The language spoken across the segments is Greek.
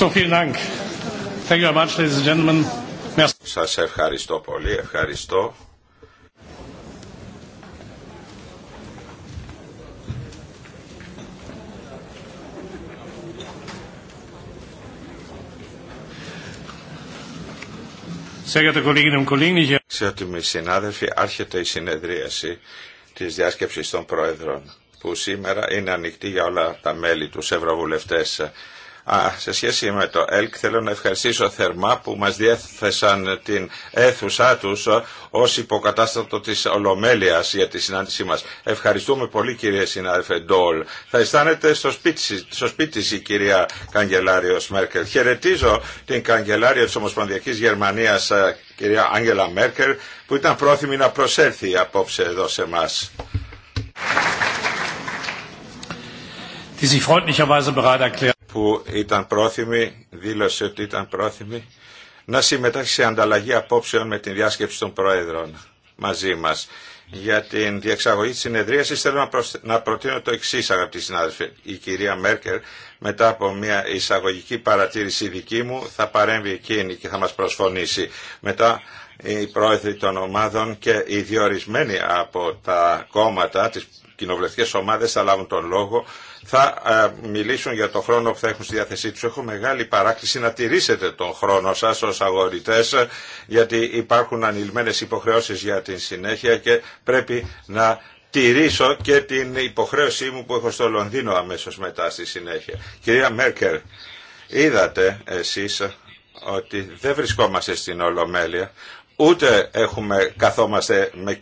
So, Σας ευχαριστώ πολύ, ευχαριστώ. με συνάδελφοι, άρχεται η συνεδρίαση της διάσκεψης των Πρόεδρων, που σήμερα είναι ανοιχτή για όλα τα μέλη τους Ευρωβουλευτές σε σχέση με το ΕΛΚ θέλω να ευχαριστήσω θερμά που μας διέθεσαν την αίθουσά τους ως υποκατάστατο της Ολομέλειας για τη συνάντησή μας. Ευχαριστούμε πολύ κυρία συνάδελφε Ντόλ. Θα αισθάνεται στο σπίτι, στο σπίτι η κυρία Καγκελάριος Μέρκελ. Χαιρετίζω την Καγκελάριο της Ομοσπονδιακής Γερμανίας κυρία Άγγελα Μέρκελ που ήταν πρόθυμη να προσέλθει απόψε εδώ σε εμά die sich freundlicherweise bereit erklärt που ήταν πρόθυμη, δήλωσε ότι ήταν πρόθυμη να συμμετάσχει σε ανταλλαγή απόψεων με την διάσκεψη των Πρόεδρων μαζί μας. Για την διεξαγωγή της συνεδρίαση θέλω να προτείνω το εξής αγαπητοί συνάδελφοι. Η κυρία Μέρκερ μετά από μια εισαγωγική παρατήρηση δική μου θα παρέμβει εκείνη και θα μας προσφωνήσει. Μετά οι πρόεδροι των ομάδων και οι διορισμένοι από τα κόμματα, τι κοινοβουλευτικέ ομάδε, θα λάβουν τον λόγο θα ε, μιλήσουν για το χρόνο που θα έχουν στη διάθεσή τους. Έχω μεγάλη παράκληση να τηρήσετε τον χρόνο σας ως αγορητές γιατί υπάρχουν ανηλμένες υποχρεώσεις για την συνέχεια και πρέπει να τηρήσω και την υποχρέωσή μου που έχω στο Λονδίνο αμέσως μετά στη συνέχεια. Κυρία Μέρκερ, είδατε εσείς ότι δεν βρισκόμαστε στην Ολομέλεια, ούτε έχουμε, καθόμαστε με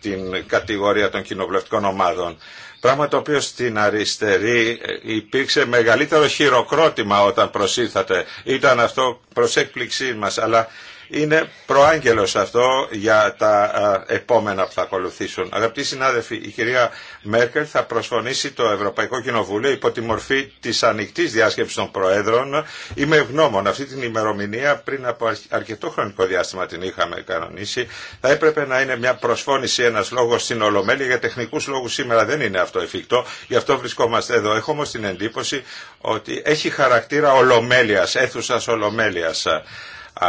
την κατηγορία των κοινοβουλευτικών ομάδων. Πράγμα το οποίο στην αριστερή υπήρξε μεγαλύτερο χειροκρότημα όταν προσήλθατε. Ήταν αυτό προς έκπληξή μας, αλλά είναι προάγγελος αυτό για τα επόμενα που θα ακολουθήσουν. Αγαπητοί συνάδελφοι, η κυρία Μέρκελ θα προσφωνήσει το Ευρωπαϊκό Κοινοβούλιο υπό τη μορφή της ανοιχτής διάσκεψης των Προέδρων. Είμαι ευγνώμων. Αυτή την ημερομηνία πριν από αρκετό χρονικό διάστημα την είχαμε κανονίσει. Θα έπρεπε να είναι μια προσφώνηση ένας λόγος στην Ολομέλεια. Για τεχνικούς λόγους σήμερα δεν είναι αυτό εφικτό. Γι' αυτό βρισκόμαστε εδώ. Έχω όμω την εντύπωση ότι έχει χαρακτήρα Ολομέλειας, αίθουσας Ολομέλειας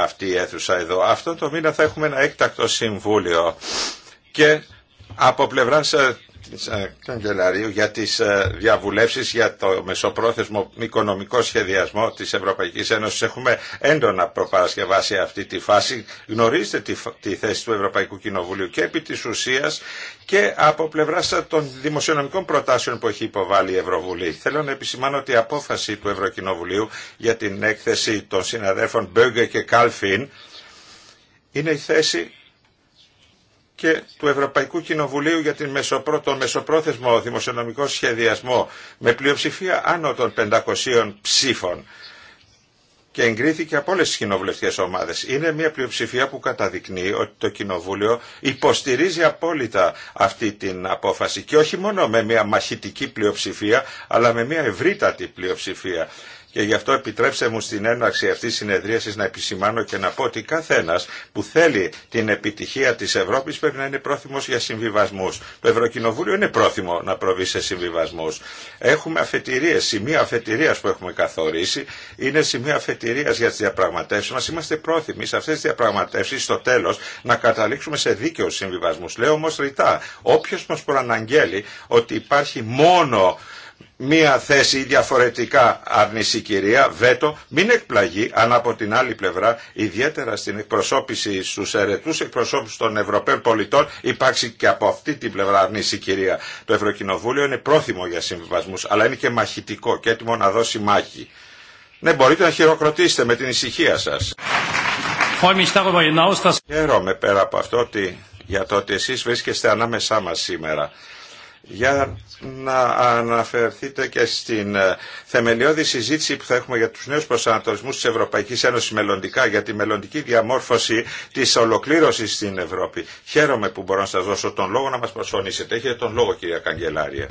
αυτή η αίθουσα εδώ. Αυτό το μήνα θα έχουμε ένα έκτακτο συμβούλιο και από πλευράς ε, ε, καγκελαρίου για τις ε, διαβουλεύσεις για το μεσοπρόθεσμο οικονομικό σχεδιασμό της Ευρωπαϊκής Ένωσης. Έχουμε έντονα προπαρασκευάσει αυτή τη φάση. Γνωρίζετε τη, θέση του Ευρωπαϊκού Κοινοβουλίου και επί της ουσίας και από πλευρά των δημοσιονομικών προτάσεων που έχει υποβάλει η Ευρωβουλή. Θέλω να επισημάνω ότι η απόφαση του Ευρωκοινοβουλίου για την έκθεση των συναδέλφων Μπέγκε και Κάλφιν είναι η θέση και του Ευρωπαϊκού Κοινοβουλίου για την μεσοπρό... τον μεσοπρόθεσμο δημοσιονομικό σχεδιασμό με πλειοψηφία άνω των 500 ψήφων και εγκρίθηκε από όλε τι κοινοβουλευτικές ομάδε. Είναι μια πλειοψηφία που καταδεικνύει ότι το Κοινοβούλιο υποστηρίζει απόλυτα αυτή την απόφαση και όχι μόνο με μια μαχητική πλειοψηφία αλλά με μια ευρύτατη πλειοψηφία. Και γι' αυτό επιτρέψτε μου στην έναρξη αυτής της συνεδρίασης να επισημάνω και να πω ότι κάθε που θέλει την επιτυχία της Ευρώπης πρέπει να είναι πρόθυμος για συμβιβασμούς. Το Ευρωκοινοβούλιο είναι πρόθυμο να προβεί σε συμβιβασμούς. Έχουμε αφετηρίες, σημεία αφετηρίας που έχουμε καθορίσει, είναι σημεία αφετηρίας για τις διαπραγματεύσεις μας. Είμαστε πρόθυμοι σε αυτές τις διαπραγματεύσεις στο τέλος να καταλήξουμε σε δίκαιους συμβιβασμούς. Λέω όμως ρητά, όποιος μας προαναγγέλει ότι υπάρχει μόνο μία θέση διαφορετικά αρνησή κυρία, βέτο, μην εκπλαγεί αν από την άλλη πλευρά, ιδιαίτερα στην εκπροσώπηση στους αιρετούς εκπροσώπους των Ευρωπαίων πολιτών, υπάρξει και από αυτή την πλευρά αρνησή κυρία. Το Ευρωκοινοβούλιο είναι πρόθυμο για συμβιβασμούς, αλλά είναι και μαχητικό και έτοιμο να δώσει μάχη. Ναι, μπορείτε να χειροκροτήσετε με την ησυχία σας. Χαίρομαι πέρα από αυτό για το ότι εσείς βρίσκεστε ανάμεσά μας σήμερα για να αναφερθείτε και στην ε, θεμελιώδη συζήτηση που θα έχουμε για τους νέους προσανατολισμούς της Ευρωπαϊκής Ένωσης μελλοντικά για τη μελλοντική διαμόρφωση της ολοκλήρωσης στην Ευρώπη. Χαίρομαι που μπορώ να σας δώσω τον λόγο να μας προσφωνήσετε. Έχετε τον λόγο κυρία Καγκελάρια.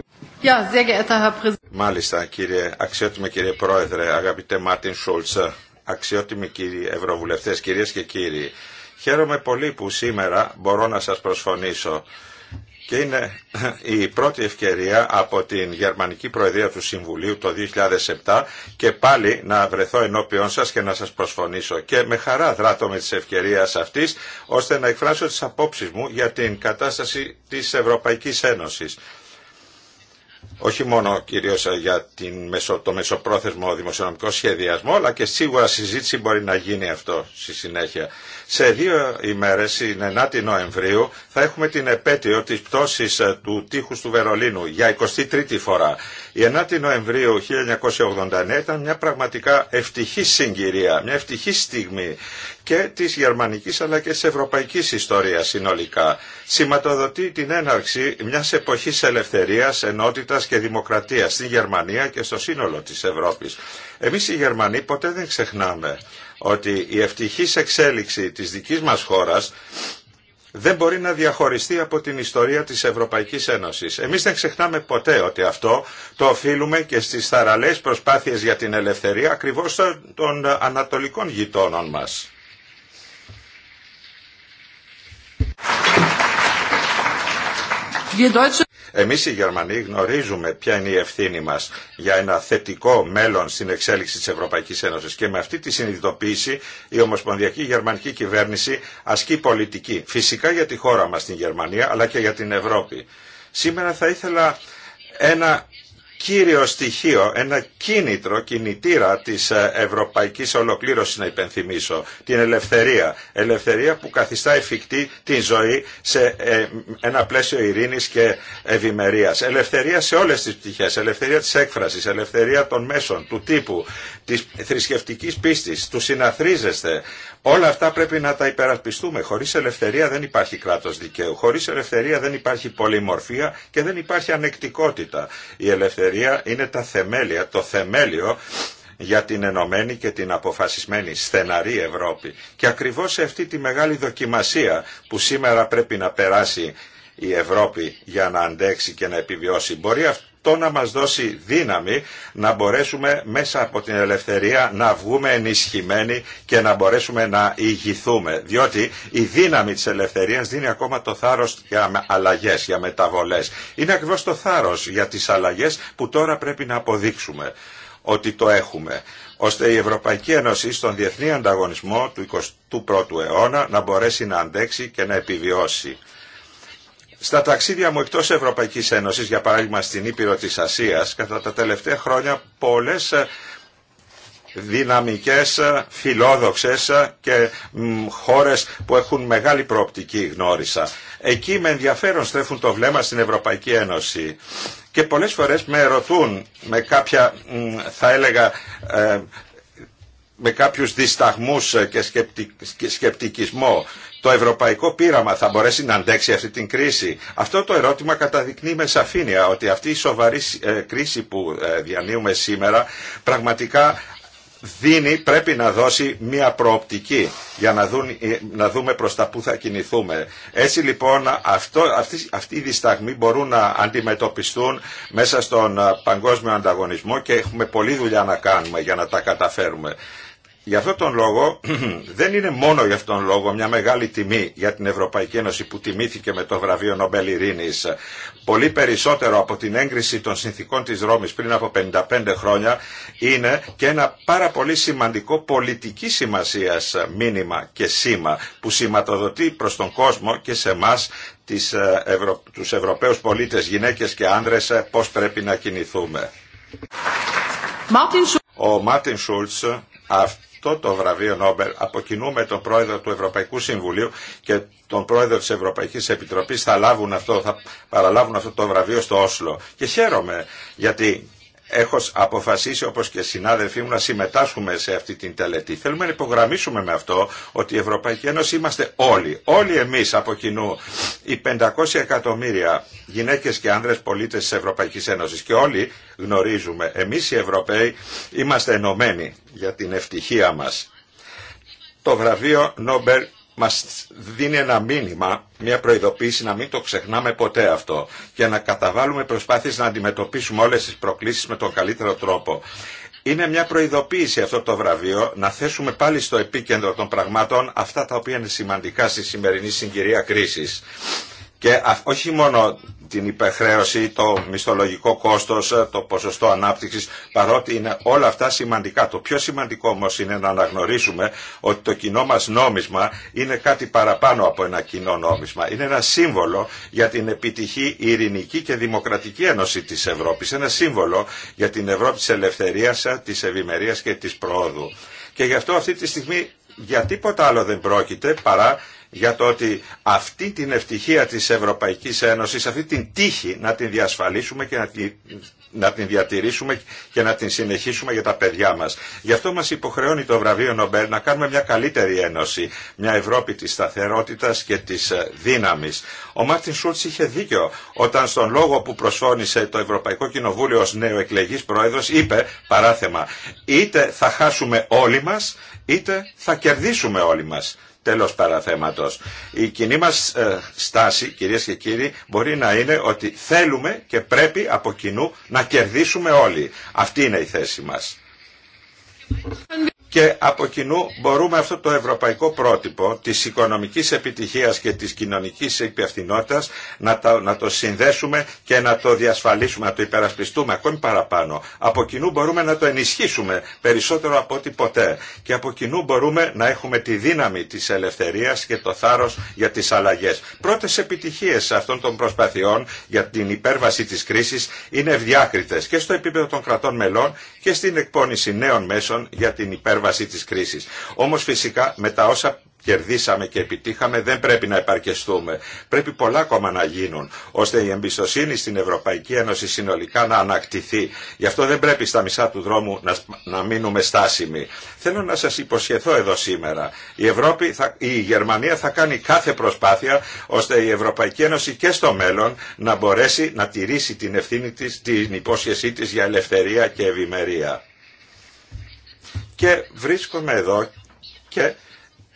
Μάλιστα κύριε αξιότιμη κύριε Πρόεδρε, αγαπητέ Μάρτιν Σούλτσα, αξιότιμοι κύριοι Ευρωβουλευτές, κυρίες και κύριοι. Χαίρομαι πολύ που σήμερα μπορώ να σας προσφωνήσω και είναι η πρώτη ευκαιρία από την Γερμανική Προεδρία του Συμβουλίου το 2007 και πάλι να βρεθώ ενώπιον σας και να σας προσφωνήσω και με χαρά δράτω με τις ευκαιρίες αυτής ώστε να εκφράσω τις απόψεις μου για την κατάσταση της Ευρωπαϊκής Ένωσης όχι μόνο κυρίως ε, για την, το μεσοπρόθεσμο δημοσιονομικό σχεδιασμό, αλλά και σίγουρα συζήτηση μπορεί να γίνει αυτό στη συνέχεια. Σε δύο ημέρες, την 9η Νοεμβρίου, θα έχουμε την επέτειο της πτώσης ε, του τείχους του Βερολίνου για 23η φορά. Η 9η Νοεμβρίου 1989 ήταν μια πραγματικά ευτυχή συγκυρία, μια ευτυχή στιγμή και της γερμανικής αλλά και της ευρωπαϊκής ιστορίας συνολικά. Σηματοδοτεί την έναρξη μιας εποχής ελευθερίας, ενότητας και δημοκρατία στη Γερμανία και στο σύνολο της Ευρώπης. Εμείς οι Γερμανοί ποτέ δεν ξεχνάμε ότι η ευτυχής εξέλιξη της δικής μας χώρας δεν μπορεί να διαχωριστεί από την ιστορία της Ευρωπαϊκής Ένωσης. Εμείς δεν ξεχνάμε ποτέ ότι αυτό το οφείλουμε και στις θαραλές προσπάθειες για την ελευθερία ακριβώς των ανατολικών γειτόνων μας. Εμείς οι Γερμανοί γνωρίζουμε ποια είναι η ευθύνη μας για ένα θετικό μέλλον στην εξέλιξη της Ευρωπαϊκής Ένωσης και με αυτή τη συνειδητοποίηση η Ομοσπονδιακή Γερμανική Κυβέρνηση ασκεί πολιτική φυσικά για τη χώρα μας στην Γερμανία αλλά και για την Ευρώπη. Σήμερα θα ήθελα ένα κύριο στοιχείο, ένα κίνητρο, κινητήρα της ε, ευρωπαϊκής ολοκλήρωσης να υπενθυμίσω, την ελευθερία. Ελευθερία που καθιστά εφικτή την ζωή σε ε, ένα πλαίσιο ειρήνης και ευημερίας. Ελευθερία σε όλες τις πτυχές, ελευθερία της έκφρασης, ελευθερία των μέσων, του τύπου, της θρησκευτικής πίστης, του συναθρίζεστε. Όλα αυτά πρέπει να τα υπερασπιστούμε. Χωρίς ελευθερία δεν υπάρχει κράτος δικαίου. Χωρίς ελευθερία δεν υπάρχει πολυμορφία και δεν υπάρχει ανεκτικότητα. Η ελευθερία ελευθερία είναι τα θεμέλια, το θεμέλιο για την ενωμένη και την αποφασισμένη στεναρή Ευρώπη. Και ακριβώς σε αυτή τη μεγάλη δοκιμασία που σήμερα πρέπει να περάσει η Ευρώπη για να αντέξει και να επιβιώσει. Μπορεί το να μας δώσει δύναμη να μπορέσουμε μέσα από την ελευθερία να βγούμε ενισχυμένοι και να μπορέσουμε να ηγηθούμε. Διότι η δύναμη της ελευθερίας δίνει ακόμα το θάρρος για αλλαγές, για μεταβολές. Είναι ακριβώς το θάρρος για τις αλλαγές που τώρα πρέπει να αποδείξουμε ότι το έχουμε ώστε η Ευρωπαϊκή Ένωση στον διεθνή ανταγωνισμό του 21ου αιώνα να μπορέσει να αντέξει και να επιβιώσει. Στα ταξίδια μου εκτός Ευρωπαϊκής Ένωσης, για παράδειγμα στην Ήπειρο της Ασίας, κατά τα τελευταία χρόνια πολλές ε, δυναμικές, ε, φιλόδοξες ε, και χώρες που έχουν μεγάλη προοπτική γνώρισα. Εκεί με ενδιαφέρον στρέφουν το βλέμμα στην Ευρωπαϊκή Ένωση και πολλές φορές με ρωτούν με κάποια, θα έλεγα, με κάποιους δισταγμούς και σκεπτικισμό το ευρωπαϊκό πείραμα θα μπορέσει να αντέξει αυτή την κρίση. Αυτό το ερώτημα καταδεικνύει με σαφήνεια ότι αυτή η σοβαρή ε, κρίση που ε, διανύουμε σήμερα πραγματικά δίνει, πρέπει να δώσει μια προοπτική για ε, να, δούμε προς τα που θα κινηθούμε. Έτσι λοιπόν αυτό, αυτοί, αυτοί οι δισταγμοί μπορούν να αντιμετωπιστούν μέσα στον παγκόσμιο ανταγωνισμό και έχουμε πολλή δουλειά να κάνουμε για να τα καταφέρουμε. Γι' αυτόν τον λόγο δεν είναι μόνο για αυτόν τον λόγο μια μεγάλη τιμή για την Ευρωπαϊκή Ένωση που τιμήθηκε με το βραβείο Νομπέλ Ειρήνης. Πολύ περισσότερο από την έγκριση των συνθήκων της Ρώμης πριν από 55 χρόνια είναι και ένα πάρα πολύ σημαντικό πολιτική σημασίας μήνυμα και σήμα που σηματοδοτεί προς τον κόσμο και σε εμά τις ε, Ευρω... τους Ευρωπαίους πολίτες, γυναίκες και άνδρες ε, πώς πρέπει να κινηθούμε. Ο Μάρτιν Σούλτς το βραβείο Νόμπελ αποκοινούμε τον πρόεδρο του Ευρωπαϊκού Συμβουλίου και τον πρόεδρο της Ευρωπαϊκής Επιτροπής θα, λάβουν αυτό, θα παραλάβουν αυτό το βραβείο στο Όσλο. Και χαίρομαι γιατί έχω αποφασίσει όπως και συνάδελφοί μου να συμμετάσχουμε σε αυτή την τελετή. Θέλουμε να υπογραμμίσουμε με αυτό ότι η Ευρωπαϊκή Ένωση είμαστε όλοι, όλοι εμείς από κοινού, οι 500 εκατομμύρια γυναίκες και άνδρες πολίτες της Ευρωπαϊκής Ένωσης και όλοι γνωρίζουμε, εμείς οι Ευρωπαίοι είμαστε ενωμένοι για την ευτυχία μας. Το βραβείο Νόμπελ μας δίνει ένα μήνυμα, μια προειδοποίηση να μην το ξεχνάμε ποτέ αυτό και να καταβάλουμε προσπάθειες να αντιμετωπίσουμε όλες τις προκλήσεις με τον καλύτερο τρόπο. Είναι μια προειδοποίηση αυτό το βραβείο να θέσουμε πάλι στο επίκεντρο των πραγμάτων αυτά τα οποία είναι σημαντικά στη σημερινή συγκυρία κρίσης και όχι μόνο την υπερχρέωση, το μισθολογικό κόστος, ε, το ποσοστό ανάπτυξης, παρότι είναι όλα αυτά σημαντικά. Το πιο σημαντικό όμω είναι να αναγνωρίσουμε ότι το κοινό μας νόμισμα είναι κάτι παραπάνω από ένα κοινό νόμισμα. Είναι ένα σύμβολο για την επιτυχή ειρηνική και δημοκρατική ένωση της Ευρώπης. Ένα σύμβολο για την Ευρώπη της ελευθερίας, ε, της ευημερίας και της πρόοδου. Και γι' αυτό αυτή τη στιγμή για τίποτα άλλο δεν πρόκειται παρά για το ότι αυτή την ευτυχία της Ευρωπαϊκής Ένωσης, αυτή την τύχη να την διασφαλίσουμε και να την, να την διατηρήσουμε και να την συνεχίσουμε για τα παιδιά μας. Γι' αυτό μας υποχρεώνει το βραβείο Νομπέλ να κάνουμε μια καλύτερη ένωση, μια Ευρώπη της σταθερότητας και της ε, δύναμης. Ο Μάρτιν Σούλτς είχε δίκιο όταν στον λόγο που προσφώνησε το Ευρωπαϊκό Κοινοβούλιο ως εκλεγής πρόεδρος είπε παράθεμα είτε θα χάσουμε όλοι μας είτε θα κερδίσουμε όλοι μας. Τέλος παραθέματος. Η κοινή μας ε, στάση, κυρίες και κύριοι, μπορεί να είναι ότι θέλουμε και πρέπει από κοινού να κερδίσουμε όλοι. Αυτή είναι η θέση μας και από κοινού μπορούμε αυτό το ευρωπαϊκό πρότυπο της οικονομικής επιτυχίας και της κοινωνικής υπευθυνότητα να το, να το συνδέσουμε και να το διασφαλίσουμε, να το υπερασπιστούμε ακόμη παραπάνω. Από κοινού μπορούμε να το ενισχύσουμε περισσότερο από ό,τι ποτέ και από κοινού μπορούμε να έχουμε τη δύναμη της ελευθερίας και το θάρρος για τις αλλαγές. Πρώτες επιτυχίες αυτών των προσπαθειών για την υπέρβαση της κρίσης είναι ευδιάκριτες και στο επίπεδο των κρατών μελών και στην εκπόνηση νέων μέσων για την υπέρβαση υπέρβαση της κρίσης. Όμως φυσικά με τα όσα κερδίσαμε και επιτύχαμε δεν πρέπει να επαρκεστούμε. Πρέπει πολλά ακόμα να γίνουν ώστε η εμπιστοσύνη στην Ευρωπαϊκή Ένωση συνολικά να ανακτηθεί. Γι' αυτό δεν πρέπει στα μισά του δρόμου να, να μείνουμε στάσιμοι. Θέλω να σας υποσχεθώ εδώ σήμερα. Η, Ευρώπη θα, η Γερμανία θα κάνει κάθε προσπάθεια ώστε η Ευρωπαϊκή Ένωση και στο μέλλον να μπορέσει να τηρήσει την ευθύνη της, την υπόσχεσή της για ελευθερία και ευημερία. Και βρίσκομαι εδώ και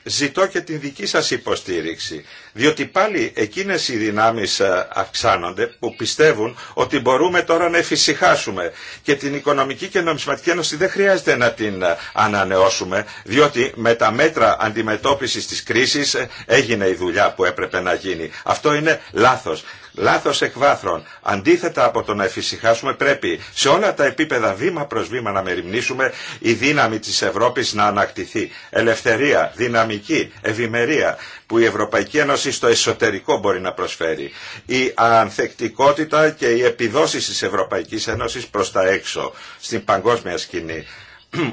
ζητώ και την δική σας υποστήριξη. Διότι πάλι εκείνες οι δυνάμεις ε, αυξάνονται που πιστεύουν ότι μπορούμε τώρα να εφησυχάσουμε και την Οικονομική και Νομισματική Ένωση δεν χρειάζεται να την ε, ανανεώσουμε διότι με τα μέτρα αντιμετώπισης της κρίσης ε, έγινε η δουλειά που έπρεπε να γίνει. Αυτό είναι λάθος λάθος εκβάθρον, Αντίθετα από το να εφησυχάσουμε πρέπει σε όλα τα επίπεδα βήμα προς βήμα να μεριμνήσουμε η δύναμη της Ευρώπης να ανακτηθεί. Ελευθερία, δυναμική, ευημερία που η Ευρωπαϊκή Ένωση στο εσωτερικό μπορεί να προσφέρει. Η ανθεκτικότητα και οι επιδόσεις της Ευρωπαϊκής Ένωσης προς τα έξω, στην παγκόσμια σκηνή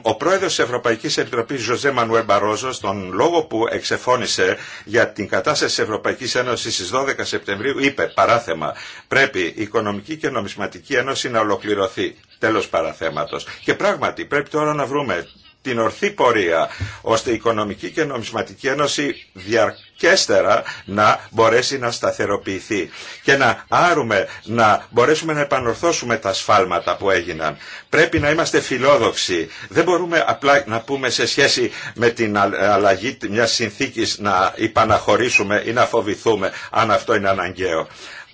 ο πρόεδρος της Ευρωπαϊκής Επιτροπής Ζωζέ Μανουέ Μπαρόζο στον λόγο που εξεφώνησε για την κατάσταση της Ευρωπαϊκής Ένωσης στις 12 Σεπτεμβρίου είπε παράθεμα πρέπει η Οικονομική και Νομισματική Ένωση να ολοκληρωθεί τέλος παραθέματος και πράγματι πρέπει τώρα να βρούμε την ορθή πορεία, ώστε η Οικονομική και Νομισματική Ένωση διαρκέστερα να μπορέσει να σταθεροποιηθεί και να άρουμε, να μπορέσουμε να επανορθώσουμε τα σφάλματα που έγιναν. Πρέπει να είμαστε φιλόδοξοι. Δεν μπορούμε απλά να πούμε σε σχέση με την αλλαγή μιας συνθήκης να υπαναχωρήσουμε ή να φοβηθούμε αν αυτό είναι αναγκαίο.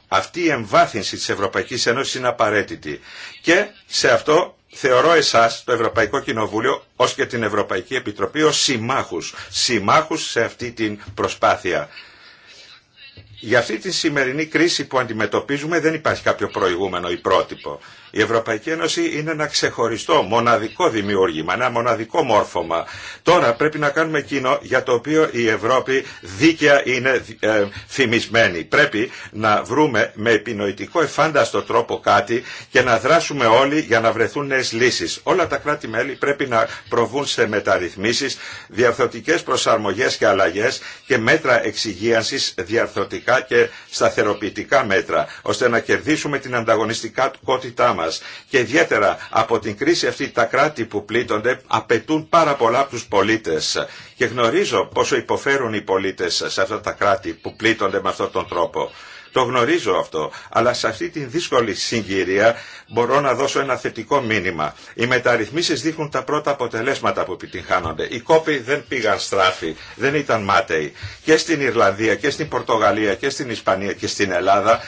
Αυτή η εμβάθυνση της Ευρωπαϊκής Ένωσης είναι απαραίτητη και σε αυτό θεωρώ εσάς το Ευρωπαϊκό Κοινοβούλιο ως και την Ευρωπαϊκή Επιτροπή ως συμμάχους, συμμάχους σε αυτή την προσπάθεια. Για αυτή τη σημερινή κρίση που αντιμετωπίζουμε δεν υπάρχει κάποιο προηγούμενο ή πρότυπο. Η Ευρωπαϊκή Ένωση είναι ένα ξεχωριστό, μοναδικό δημιούργημα, ένα μοναδικό μόρφωμα. Τώρα πρέπει να κάνουμε εκείνο για το οποίο η Ευρώπη δίκαια είναι ε, Πρέπει να βρούμε με επινοητικό εφάνταστο τρόπο κάτι και να δράσουμε όλοι για να βρεθούν νέε λύσει. Όλα τα κράτη-μέλη πρέπει να προβούν σε μεταρρυθμίσει, διαρθωτικέ προσαρμογέ και αλλαγέ και μέτρα εξυγίανση διαρθωτικά και σταθεροποιητικά μέτρα, ώστε να κερδίσουμε την ανταγωνιστικότητά μα και ιδιαίτερα από την κρίση αυτή τα κράτη που πλήττονται απαιτούν πάρα πολλά από τους πολίτες. Και γνωρίζω πόσο υποφέρουν οι πολίτες σε αυτά τα κράτη που πλήττονται με αυτόν τον τρόπο. Το γνωρίζω αυτό, αλλά σε αυτή την δύσκολη συγκυρία μπορώ να δώσω ένα θετικό μήνυμα. Οι μεταρρυθμίσεις δείχνουν τα πρώτα αποτελέσματα που επιτυγχάνονται. Οι κόποι δεν πήγαν στράφη, δεν ήταν μάταιοι. Και στην Ιρλανδία και στην Πορτογαλία και στην Ισπανία και στην Ελλάδα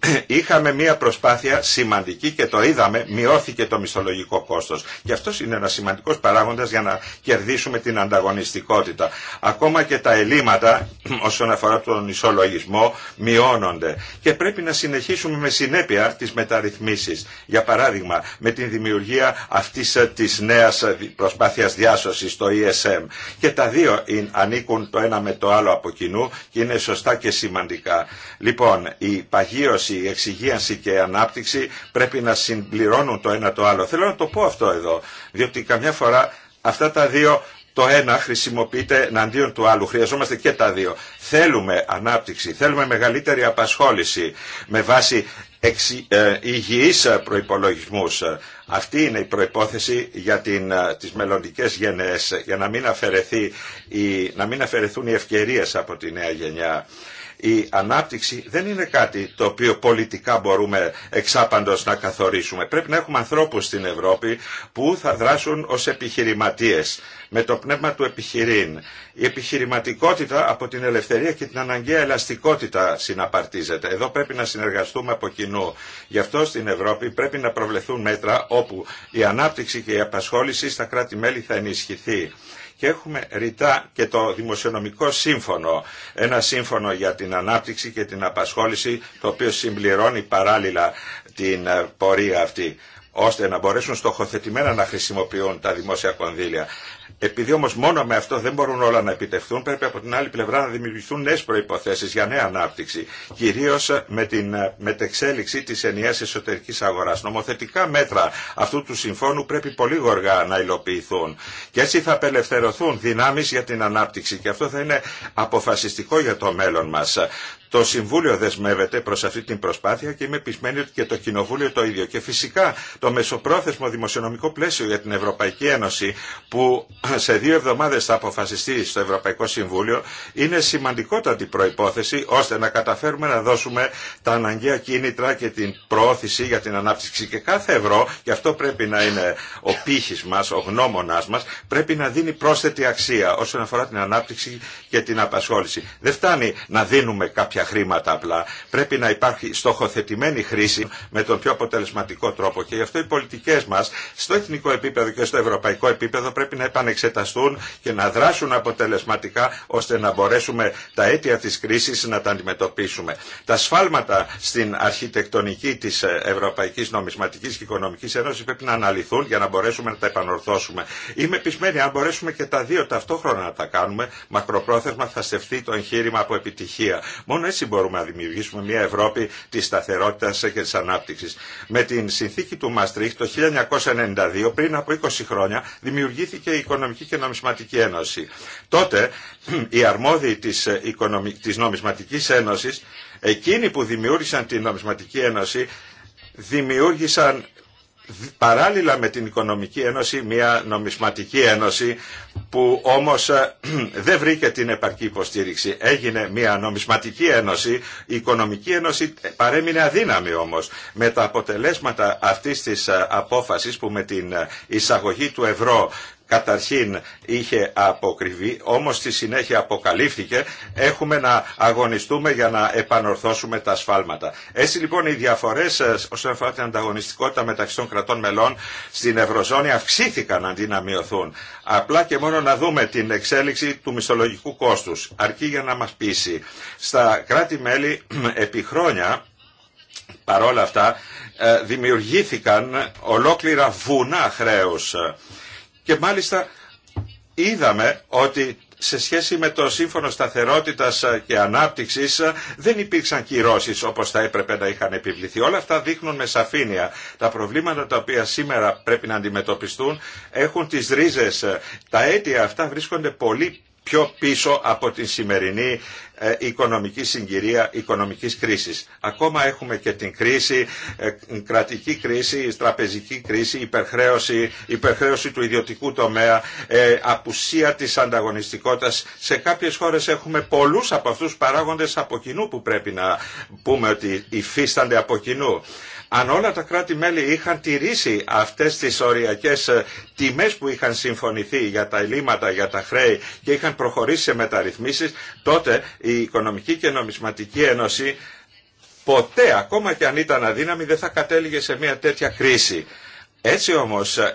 είχαμε μια προσπάθεια σημαντική και το είδαμε, μειώθηκε το μισθολογικό κόστος. Και αυτός είναι ένα σημαντικός παράγοντας για να κερδίσουμε την ανταγωνιστικότητα. Ακόμα και τα ελλείμματα όσον αφορά τον ισολογισμό μειώνονται και πρέπει να συνεχίσουμε με συνέπεια τις μεταρρυθμίσεις. Για παράδειγμα, με την δημιουργία αυτής ε, της νέας ε, προσπάθειας διάσωσης, το ESM. Και τα δύο ανήκουν το ένα με το άλλο από κοινού και είναι σωστά και σημαντικά. Λοιπόν, η παγίωση η εξυγίανση και η ανάπτυξη πρέπει να συμπληρώνουν το ένα το άλλο. Θέλω να το πω αυτό εδώ, διότι καμιά φορά αυτά τα δύο το ένα χρησιμοποιείται εναντίον του άλλου. Χρειαζόμαστε και τα δύο. Θέλουμε ανάπτυξη, θέλουμε μεγαλύτερη απασχόληση με βάση εξυ, ε, υγιείς προϋπολογισμούς. Αυτή είναι η προϋπόθεση για την, ε, τις μελλοντικές γενναίες, για να μην, η, να μην αφαιρεθούν οι ευκαιρίες από τη νέα γενιά η ανάπτυξη δεν είναι κάτι το οποίο πολιτικά μπορούμε εξάπαντος να καθορίσουμε. Πρέπει να έχουμε ανθρώπους στην Ευρώπη που θα δράσουν ως επιχειρηματίες με το πνεύμα του επιχειρήν. Η επιχειρηματικότητα από την ελευθερία και την αναγκαία ελαστικότητα συναπαρτίζεται. Εδώ πρέπει να συνεργαστούμε από κοινού. Γι' αυτό στην Ευρώπη πρέπει να προβλεθούν μέτρα όπου η ανάπτυξη και η απασχόληση στα κράτη-μέλη θα ενισχυθεί. Και έχουμε ρητά και το δημοσιονομικό σύμφωνο, ένα σύμφωνο για την ανάπτυξη και την απασχόληση, το οποίο συμπληρώνει παράλληλα την ε, πορεία αυτή ώστε να μπορέσουν στοχοθετημένα να χρησιμοποιούν τα δημόσια κονδύλια. Επειδή όμω μόνο με αυτό δεν μπορούν όλα να επιτευχθούν, πρέπει από την άλλη πλευρά να δημιουργηθούν νέε προποθέσει για νέα ανάπτυξη. Κυρίω με την ε, μετεξέλιξη τη ενιαία εσωτερική αγορά. Νομοθετικά μέτρα αυτού του συμφώνου πρέπει πολύ γοργά να υλοποιηθούν. Και έτσι θα απελευθερωθούν δυνάμει για την ανάπτυξη. Και αυτό θα είναι αποφασιστικό για το μέλλον μα. Το Συμβούλιο δεσμεύεται προ αυτή την προσπάθεια και είμαι πεισμένη ότι και το Κοινοβούλιο το ίδιο. Και φυσικά το μεσοπρόθεσμο δημοσιονομικό πλαίσιο για την Ευρωπαϊκή Ένωση που σε δύο εβδομάδε θα αποφασιστεί στο Ευρωπαϊκό Συμβούλιο είναι σημαντικότατη προπόθεση ώστε να καταφέρουμε να δώσουμε τα αναγκαία κίνητρα και την προώθηση για την ανάπτυξη. Και κάθε ευρώ, και αυτό πρέπει να είναι ο πύχη μα, ο γνώμονα μα, πρέπει να δίνει πρόσθετη αξία όσον αφορά την ανάπτυξη και την απασχόληση. Δεν φτάνει να δίνουμε κάποια χρήματα απλά. Πρέπει να υπάρχει στοχοθετημένη χρήση με τον πιο αποτελεσματικό τρόπο και γι' αυτό οι πολιτικέ μα στο εθνικό επίπεδο και στο ευρωπαϊκό επίπεδο πρέπει να επανεξεταστούν και να δράσουν αποτελεσματικά ώστε να μπορέσουμε τα αίτια τη κρίση να τα αντιμετωπίσουμε. Τα σφάλματα στην αρχιτεκτονική τη Ευρωπαϊκή Νομισματική και Οικονομική Ένωση πρέπει να αναλυθούν για να μπορέσουμε να τα επανορθώσουμε. Είμαι πεισμένη, αν μπορέσουμε και τα δύο ταυτόχρονα να τα κάνουμε, μακροπρόθεσμα θα στεφθεί το εγχείρημα από επιτυχία. Μόνο έτσι μπορούμε να δημιουργήσουμε μια Ευρώπη της σταθερότητας και της ανάπτυξης. Με την συνθήκη του Μαστρίχ το 1992, πριν από 20 χρόνια, δημιουργήθηκε η Οικονομική και Νομισματική Ένωση. Τότε οι αρμόδιοι της, ε, της Νομισματικής Ένωσης, εκείνοι που δημιούργησαν την Νομισματική Ένωση, δημιούργησαν παράλληλα με την Οικονομική Ένωση μια νομισματική ένωση που όμως ε, δεν βρήκε την επαρκή υποστήριξη. Έγινε μια νομισματική ένωση, η Οικονομική Ένωση παρέμεινε αδύναμη όμως. Με τα αποτελέσματα αυτής της ε, απόφασης που με την ε, εισαγωγή του ευρώ καταρχήν είχε αποκριβεί, όμως στη συνέχεια αποκαλύφθηκε, έχουμε να αγωνιστούμε για να επανορθώσουμε τα σφάλματα. Έτσι λοιπόν οι διαφορές ε, όσον αφορά την ανταγωνιστικότητα μεταξύ των κρατών μελών στην Ευρωζώνη αυξήθηκαν αντί να μειωθούν. Απλά και μόνο να δούμε την εξέλιξη του μισθολογικού κόστους, αρκεί για να μας πείσει. Στα κράτη-μέλη επί χρόνια, παρόλα αυτά, ε, δημιουργήθηκαν ολόκληρα βουνά χρέους και μάλιστα είδαμε ότι σε σχέση με το Σύμφωνο Σταθερότητας και Ανάπτυξης δεν υπήρξαν κυρώσεις όπως θα έπρεπε να είχαν επιβληθεί. Όλα αυτά δείχνουν με σαφήνεια. Τα προβλήματα τα οποία σήμερα πρέπει να αντιμετωπιστούν έχουν τις ρίζες. Τα αίτια αυτά βρίσκονται πολύ πιο πίσω από την σημερινή ε, οικονομική συγκυρία, οικονομική κρίσης. Ακόμα έχουμε και την κρίση, ε, κρατική κρίση, τραπεζική κρίση, υπερχρέωση, υπερχρέωση του ιδιωτικού τομέα, ε, απουσία της ανταγωνιστικότητας. Σε κάποιες χώρες έχουμε πολλούς από αυτούς παράγοντες από κοινού που πρέπει να πούμε ότι υφίστανται από κοινού. Αν όλα τα κράτη-μέλη είχαν τηρήσει αυτές τις οριακές ε, τιμές που είχαν συμφωνηθεί για τα ελλείμματα, για τα χρέη και είχαν προχωρήσει σε μεταρρυθμίσεις, τότε η Οικονομική και Νομισματική Ένωση ποτέ, ακόμα και αν ήταν αδύναμη, δεν θα κατέληγε σε μια τέτοια κρίση. Έτσι όμως ε,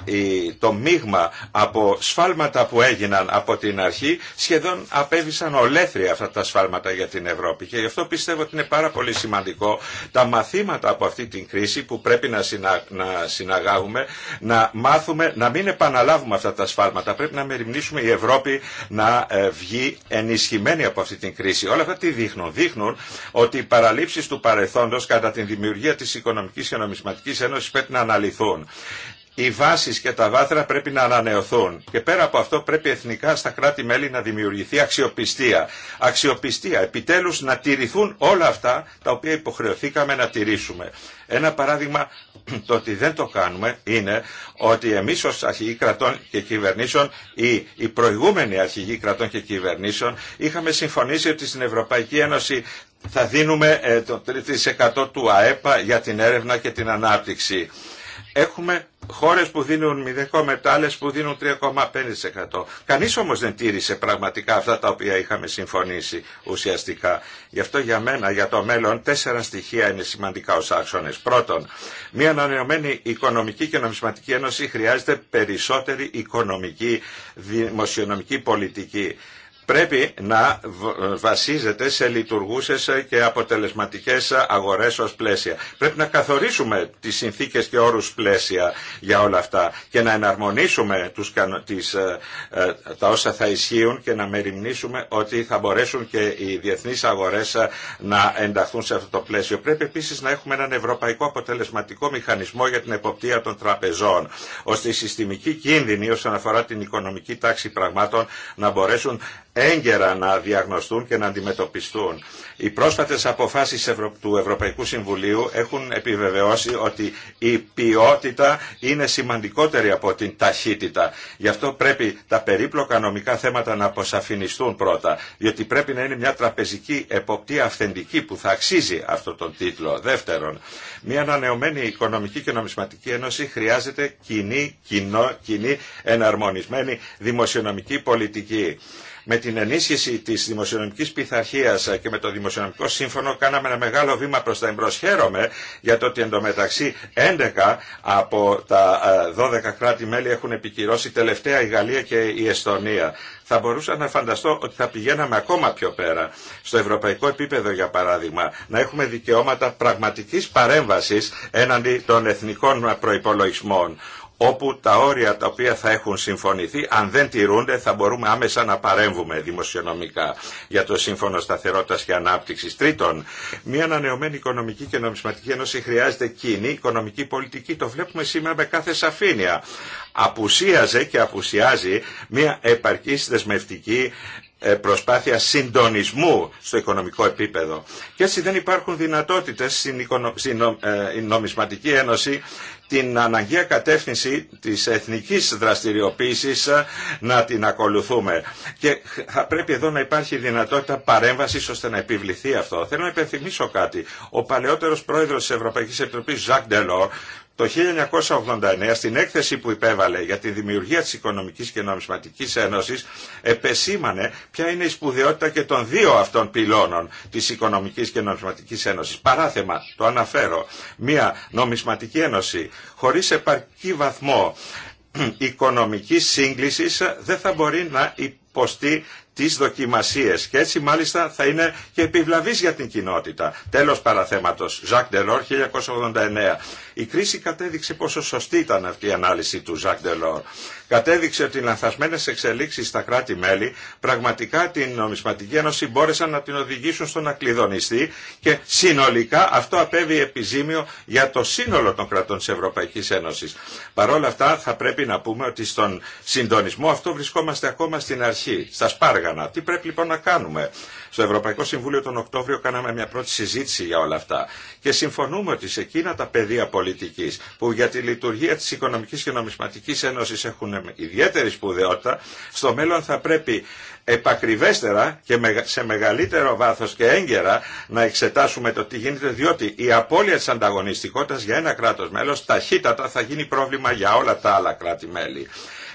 το μείγμα από σφάλματα που έγιναν από την αρχή σχεδόν απέβησαν ολέθρια αυτά τα σφάλματα για την Ευρώπη και γι' αυτό πιστεύω ότι είναι πάρα πολύ σημαντικό τα μαθήματα από αυτή την κρίση που πρέπει να, συνα... να συναγάγουμε να μάθουμε, να μην επαναλάβουμε αυτά τα σφάλματα. Πρέπει να μεριμνήσουμε η Ευρώπη να ε, βγει ενισχυμένη από αυτή την κρίση. Όλα αυτά τι δείχνουν. Δείχνουν ότι οι παραλήψεις του παρελθόντος κατά την δημιουργία της Οικονομικής και Νομισματικής Ένωσης πρέπει να αναλυθούν οι βάσεις και τα βάθρα πρέπει να ανανεωθούν. Και πέρα από αυτό πρέπει εθνικά στα κράτη-μέλη να δημιουργηθεί αξιοπιστία. Αξιοπιστία, επιτέλους να τηρηθούν όλα αυτά τα οποία υποχρεωθήκαμε να τηρήσουμε. Ένα παράδειγμα το ότι δεν το κάνουμε είναι ότι εμείς ως αρχηγοί κρατών και κυβερνήσεων ή οι προηγούμενοι αρχηγοί κρατών και κυβερνήσεων είχαμε συμφωνήσει ότι στην Ευρωπαϊκή Ένωση θα δίνουμε ε, το 3% του ΑΕΠΑ για την έρευνα και την ανάπτυξη έχουμε χώρες που δίνουν 0,7, άλλες που δίνουν 3,5%. Κανείς όμως δεν τήρησε πραγματικά αυτά τα οποία είχαμε συμφωνήσει ουσιαστικά. Γι' αυτό για μένα, για το μέλλον, τέσσερα στοιχεία είναι σημαντικά ως άξονες. Πρώτον, μια ανανεωμένη οικονομική και νομισματική ένωση χρειάζεται περισσότερη οικονομική, δημοσιονομική πολιτική πρέπει να ε, βασίζεται σε λειτουργούσες και αποτελεσματικές αγορές ως πλαίσια. Πρέπει να καθορίσουμε τις συνθήκες και όρους πλαίσια για όλα αυτά και να εναρμονίσουμε τους, τις, ε, ε, τα όσα θα ισχύουν και να μεριμνήσουμε ότι θα μπορέσουν και οι διεθνείς αγορές να ενταχθούν σε αυτό το πλαίσιο. Πρέπει επίσης να έχουμε έναν ευρωπαϊκό αποτελεσματικό μηχανισμό για την εποπτεία των τραπεζών, ώστε οι συστημικοί κίνδυνοι όσον αφορά την οικονομική τάξη πραγμάτων να μπορέσουν έγκαιρα να διαγνωστούν και να αντιμετωπιστούν. Οι πρόσφατες αποφάσεις του Ευρωπαϊκού Συμβουλίου έχουν επιβεβαιώσει ότι η ποιότητα είναι σημαντικότερη από την ταχύτητα. Γι' αυτό πρέπει τα περίπλοκα νομικά θέματα να αποσαφινιστούν πρώτα, διότι πρέπει να είναι μια τραπεζική εποπτεία αυθεντική που θα αξίζει αυτό τον τίτλο. Δεύτερον, μια ανανεωμένη οικονομική και νομισματική ένωση χρειάζεται κοινή, κοινό, κοινή εναρμονισμένη δημοσιονομική πολιτική. Με την ενίσχυση της δημοσιονομικής πειθαρχία και με το δημοσιονομικό σύμφωνο κάναμε ένα μεγάλο βήμα προς τα εμπρός. Χαίρομαι για το ότι εντωμεταξύ 11 από τα 12 ε, κράτη-μέλη έχουν επικυρώσει τελευταία η Γαλλία και η Εστονία. Θα μπορούσα να φανταστώ ότι θα πηγαίναμε ακόμα πιο πέρα. Στο ευρωπαϊκό επίπεδο, για παράδειγμα, να έχουμε δικαιώματα πραγματική παρέμβαση έναντι των εθνικών προπολογισμών όπου τα όρια τα οποία θα έχουν συμφωνηθεί, αν δεν τηρούνται, θα μπορούμε άμεσα να παρέμβουμε δημοσιονομικά για το Σύμφωνο Σταθερότητα και Ανάπτυξη. Τρίτον, μια ανανεωμένη Οικονομική και Νομισματική Ένωση χρειάζεται κοινή οικονομική πολιτική. Το βλέπουμε σήμερα με κάθε σαφήνεια. Απουσίαζε και απουσιάζει μια επαρκή δεσμευτική ε, προσπάθεια συντονισμού στο οικονομικό επίπεδο. Και έτσι δεν υπάρχουν δυνατότητες στην ε, Νομισματική Ένωση την αναγκαία κατεύθυνση της εθνικής δραστηριοποίησης ε, να την ακολουθούμε. Και θα πρέπει εδώ να υπάρχει δυνατότητα παρέμβασης ώστε να επιβληθεί αυτό. Θέλω να υπενθυμίσω κάτι. Ο παλαιότερος πρόεδρος της Ευρωπαϊκής Επιτροπής, Ζακ Ντελόρ, το 1989 στην έκθεση που υπέβαλε για τη δημιουργία της Οικονομικής και Νομισματικής Ένωσης επεσήμανε ποια είναι η σπουδαιότητα και των δύο αυτών πυλώνων της Οικονομικής και Νομισματικής Ένωσης. Παράθεμα, το αναφέρω, μια νομισματική ένωση χωρίς επαρκή βαθμό οικονομικής σύγκλησης δεν θα μπορεί να υποστεί τις δοκιμασίες και έτσι μάλιστα θα είναι και επιβλαβής για την κοινότητα. Τέλος παραθέματος, Ζακ Ντελόρ 1989. Η κρίση κατέδειξε πόσο σωστή ήταν αυτή η ανάλυση του Ζακ Ντελόρ. Κατέδειξε ότι οι λανθασμένες εξελίξεις στα κράτη-μέλη πραγματικά την νομισματική ένωση μπόρεσαν να την οδηγήσουν στον να κλειδονιστεί και συνολικά αυτό απέβει επιζήμιο για το σύνολο των κρατών της Ευρωπαϊκής Ένωσης. Παρ' όλα αυτά θα πρέπει να πούμε ότι στον συντονισμό αυτό βρισκόμαστε ακόμα στην αρχή στα σπάργανα. Τι πρέπει λοιπόν να κάνουμε. Στο Ευρωπαϊκό Συμβούλιο τον Οκτώβριο κάναμε μια πρώτη συζήτηση για όλα αυτά και συμφωνούμε ότι σε εκείνα τα πεδία πολιτική που για τη λειτουργία τη Οικονομική και Νομισματική Ένωση έχουν ιδιαίτερη σπουδαιότητα, στο μέλλον θα πρέπει επακριβέστερα και σε μεγαλύτερο βάθος και έγκαιρα να εξετάσουμε το τι γίνεται διότι η απώλεια της ανταγωνιστικότητας για ένα κράτος μέλος ταχύτατα θα γίνει πρόβλημα για όλα τα άλλα κράτη-μέλη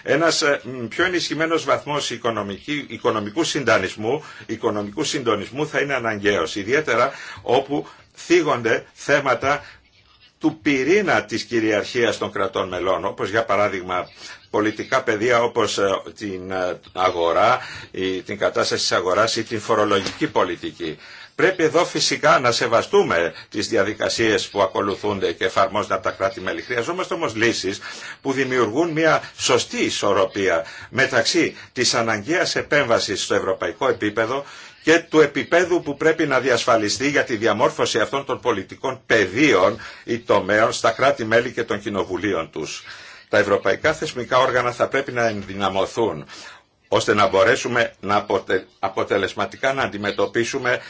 ένας ε, πιο ενισχυμένος βαθμός οικονομικού συντονισμού, οικονομικού συντονισμού θα είναι αναγκαίος, ιδιαίτερα όπου θίγονται θέματα του πυρήνα της κυριαρχίας των κρατών μελών, όπως για παράδειγμα πολιτικά πεδία όπως ε, την ε, αγορά, την κατάσταση της αγοράς ή την φορολογική πολιτική. Πρέπει εδώ φυσικά να σεβαστούμε τις διαδικασίες που ακολουθούνται και εφαρμόζονται από τα κράτη-μέλη. Χρειαζόμαστε όμως λύσεις που δημιουργούν μια σωστή ισορροπία μεταξύ της αναγκαίας επέμβασης στο ευρωπαϊκό επίπεδο και του επίπεδου που πρέπει να διασφαλιστεί για τη διαμόρφωση αυτών των πολιτικών πεδίων ή τομέων στα κράτη-μέλη και των κοινοβουλίων τους. Τα ευρωπαϊκά θεσμικά όργανα θα πρέπει να ενδυναμωθούν ώστε να μπορέσουμε να αποτελεσματικά να αντιμετωπίσουμε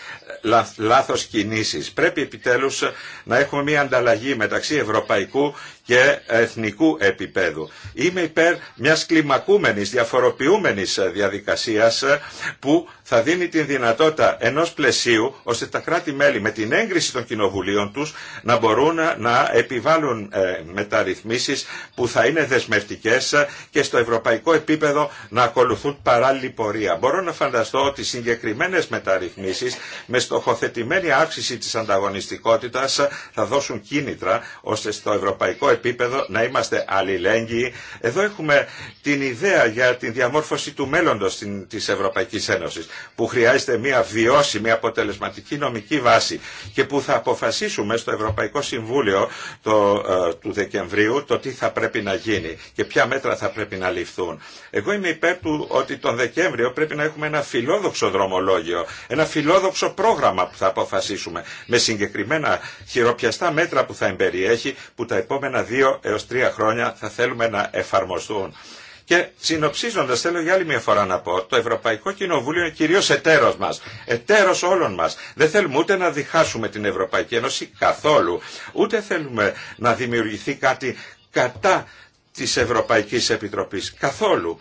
λάθος κινήσεις. Πρέπει επιτέλους να έχουμε μια ανταλλαγή μεταξύ ευρωπαϊκού και εθνικού επίπεδου. Είμαι υπέρ μιας κλιμακούμενης, διαφοροποιούμενης διαδικασίας ε, που θα δίνει την δυνατότητα ενός πλαισίου ώστε τα κράτη-μέλη με την έγκριση των κοινοβουλίων τους να μπορούν να επιβάλλουν ε, μεταρρυθμίσεις που θα είναι δεσμευτικές ε, και στο ευρωπαϊκό επίπεδο να ακολουθούν παράλληλη πορεία. Μπορώ να φανταστώ ότι συγκεκριμένες μεταρρυθμίσεις με στοχοθετημένη αύξηση της ανταγωνιστικότητας θα δώσουν κίνητρα ώστε στο ευρωπαϊκό επίπεδο να είμαστε αλληλέγγυοι. Εδώ έχουμε την ιδέα για τη διαμόρφωση του μέλλοντος της Ευρωπαϊκής Ένωσης που χρειάζεται μια βιώσιμη αποτελεσματική νομική βάση και που θα αποφασίσουμε στο Ευρωπαϊκό Συμβούλιο το, ε, του Δεκεμβρίου το τι θα πρέπει να γίνει και ποια μέτρα θα πρέπει να ληφθούν. Εγώ είμαι υπέρ του ότι τον Δεκέμβριο πρέπει να έχουμε ένα φιλόδοξο δρομολόγιο, ένα φιλόδοξο πρόγραμμα που θα αποφασίσουμε με συγκεκριμένα χειροπιαστά μέτρα που θα εμπεριέχει που τα επόμενα επόμενα δύο έως τρία χρόνια θα θέλουμε να εφαρμοστούν. Και συνοψίζοντα, θέλω για άλλη μια φορά να πω, το Ευρωπαϊκό Κοινοβούλιο είναι κυρίω εταίρο μα. Εταίρο όλων μα. Δεν θέλουμε ούτε να διχάσουμε την Ευρωπαϊκή Ένωση καθόλου. Ούτε θέλουμε να δημιουργηθεί κάτι κατά τη Ευρωπαϊκή Επιτροπής. Καθόλου.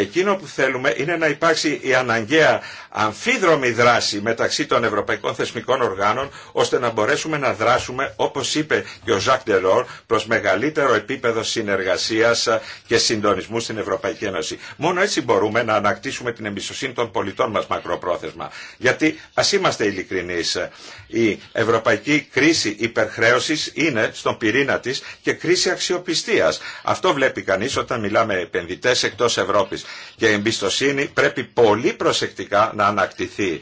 Εκείνο που θέλουμε είναι να υπάρξει η αναγκαία αμφίδρομη δράση μεταξύ των ευρωπαϊκών θεσμικών οργάνων ώστε να μπορέσουμε να δράσουμε όπως είπε και ο Ζακ Ντελόρ προς μεγαλύτερο επίπεδο συνεργασίας και συντονισμού στην Ευρωπαϊκή Ένωση. Μόνο έτσι μπορούμε να ανακτήσουμε την εμπιστοσύνη των πολιτών μας μακροπρόθεσμα. Γιατί ας είμαστε ειλικρινείς, η ευρωπαϊκή κρίση υπερχρέωσης είναι στον πυρήνα της και κρίση αξιοπιστίας. Αυτό βλέπει κανείς όταν μιλάμε επενδυτές εκτός Ευρώπης και η εμπιστοσύνη πρέπει πολύ προσεκτικά να ανακτηθεί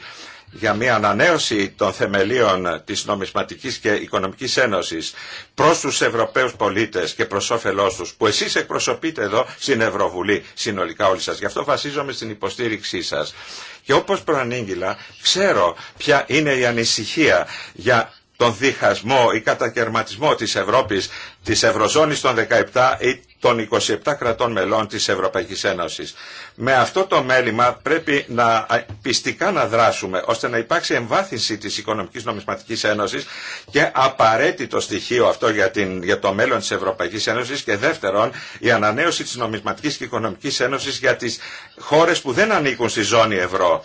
για μια ανανέωση των θεμελίων της νομισματικής και οικονομικής ένωσης προς τους Ευρωπαίους πολίτες και προς όφελός τους που εσείς εκπροσωπείτε εδώ στην Ευρωβουλή συνολικά όλοι σας. Γι' αυτό βασίζομαι στην υποστήριξή σας. Και όπως προανήγγυλα, ξέρω ποια είναι η ανησυχία για τον διχασμό ή κατακαιρματισμό της Ευρώπης, της Ευρωζώνης των 17 ή των 27 κρατών μελών της Ευρωπαϊκής Ένωσης. Με αυτό το μέλημα πρέπει να πιστικά να δράσουμε ώστε να υπάρξει εμβάθυνση της Οικονομικής Νομισματικής Ένωσης και απαραίτητο στοιχείο αυτό για, την, για το μέλλον της Ευρωπαϊκής Ένωσης και δεύτερον η ανανέωση της Νομισματικής και Οικονομικής Ένωσης για τις χώρες που δεν ανήκουν στη ζώνη ευρώ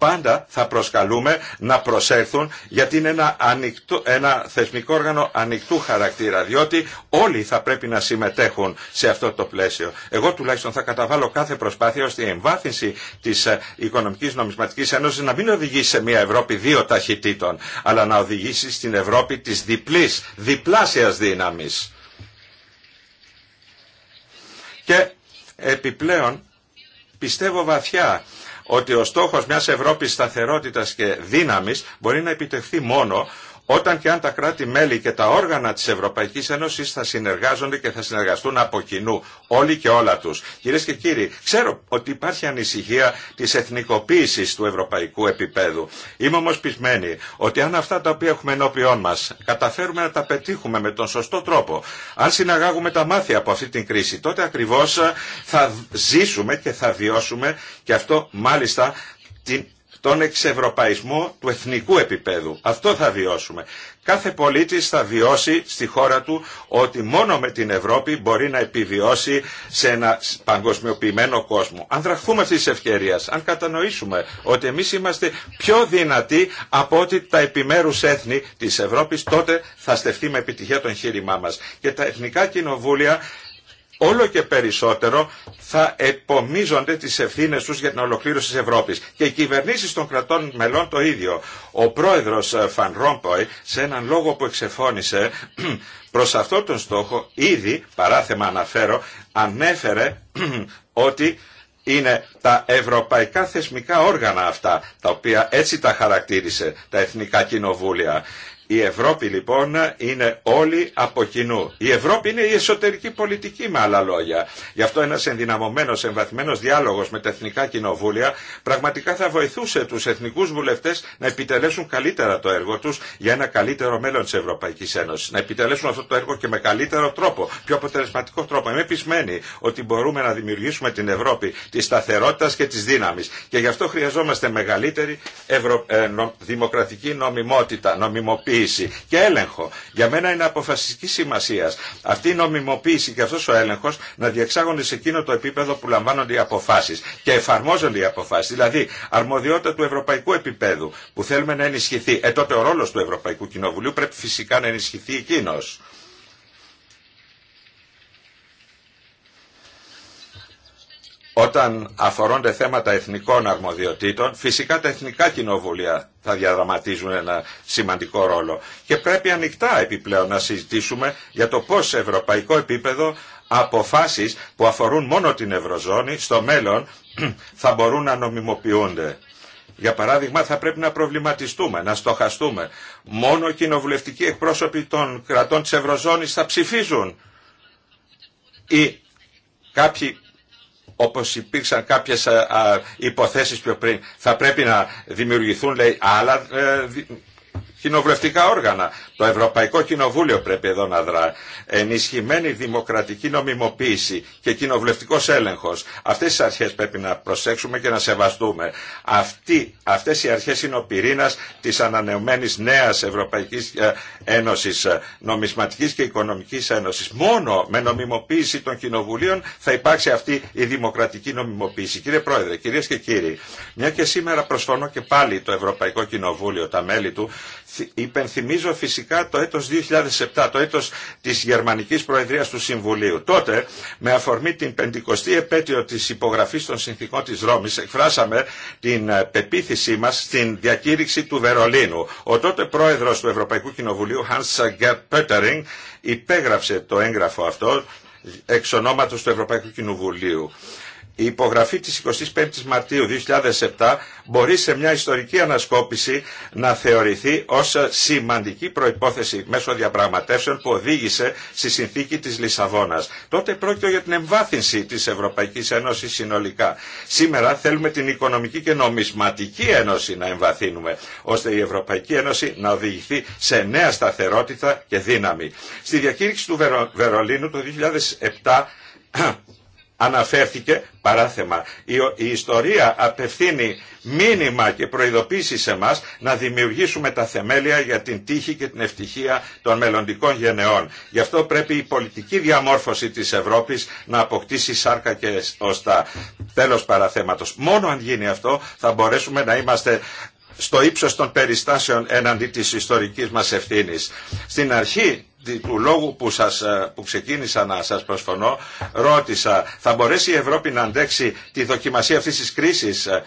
πάντα θα προσκαλούμε να προσέλθουν γιατί είναι ένα, ένα θεσμικό όργανο ανοιχτού χαρακτήρα διότι όλοι θα πρέπει να συμμετέχουν σε αυτό το πλαίσιο. Εγώ τουλάχιστον θα καταβάλω κάθε προσπάθεια ώστε η εμβάθυνση της ε, Οικονομικής Νομισματικής Ένωσης να μην οδηγήσει σε μια Ευρώπη δύο ταχυτήτων αλλά να οδηγήσει στην Ευρώπη της διπλής, διπλάσιας δύναμης. Και επιπλέον πιστεύω βαθιά ότι ο στόχος μιας Ευρώπης σταθερότητας και δύναμης μπορεί να επιτευχθεί μόνο όταν και αν τα κράτη-μέλη και τα όργανα της Ευρωπαϊκής Ένωσης θα συνεργάζονται και θα συνεργαστούν από κοινού, όλοι και όλα τους. Κυρίες και κύριοι, ξέρω ότι υπάρχει ανησυχία της εθνικοποίησης του ευρωπαϊκού επίπεδου. Είμαι όμως πεισμένη ότι αν αυτά τα οποία έχουμε ενώπιόν μας καταφέρουμε να τα πετύχουμε με τον σωστό τρόπο, αν συναγάγουμε τα μάθη από αυτή την κρίση, τότε ακριβώς θα ζήσουμε και θα βιώσουμε και αυτό μάλιστα την τον εξευρωπαϊσμό του εθνικού επίπεδου. Αυτό θα βιώσουμε. Κάθε πολίτης θα βιώσει στη χώρα του ότι μόνο με την Ευρώπη μπορεί να επιβιώσει σε ένα παγκοσμιοποιημένο κόσμο. Αν δραχθούμε αυτή τη ευκαιρία, αν κατανοήσουμε ότι εμείς είμαστε πιο δυνατοί από ότι τα επιμέρους έθνη της Ευρώπης, τότε θα στεφθεί με επιτυχία το εγχείρημά μας. Και τα εθνικά κοινοβούλια όλο και περισσότερο θα επομίζονται τις ευθύνες τους για την ολοκλήρωση της Ευρώπης. Και οι κυβερνήσεις των κρατών μελών το ίδιο. Ο πρόεδρος ε, Φαν Ρόμποϊ σε έναν λόγο που εξεφώνησε προς αυτόν τον στόχο ήδη, παράθεμα αναφέρω, ανέφερε ότι είναι τα ευρωπαϊκά θεσμικά όργανα αυτά, τα οποία έτσι τα χαρακτήρισε τα εθνικά κοινοβούλια. Η Ευρώπη λοιπόν είναι όλοι από κοινού. Η Ευρώπη είναι η εσωτερική πολιτική με άλλα λόγια. Γι' αυτό ένας ενδυναμωμένος, εμβαθμένος διάλογος με τα εθνικά κοινοβούλια πραγματικά θα βοηθούσε τους εθνικούς βουλευτές να επιτελέσουν καλύτερα το έργο τους για ένα καλύτερο μέλλον της Ευρωπαϊκής Ένωσης. Να επιτελέσουν αυτό το έργο και με καλύτερο τρόπο, πιο αποτελεσματικό τρόπο. Είμαι πεισμένη ότι μπορούμε να δημιουργήσουμε την Ευρώπη τη σταθερότητα και τη δύναμη. Και γι' αυτό χρειαζόμαστε μεγαλύτερη ευρω... Ε, δημοκρατική νομιμότητα, νομιμοποίηση και έλεγχο. Για μένα είναι αποφασιστική σημασία αυτή η νομιμοποίηση και αυτό ο έλεγχο να διεξάγονται σε εκείνο το επίπεδο που λαμβάνονται οι αποφάσει και εφαρμόζονται οι αποφάσει. Δηλαδή, αρμοδιότητα του ευρωπαϊκού επίπεδου που θέλουμε να ενισχυθεί. Ε, τότε ο ρόλο του Ευρωπαϊκού Κοινοβουλίου πρέπει φυσικά να ενισχυθεί εκείνο. όταν αφορώνται θέματα εθνικών αρμοδιοτήτων, φυσικά τα εθνικά κοινοβούλια θα διαδραματίζουν ένα σημαντικό ρόλο. Και πρέπει ανοιχτά επιπλέον να συζητήσουμε για το πώς σε ευρωπαϊκό επίπεδο αποφάσεις που αφορούν μόνο την Ευρωζώνη στο μέλλον θα μπορούν να νομιμοποιούνται. Για παράδειγμα θα πρέπει να προβληματιστούμε, να στοχαστούμε. Μόνο οι κοινοβουλευτικοί εκπρόσωποι των κρατών της Ευρωζώνης θα ψηφίζουν ή κάποιοι όπως υπήρξαν κάποιες υποθέσεις πιο πριν, θα πρέπει να δημιουργηθούν λέει, άλλα ε, κοινοβουλευτικά όργανα. Το Ευρωπαϊκό Κοινοβούλιο πρέπει εδώ να δρά. Ενισχυμένη δημοκρατική νομιμοποίηση και κοινοβουλευτικό έλεγχο. Αυτέ τι αρχέ πρέπει να προσέξουμε και να σεβαστούμε. Αυτέ οι αρχέ είναι ο πυρήνα τη ανανεωμένη νέα Ευρωπαϊκή ε, Ένωση, ε, νομισματική και οικονομική ένωση. Μόνο με νομιμοποίηση των κοινοβουλίων θα υπάρξει αυτή η δημοκρατική νομιμοποίηση. Κύριε Πρόεδρε, κυρίε και κύριοι, μια και σήμερα προσφωνώ και πάλι το Ευρωπαϊκό Κοινοβούλιο, τα μέλη του, Υπενθυμίζω φυσικά το έτος 2007, το έτος της Γερμανικής Προεδρίας του Συμβουλίου. Τότε, με αφορμή την 50η επέτειο της υπογραφής των συνθήκων της Ρώμης, εκφράσαμε την ε, πεποίθησή μας στην διακήρυξη του Βερολίνου. Ο τότε πρόεδρος του Ευρωπαϊκού Κοινοβουλίου, Hans Pöttering, υπέγραψε το έγγραφο αυτό ε, εξ του Ευρωπαϊκού Κοινοβουλίου. Η υπογραφή της 25ης Μαρτίου 2007 μπορεί σε μια ιστορική ανασκόπηση να θεωρηθεί ως σημαντική προϋπόθεση μέσω διαπραγματεύσεων που οδήγησε στη συνθήκη της Λισαβόνας. Τότε πρόκειται για την εμβάθυνση της Ευρωπαϊκής Ένωσης συνολικά. Σήμερα θέλουμε την Οικονομική και Νομισματική Ένωση να εμβαθύνουμε, ώστε η Ευρωπαϊκή Ένωση να οδηγηθεί σε νέα σταθερότητα και δύναμη. Στη διακήρυξη του Βερολίνου το 2007 αναφέρθηκε παράθεμα. Η, η ιστορία απευθύνει μήνυμα και προειδοποίηση σε μας να δημιουργήσουμε τα θεμέλια για την τύχη και την ευτυχία των μελλοντικών γενεών. Γι' αυτό πρέπει η πολιτική διαμόρφωση της Ευρώπης να αποκτήσει σάρκα και οστά. Τέλος παραθέματος. Μόνο αν γίνει αυτό θα μπορέσουμε να είμαστε στο ύψος των περιστάσεων έναντι της ιστορικής μας ευθύνης. Στην αρχή του λόγου που, σας, ε, που ξεκίνησα να σας προσφωνώ, ρώτησα θα μπορέσει η Ευρώπη να αντέξει τη δοκιμασία αυτής της κρίσης. Ε,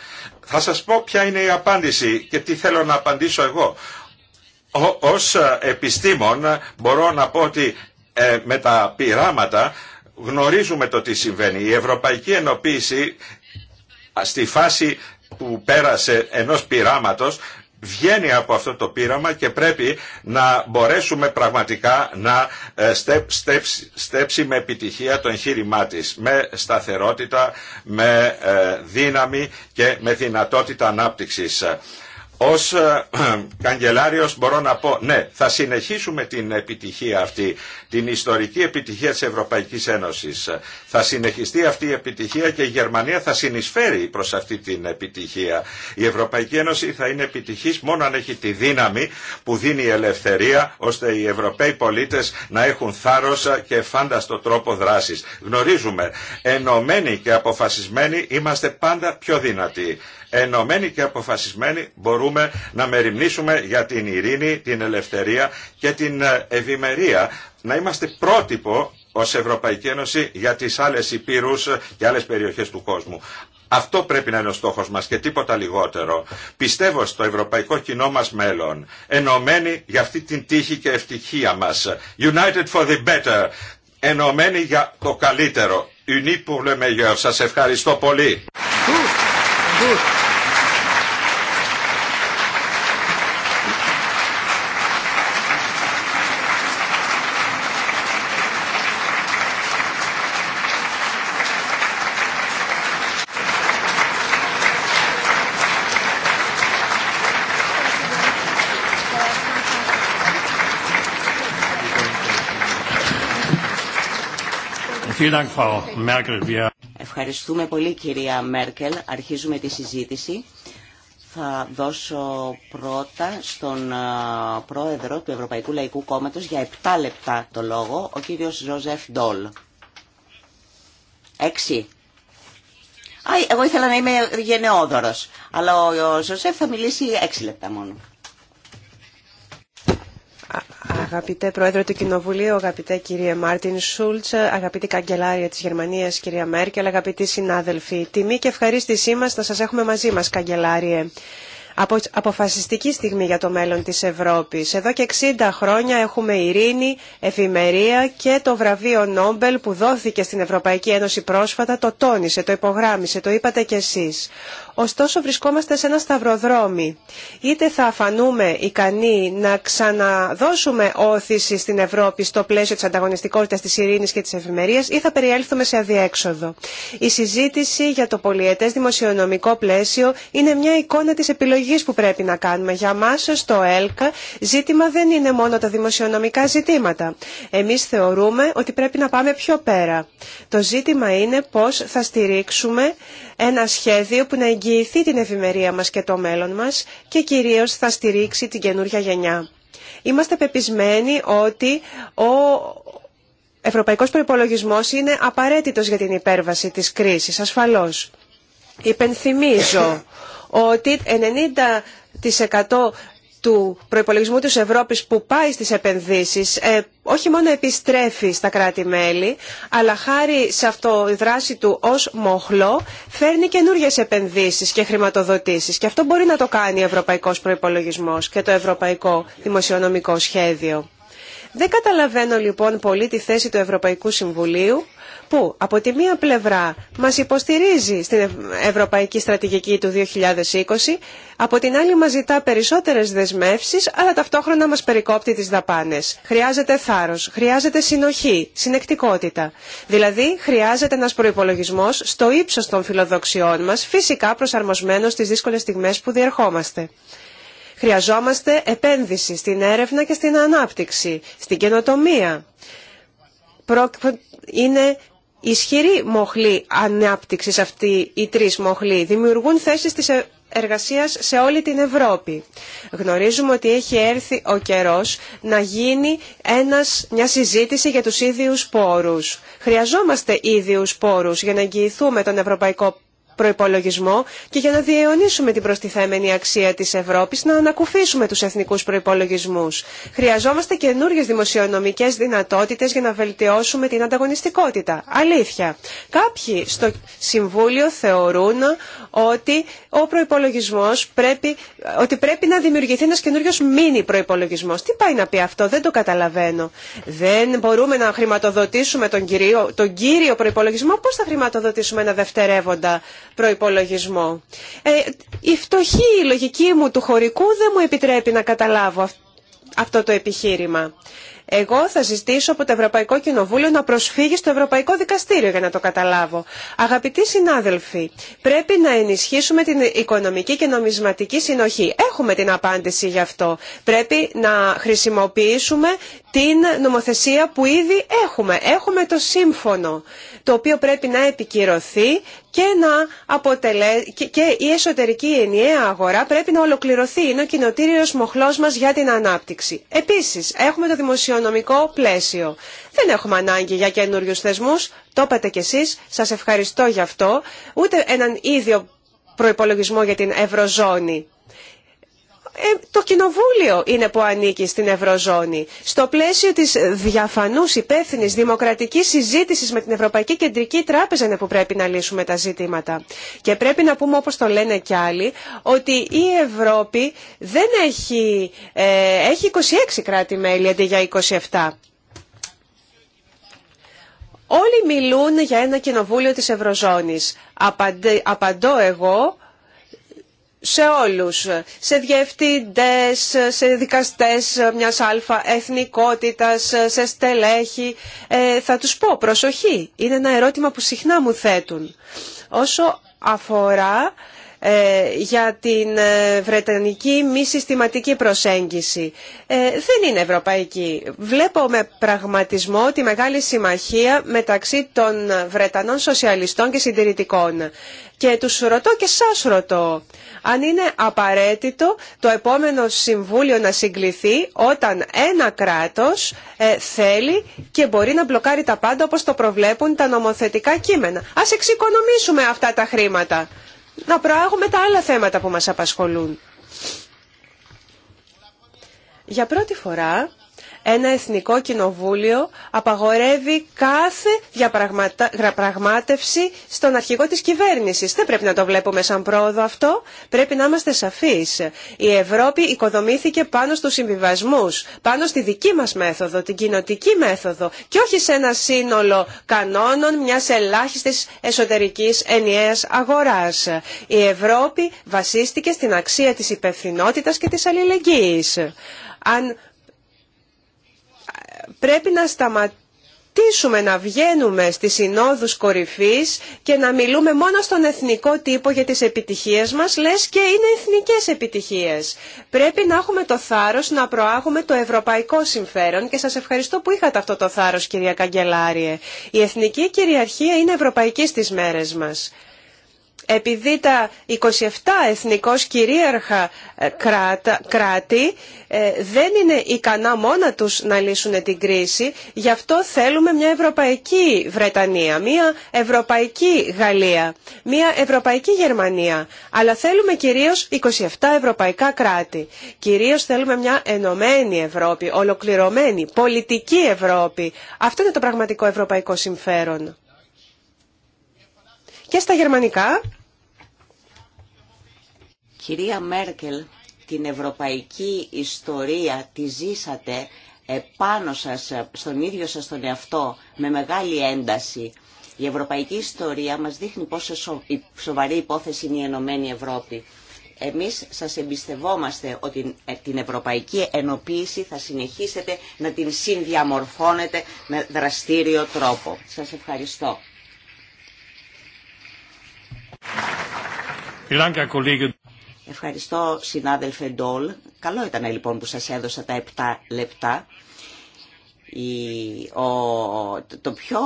θα σας πω ποια είναι η απάντηση και τι θέλω να απαντήσω εγώ. Ω, ως ε, επιστήμον μπορώ να πω ότι με τα πειράματα γνωρίζουμε το τι συμβαίνει. Η ευρωπαϊκή ενοποίηση στη φάση που πέρασε ενός πειράματος βγαίνει από αυτό το πείραμα και πρέπει να μπορέσουμε πραγματικά να ε, στέψ, στέψει με επιτυχία το εγχείρημά της, με σταθερότητα, με ε, δύναμη και με δυνατότητα ανάπτυξης ως ε, καγκελάριος μπορώ να πω ναι, θα συνεχίσουμε την επιτυχία αυτή, την ιστορική επιτυχία της Ευρωπαϊκής Ένωσης. Θα συνεχιστεί αυτή η επιτυχία και η Γερμανία θα συνεισφέρει προς αυτή την επιτυχία. Η Ευρωπαϊκή Ένωση θα είναι επιτυχής μόνο αν έχει τη δύναμη που δίνει η ελευθερία ώστε οι Ευρωπαίοι πολίτες να έχουν θάρρος και φάνταστο τρόπο δράσης. Γνωρίζουμε, ενωμένοι και αποφασισμένοι είμαστε πάντα πιο δυνατοί ενωμένοι και αποφασισμένοι μπορούμε να μεριμνήσουμε για την ειρήνη, την ελευθερία και την ε, ευημερία. Να είμαστε πρότυπο ως Ευρωπαϊκή Ένωση για τις άλλες υπήρους και άλλες περιοχές του κόσμου. Αυτό πρέπει να είναι ο στόχος μας και τίποτα λιγότερο. Πιστεύω στο ευρωπαϊκό κοινό μας μέλλον, ενωμένοι για αυτή την τύχη και ευτυχία μας. United for the better, ενωμένοι για το καλύτερο. Unis pour le meilleur. Σας ευχαριστώ πολύ. Ευχαριστούμε πολύ κυρία Μέρκελ. Αρχίζουμε τη συζήτηση. Θα δώσω πρώτα στον πρόεδρο του Ευρωπαϊκού Λαϊκού Κόμματος για 7 λεπτά το λόγο, ο κύριος Ζωζεφ Ντόλ. Έξι. Α, εγώ ήθελα να είμαι γενναιόδωρος, αλλά ο Ζωζεφ θα μιλήσει έξι λεπτά μόνο. Αγαπητέ Πρόεδρε του Κοινοβουλίου, αγαπητέ κύριε Μάρτιν Σούλτ, αγαπητή Καγκελάρια της Γερμανίας κυρία Μέρκελ, αγαπητοί συνάδελφοι, τιμή και ευχαρίστησή μας να σας έχουμε μαζί μας, Καγκελάριε αποφασιστική στιγμή για το μέλλον της Ευρώπης. Εδώ και 60 χρόνια έχουμε ειρήνη, εφημερία και το βραβείο Νόμπελ που δόθηκε στην Ευρωπαϊκή Ένωση πρόσφατα το τόνισε, το υπογράμισε, το είπατε κι εσείς. Ωστόσο βρισκόμαστε σε ένα σταυροδρόμι. Είτε θα αφανούμε ικανοί να ξαναδώσουμε όθηση στην Ευρώπη στο πλαίσιο της ανταγωνιστικότητας της ειρήνης και της εφημερίας Η συζήτηση για το πολιετές δημοσιονομικό πλαίσιο είναι μια εικόνα της επιλογής επιλογής που πρέπει να κάνουμε. Για μας στο ΕΛΚ ζήτημα δεν είναι μόνο τα δημοσιονομικά ζητήματα. Εμεί θεωρούμε ότι πρέπει να πάμε πιο πέρα. Το ζήτημα είναι πω θα στηρίξουμε ένα σχέδιο που να εγγυηθεί την ευημερία μας και το μέλλον μα και κυρίω θα στηρίξει την καινούργια γενιά. Είμαστε πεπισμένοι ότι ο ευρωπαϊκός προϋπολογισμός είναι απαραίτητος για την υπέρβαση της κρίσης, ασφαλώς. Υπενθυμίζω ότι 90% του προϋπολογισμού της Ευρώπης που πάει στις επενδύσεις ε, όχι μόνο επιστρέφει στα κράτη-μέλη, αλλά χάρη σε αυτό η δράση του ως μοχλό φέρνει καινούριε επενδύσεις και χρηματοδοτήσεις. Και αυτό μπορεί να το κάνει ο Ευρωπαϊκός Προϋπολογισμός και το Ευρωπαϊκό Δημοσιονομικό Σχέδιο. Δεν καταλαβαίνω λοιπόν πολύ τη θέση του Ευρωπαϊκού Συμβουλίου που από τη μία πλευρά μας υποστηρίζει στην Ευρωπαϊκή Στρατηγική του 2020, από την άλλη μας ζητά περισσότερες δεσμεύσεις, αλλά ταυτόχρονα μας περικόπτει τις δαπάνες. Χρειάζεται θάρρος, χρειάζεται συνοχή, συνεκτικότητα. Δηλαδή, χρειάζεται ένας προϋπολογισμός στο ύψος των φιλοδοξιών μας, φυσικά προσαρμοσμένος στις δύσκολες στιγμές που διερχόμαστε. Χρειαζόμαστε επένδυση στην έρευνα και στην ανάπτυξη, στην καινοτομία. Είναι ισχυρή μοχλή ανάπτυξης αυτή οι τρει μοχλοί. Δημιουργούν θέσεις τη εργασία σε όλη την Ευρώπη. Γνωρίζουμε ότι έχει έρθει ο καιρός να γίνει ένας, μια συζήτηση για τους ίδιους πόρους. Χρειαζόμαστε ίδιους πόρους για να εγγυηθούμε τον ευρωπαϊκό προϋπολογισμό και για να διαιωνίσουμε την προστιθέμενη αξία της Ευρώπης να ανακουφίσουμε τους εθνικούς προϋπολογισμούς. Χρειαζόμαστε καινούριες δημοσιονομικές δυνατότητες για να βελτιώσουμε την ανταγωνιστικότητα. Αλήθεια. Κάποιοι στο Συμβούλιο θεωρούν ότι ο προϋπολογισμός πρέπει, ότι πρέπει να δημιουργηθεί ένας καινούριος μίνι προϋπολογισμός. Τι πάει να πει αυτό, δεν το καταλαβαίνω. Δεν μπορούμε να χρηματοδοτήσουμε τον κύριο, τον κύριο προϋπολογισμό, πώς θα χρηματοδοτήσουμε ένα δευτερεύοντα προϋπολογισμό. Ε, η φτωχή η λογική μου του χωρικού δεν μου επιτρέπει να καταλάβω αυτό το επιχείρημα. Εγώ θα ζητήσω από το Ευρωπαϊκό Κοινοβούλιο να προσφύγει στο Ευρωπαϊκό Δικαστήριο για να το καταλάβω. Αγαπητοί συνάδελφοι, πρέπει να ενισχύσουμε την οικονομική και νομισματική συνοχή. Έχουμε την απάντηση γι' αυτό. Πρέπει να χρησιμοποιήσουμε την νομοθεσία που ήδη έχουμε. Έχουμε το σύμφωνο, το οποίο πρέπει να επικυρωθεί και, να αποτελέ... και η εσωτερική ενιαία αγορά πρέπει να ολοκληρωθεί. Είναι ο κοινοτήριος μοχλός μας για την ανάπτυξη. Επίσης, έχουμε το δημοσιονομικό πλαίσιο. Δεν έχουμε ανάγκη για καινούριου θεσμούς. Το είπατε κι εσείς. Σας ευχαριστώ γι' αυτό. Ούτε έναν ίδιο προϋπολογισμό για την Ευρωζώνη. Ε, το κοινοβούλιο είναι που ανήκει στην Ευρωζώνη. Στο πλαίσιο της διαφανούς υπεύθυνη δημοκρατικής συζήτησης με την Ευρωπαϊκή Κεντρική Τράπεζα είναι που πρέπει να λύσουμε τα ζητήματα. Και πρέπει να πούμε όπως το λένε κι άλλοι ότι η Ευρώπη δεν έχει, ε, έχει 26 κράτη-μέλη αντί για 27. Όλοι μιλούν για ένα κοινοβούλιο της Ευρωζώνης. Απαντώ εγώ σε όλους, σε διευθυντές, σε δικαστές μιας αλφα εθνικότητας, σε στελέχη. Ε, θα τους πω, προσοχή, είναι ένα ερώτημα που συχνά μου θέτουν. Όσο αφορά ε, για την ε, Βρετανική μη συστηματική προσέγγιση. Ε, δεν είναι ευρωπαϊκή. Βλέπω με πραγματισμό τη μεγάλη συμμαχία μεταξύ των Βρετανών σοσιαλιστών και συντηρητικών. Και του ρωτώ και σας ρωτώ αν είναι απαραίτητο το επόμενο Συμβούλιο να συγκληθεί όταν ένα κράτος θέλει και μπορεί να μπλοκάρει τα πάντα όπως το προβλέπουν τα νομοθετικά κείμενα. Ας εξοικονομήσουμε αυτά τα χρήματα να προάγουμε τα άλλα θέματα που μας απασχολούν. Για πρώτη φορά ένα εθνικό κοινοβούλιο απαγορεύει κάθε διαπραγμάτευση στον αρχηγό της κυβέρνησης. Δεν πρέπει να το βλέπουμε σαν πρόοδο αυτό. Πρέπει να είμαστε σαφείς. Η Ευρώπη οικοδομήθηκε πάνω στους συμβιβασμούς, πάνω στη δική μας μέθοδο, την κοινοτική μέθοδο και όχι σε ένα σύνολο κανόνων μιας ελάχιστης εσωτερικής ενιαίας αγοράς. Η Ευρώπη βασίστηκε στην αξία της υπευθυνότητας και της αλληλεγγύης πρέπει να σταματήσουμε να βγαίνουμε στις συνόδους κορυφής και να μιλούμε μόνο στον εθνικό τύπο για τις επιτυχίες μας, λες και είναι εθνικές επιτυχίες. Πρέπει να έχουμε το θάρρος να προάγουμε το ευρωπαϊκό συμφέρον και σας ευχαριστώ που είχατε αυτό το θάρρος κυρία Καγκελάριε. Η εθνική κυριαρχία είναι ευρωπαϊκή στις μέρες μας επειδή τα 27 εθνικώς κυρίαρχα ε, κράτη ε, δεν είναι ικανά μόνα τους να λύσουν την κρίση, γι' αυτό θέλουμε μια ευρωπαϊκή Βρετανία, μια ευρωπαϊκή Γαλλία, μια ευρωπαϊκή Γερμανία, αλλά θέλουμε κυρίως 27 ευρωπαϊκά κράτη. Κυρίως θέλουμε μια ενωμένη Ευρώπη, ολοκληρωμένη, πολιτική Ευρώπη. Αυτό είναι το πραγματικό ευρωπαϊκό συμφέρον και στα γερμανικά. Κυρία Μέρκελ, την ευρωπαϊκή ιστορία τη ζήσατε επάνω σας, στον ίδιο σας τον εαυτό, με μεγάλη ένταση. Η ευρωπαϊκή ιστορία μας δείχνει πόσο σοβαρή υπόθεση είναι η Ενωμένη Ευρώπη. Εμείς σας εμπιστευόμαστε ότι ε, την ευρωπαϊκή ενοποίηση θα συνεχίσετε να την συνδιαμορφώνετε με δραστήριο τρόπο. Σας ευχαριστώ. Ευχαριστώ συνάδελφε Ντόλ. Καλό ήταν λοιπόν που σας έδωσα τα 7 λεπτά. Το πιο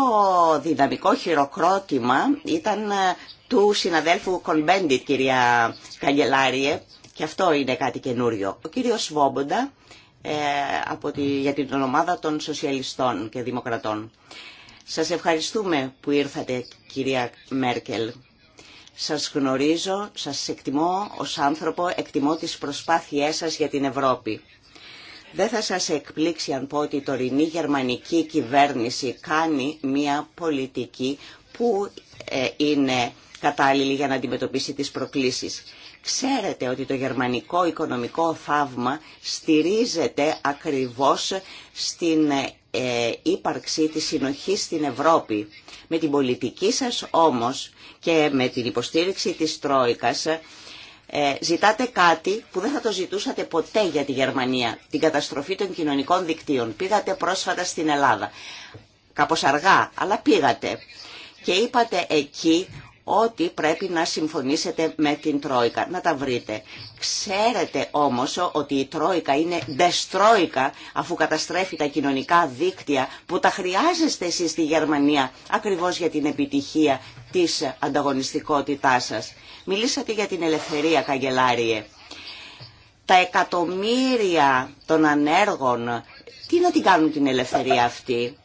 δυναμικό χειροκρότημα ήταν ε, του συναδέλφου Κονμπέντιτ κυρία Καγκελάριε, και αυτό είναι κάτι καινούριο. Ο κύριος Σβόμποντα ε, από τη, για την ομάδα των Σοσιαλιστών και Δημοκρατών. Σας ευχαριστούμε που ήρθατε κυρία Μέρκελ σας γνωρίζω, σας εκτιμώ ως άνθρωπο, εκτιμώ τις προσπάθειές σας για την Ευρώπη. Δεν θα σας εκπλήξει αν πω ότι η τωρινή γερμανική κυβέρνηση κάνει μια πολιτική που ε, είναι κατάλληλη για να αντιμετωπίσει τις προκλήσεις. Ξέρετε ότι το γερμανικό οικονομικό θαύμα στηρίζεται ακριβώς στην ε, ε, ύπαρξη της συνοχής στην Ευρώπη. Με την πολιτική σας όμως και με την υποστήριξη της Τρόικας ε, ζητάτε κάτι που δεν θα το ζητούσατε ποτέ για τη Γερμανία, την καταστροφή των κοινωνικών δικτύων. Πήγατε πρόσφατα στην Ελλάδα, κάπως αργά, αλλά πήγατε. Και είπατε εκεί ότι πρέπει να συμφωνήσετε με την Τρόικα. Να τα βρείτε. Ξέρετε όμως ότι η Τρόικα είναι δεστρόικα αφού καταστρέφει τα κοινωνικά δίκτυα που τα χρειάζεστε εσείς στη Γερμανία ακριβώς για την επιτυχία της ανταγωνιστικότητάς σας. Μιλήσατε για την ελευθερία, καγκελάριε. Τα εκατομμύρια των ανέργων, τι να την κάνουν την ελευθερία αυτή.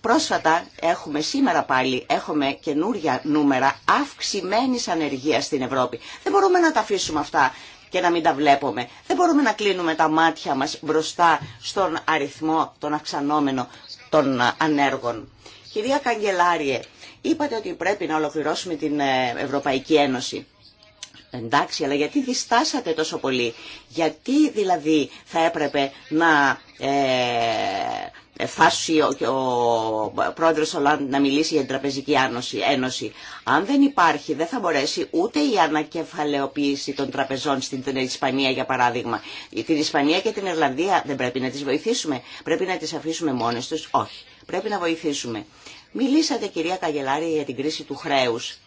Πρόσφατα έχουμε σήμερα πάλι έχουμε καινούρια νούμερα αυξημένης ανεργίας στην Ευρώπη. Δεν μπορούμε να τα αφήσουμε αυτά και να μην τα βλέπουμε. Δεν μπορούμε να κλείνουμε τα μάτια μας μπροστά στον αριθμό, των αυξανόμενων των ανέργων. Κυρία Καγκελάριε, είπατε ότι πρέπει να ολοκληρώσουμε την ε, Ευρωπαϊκή Ένωση. Εντάξει, αλλά γιατί διστάσατε τόσο πολύ. Γιατί δηλαδή θα έπρεπε να ε, φάσει ο, ο πρόεδρος Ολάντ να μιλήσει για την Τραπεζική Ένωση. Αν δεν υπάρχει δεν θα μπορέσει ούτε η ανακεφαλαιοποίηση των τραπεζών στην Ισπανία για παράδειγμα. Την Ισπανία και την Ιρλανδία δεν πρέπει να τις βοηθήσουμε. Πρέπει να τις αφήσουμε μόνες τους. Όχι. Πρέπει να βοηθήσουμε. Μιλήσατε κυρία Καγελάρη για την κρίση του χρέους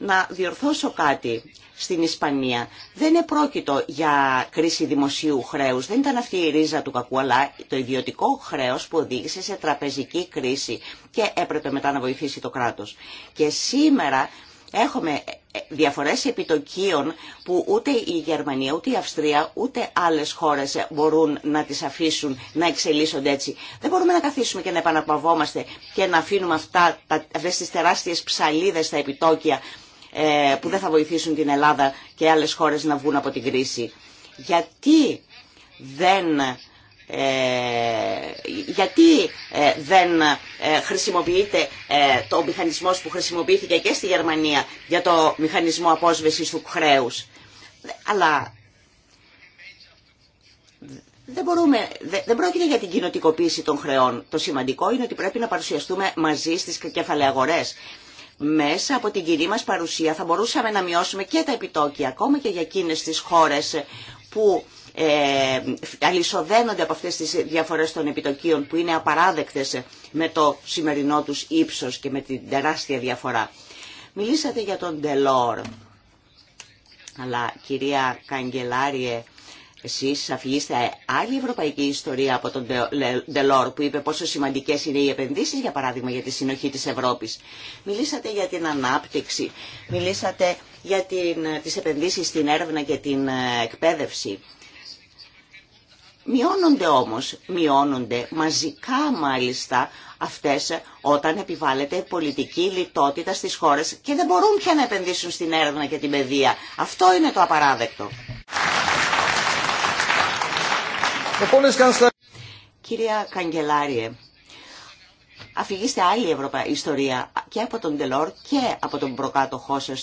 να διορθώσω κάτι στην Ισπανία. Δεν επρόκειτο για κρίση δημοσίου χρέους. Δεν ήταν αυτή η ρίζα του κακού, αλλά το ιδιωτικό χρέος που οδήγησε σε τραπεζική κρίση και έπρεπε μετά να βοηθήσει το κράτος. Και σήμερα έχουμε ε, ε, διαφορές επιτοκίων που ούτε η Γερμανία, ούτε η Αυστρία, ούτε άλλες χώρες ε, μπορούν να τις αφήσουν να εξελίσσονται έτσι. Δεν μπορούμε να καθίσουμε και να επαναπαυόμαστε και να αφήνουμε αυτά, αυτές τις τεράστιες ψαλίδες στα επιτόκια ε, που δεν θα βοηθήσουν την Ελλάδα και άλλες χώρες να βγουν από την κρίση. Γιατί δεν ε, γιατί ε, δεν ε, χρησιμοποιείται το μηχανισμός που χρησιμοποιήθηκε και στη Γερμανία για το μηχανισμό απόσβεσης του χρέους. Αλλά δεν, μπορούμε, δεν, πρόκειται για την κοινοτικοποίηση των χρεών. Το σημαντικό είναι ότι πρέπει να παρουσιαστούμε μαζί στις κεφαλαίες μέσα από την κοινή μας παρουσία θα μπορούσαμε να μειώσουμε και τα επιτόκια, ακόμα και για εκείνες τις χώρες που ε, αλυσοδένονται από αυτές τις διαφορές των επιτοκίων που είναι απαράδεκτες με το σημερινό τους ύψος και με την τεράστια διαφορά. Μιλήσατε για τον Τελόρ, αλλά κυρία Καγκελάριε, εσείς αφηγείστε άλλη ευρωπαϊκή ιστορία από τον Ντελόρ που είπε πόσο σημαντικές είναι οι επενδύσεις για παράδειγμα για τη συνοχή της Ευρώπης. Μιλήσατε για την ανάπτυξη, μιλήσατε για την, τις επενδύσεις στην έρευνα και την ε, εκπαίδευση. Μειώνονται όμως, μειώνονται μαζικά μάλιστα αυτές όταν επιβάλλεται πολιτική λιτότητα στις χώρες και δεν μπορούν πια να επενδύσουν στην έρευνα και την παιδεία. Αυτό είναι το απαράδεκτο. Κυρία Καγκελάριε, αφηγήστε άλλη Ευρωπα... ιστορία και από τον Τελόρ και από τον προκάτοχό σα ε,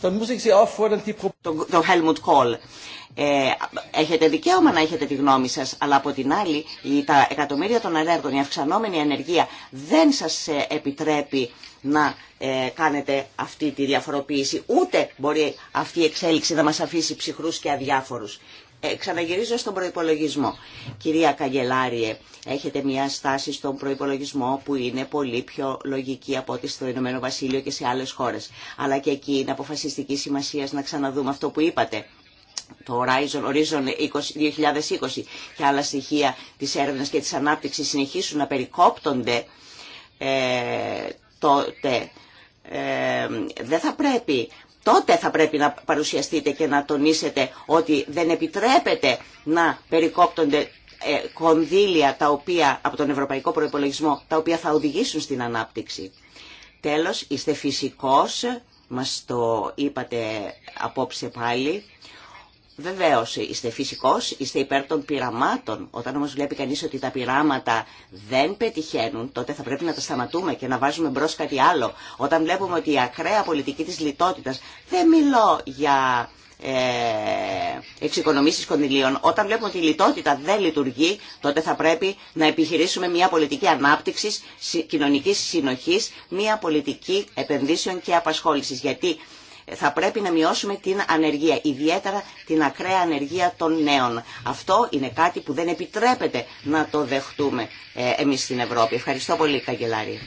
τον ε, τον Helmut Kohl. Ε, έχετε δικαίωμα να έχετε τη γνώμη σας, αλλά από την άλλη τα εκατομμύρια των ανέργων, η αυξανόμενη ενεργεία δεν σας ε, επιτρέπει να ε, κάνετε αυτή τη διαφοροποίηση. Ούτε μπορεί αυτή η εξέλιξη να μας αφήσει ψυχρούς και αδιάφορους. Ξαναγυρίζω στον προϋπολογισμό. Κυρία Καγκελάριε, έχετε μια στάση στον προϋπολογισμό που είναι πολύ πιο λογική από ό,τι στο Ηνωμένο Βασίλειο και σε άλλες χώρες. Αλλά και εκεί είναι αποφασιστική σημασία να ξαναδούμε αυτό που είπατε το Horizon, 2020 και άλλα στοιχεία της έρευνας και της ανάπτυξης συνεχίσουν να περικόπτονται, ε, τότε ε, δεν θα πρέπει, τότε θα πρέπει να παρουσιαστείτε και να τονίσετε ότι δεν επιτρέπεται να περικόπτονται ε, κονδύλια τα οποία, από τον Ευρωπαϊκό Προϋπολογισμό τα οποία θα οδηγήσουν στην ανάπτυξη. Τέλος, είστε φυσικός, μας το είπατε απόψε πάλι, Βεβαίω, είστε φυσικό, είστε υπέρ των πειραμάτων. Όταν όμω βλέπει κανεί ότι τα πειράματα δεν πετυχαίνουν, τότε θα πρέπει να τα σταματούμε και να βάζουμε μπρο κάτι άλλο. Όταν βλέπουμε ότι η ακραία πολιτική τη λιτότητα, δεν μιλώ για ε, εξοικονομήσει κονδυλίων. Όταν βλέπουμε ότι η λιτότητα δεν λειτουργεί, τότε θα πρέπει να επιχειρήσουμε μια πολιτική ανάπτυξη, κοινωνική συνοχή, μια πολιτική επενδύσεων και απασχόληση. Γιατί θα πρέπει να μειώσουμε την ανεργία, ιδιαίτερα την ακραία ανεργία των νέων. Αυτό είναι κάτι που δεν επιτρέπεται να το δεχτούμε ε, εμείς στην Ευρώπη. Ευχαριστώ πολύ, Καγκελάρη.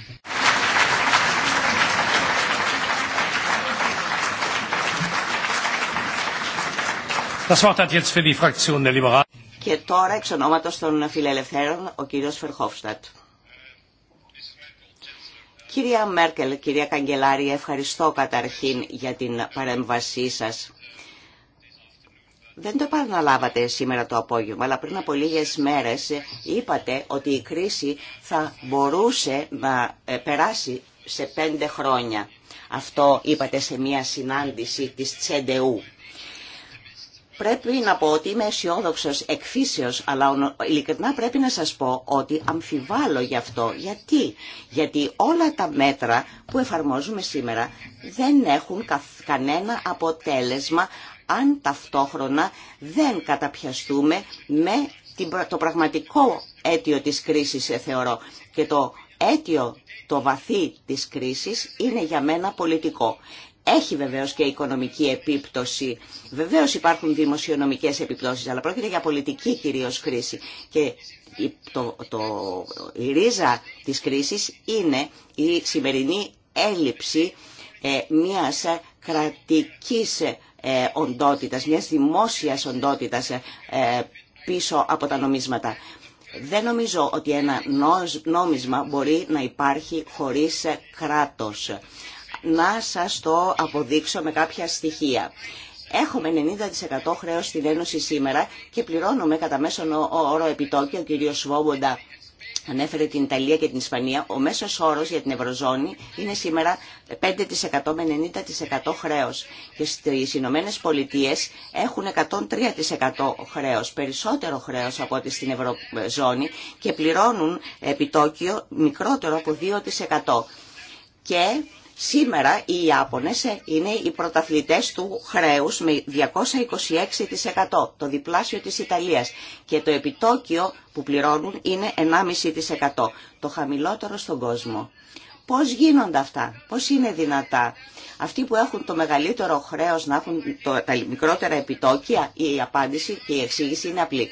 Και τώρα εξ ονόματος των φιλελευθέρων ο κύριος Φερχόφστατ. Κυρία Μέρκελ, κυρία Καγκελάρη, ευχαριστώ καταρχήν για την παρέμβασή σας. Δεν το επαναλάβατε σήμερα το απόγευμα, αλλά πριν από λίγες μέρες είπατε ότι η κρίση θα μπορούσε να ε, περάσει σε πέντε χρόνια. Αυτό είπατε σε μια συνάντηση της Τσεντεού. Πρέπει να πω ότι είμαι αισιόδοξο εκφύσεως, αλλά ειλικρινά πρέπει να σας πω ότι αμφιβάλλω γι' αυτό. Γιατί? Γιατί όλα τα μέτρα που εφαρμόζουμε σήμερα δεν έχουν κανένα αποτέλεσμα αν ταυτόχρονα δεν καταπιαστούμε με το πραγματικό αίτιο της κρίσης, ε, θεωρώ. Και το αίτιο το βαθύ της κρίσης είναι για μένα πολιτικό. Έχει βεβαίως και οικονομική επίπτωση. Βεβαίως υπάρχουν δημοσιονομικές επιπτώσει, αλλά πρόκειται για πολιτική κυρίως κρίση. Και το, το, η ρίζα της κρίσης είναι η σημερινή έλλειψη ε, μιας κρατικής ε, οντότητας, μιας δημόσιας οντότητας ε, πίσω από τα νομίσματα. Δεν νομίζω ότι ένα νόμισμα μπορεί να υπάρχει χωρίς ε, κράτος να σας το αποδείξω με κάποια στοιχεία. Έχουμε 90% χρέος στην Ένωση σήμερα και πληρώνουμε κατά μέσον όρο επιτόκιο, ο κ. Σβόμποντα ανέφερε την Ιταλία και την Ισπανία, ο μέσος όρος για την Ευρωζώνη είναι σήμερα 5% με 90% χρέος. Και στις Ηνωμένε Πολιτείες έχουν 103% χρέος, περισσότερο χρέος από ό,τι στην Ευρωζώνη και πληρώνουν επιτόκιο μικρότερο από 2%. Και Σήμερα οι Ιάπωνες είναι οι πρωταθλητές του χρέους με 226%, το διπλάσιο της Ιταλίας και το επιτόκιο που πληρώνουν είναι 1,5%, το χαμηλότερο στον κόσμο. Πώς γίνονται αυτά, πώς είναι δυνατά. Αυτοί που έχουν το μεγαλύτερο χρέος να έχουν το, τα μικρότερα επιτόκια, η απάντηση και η εξήγηση είναι απλή.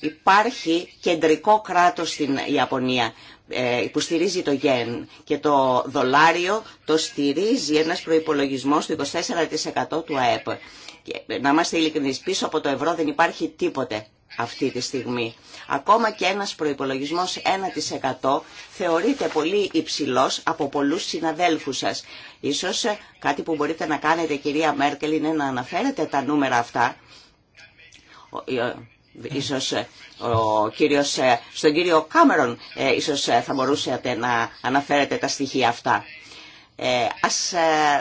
Υπάρχει κεντρικό κράτος στην Ιαπωνία ε, που στηρίζει το γεν και το δολάριο το στηρίζει ένας προϋπολογισμός του 24% του ΑΕΠ. Και, ε, να είμαστε ειλικρινείς, πίσω από το ευρώ δεν υπάρχει τίποτε αυτή τη στιγμή. Ακόμα και ένας προϋπολογισμός 1% θεωρείται πολύ υψηλός από πολλούς συναδέλφους σας. Ίσως ε, κάτι που μπορείτε να κάνετε κυρία Μέρκελ είναι να αναφέρετε τα νούμερα αυτά Ίσως ε, ο κύριος, ε, στον κύριο Κάμερον ε, ίσως θα μπορούσατε να αναφέρετε τα στοιχεία αυτά. Ε, ας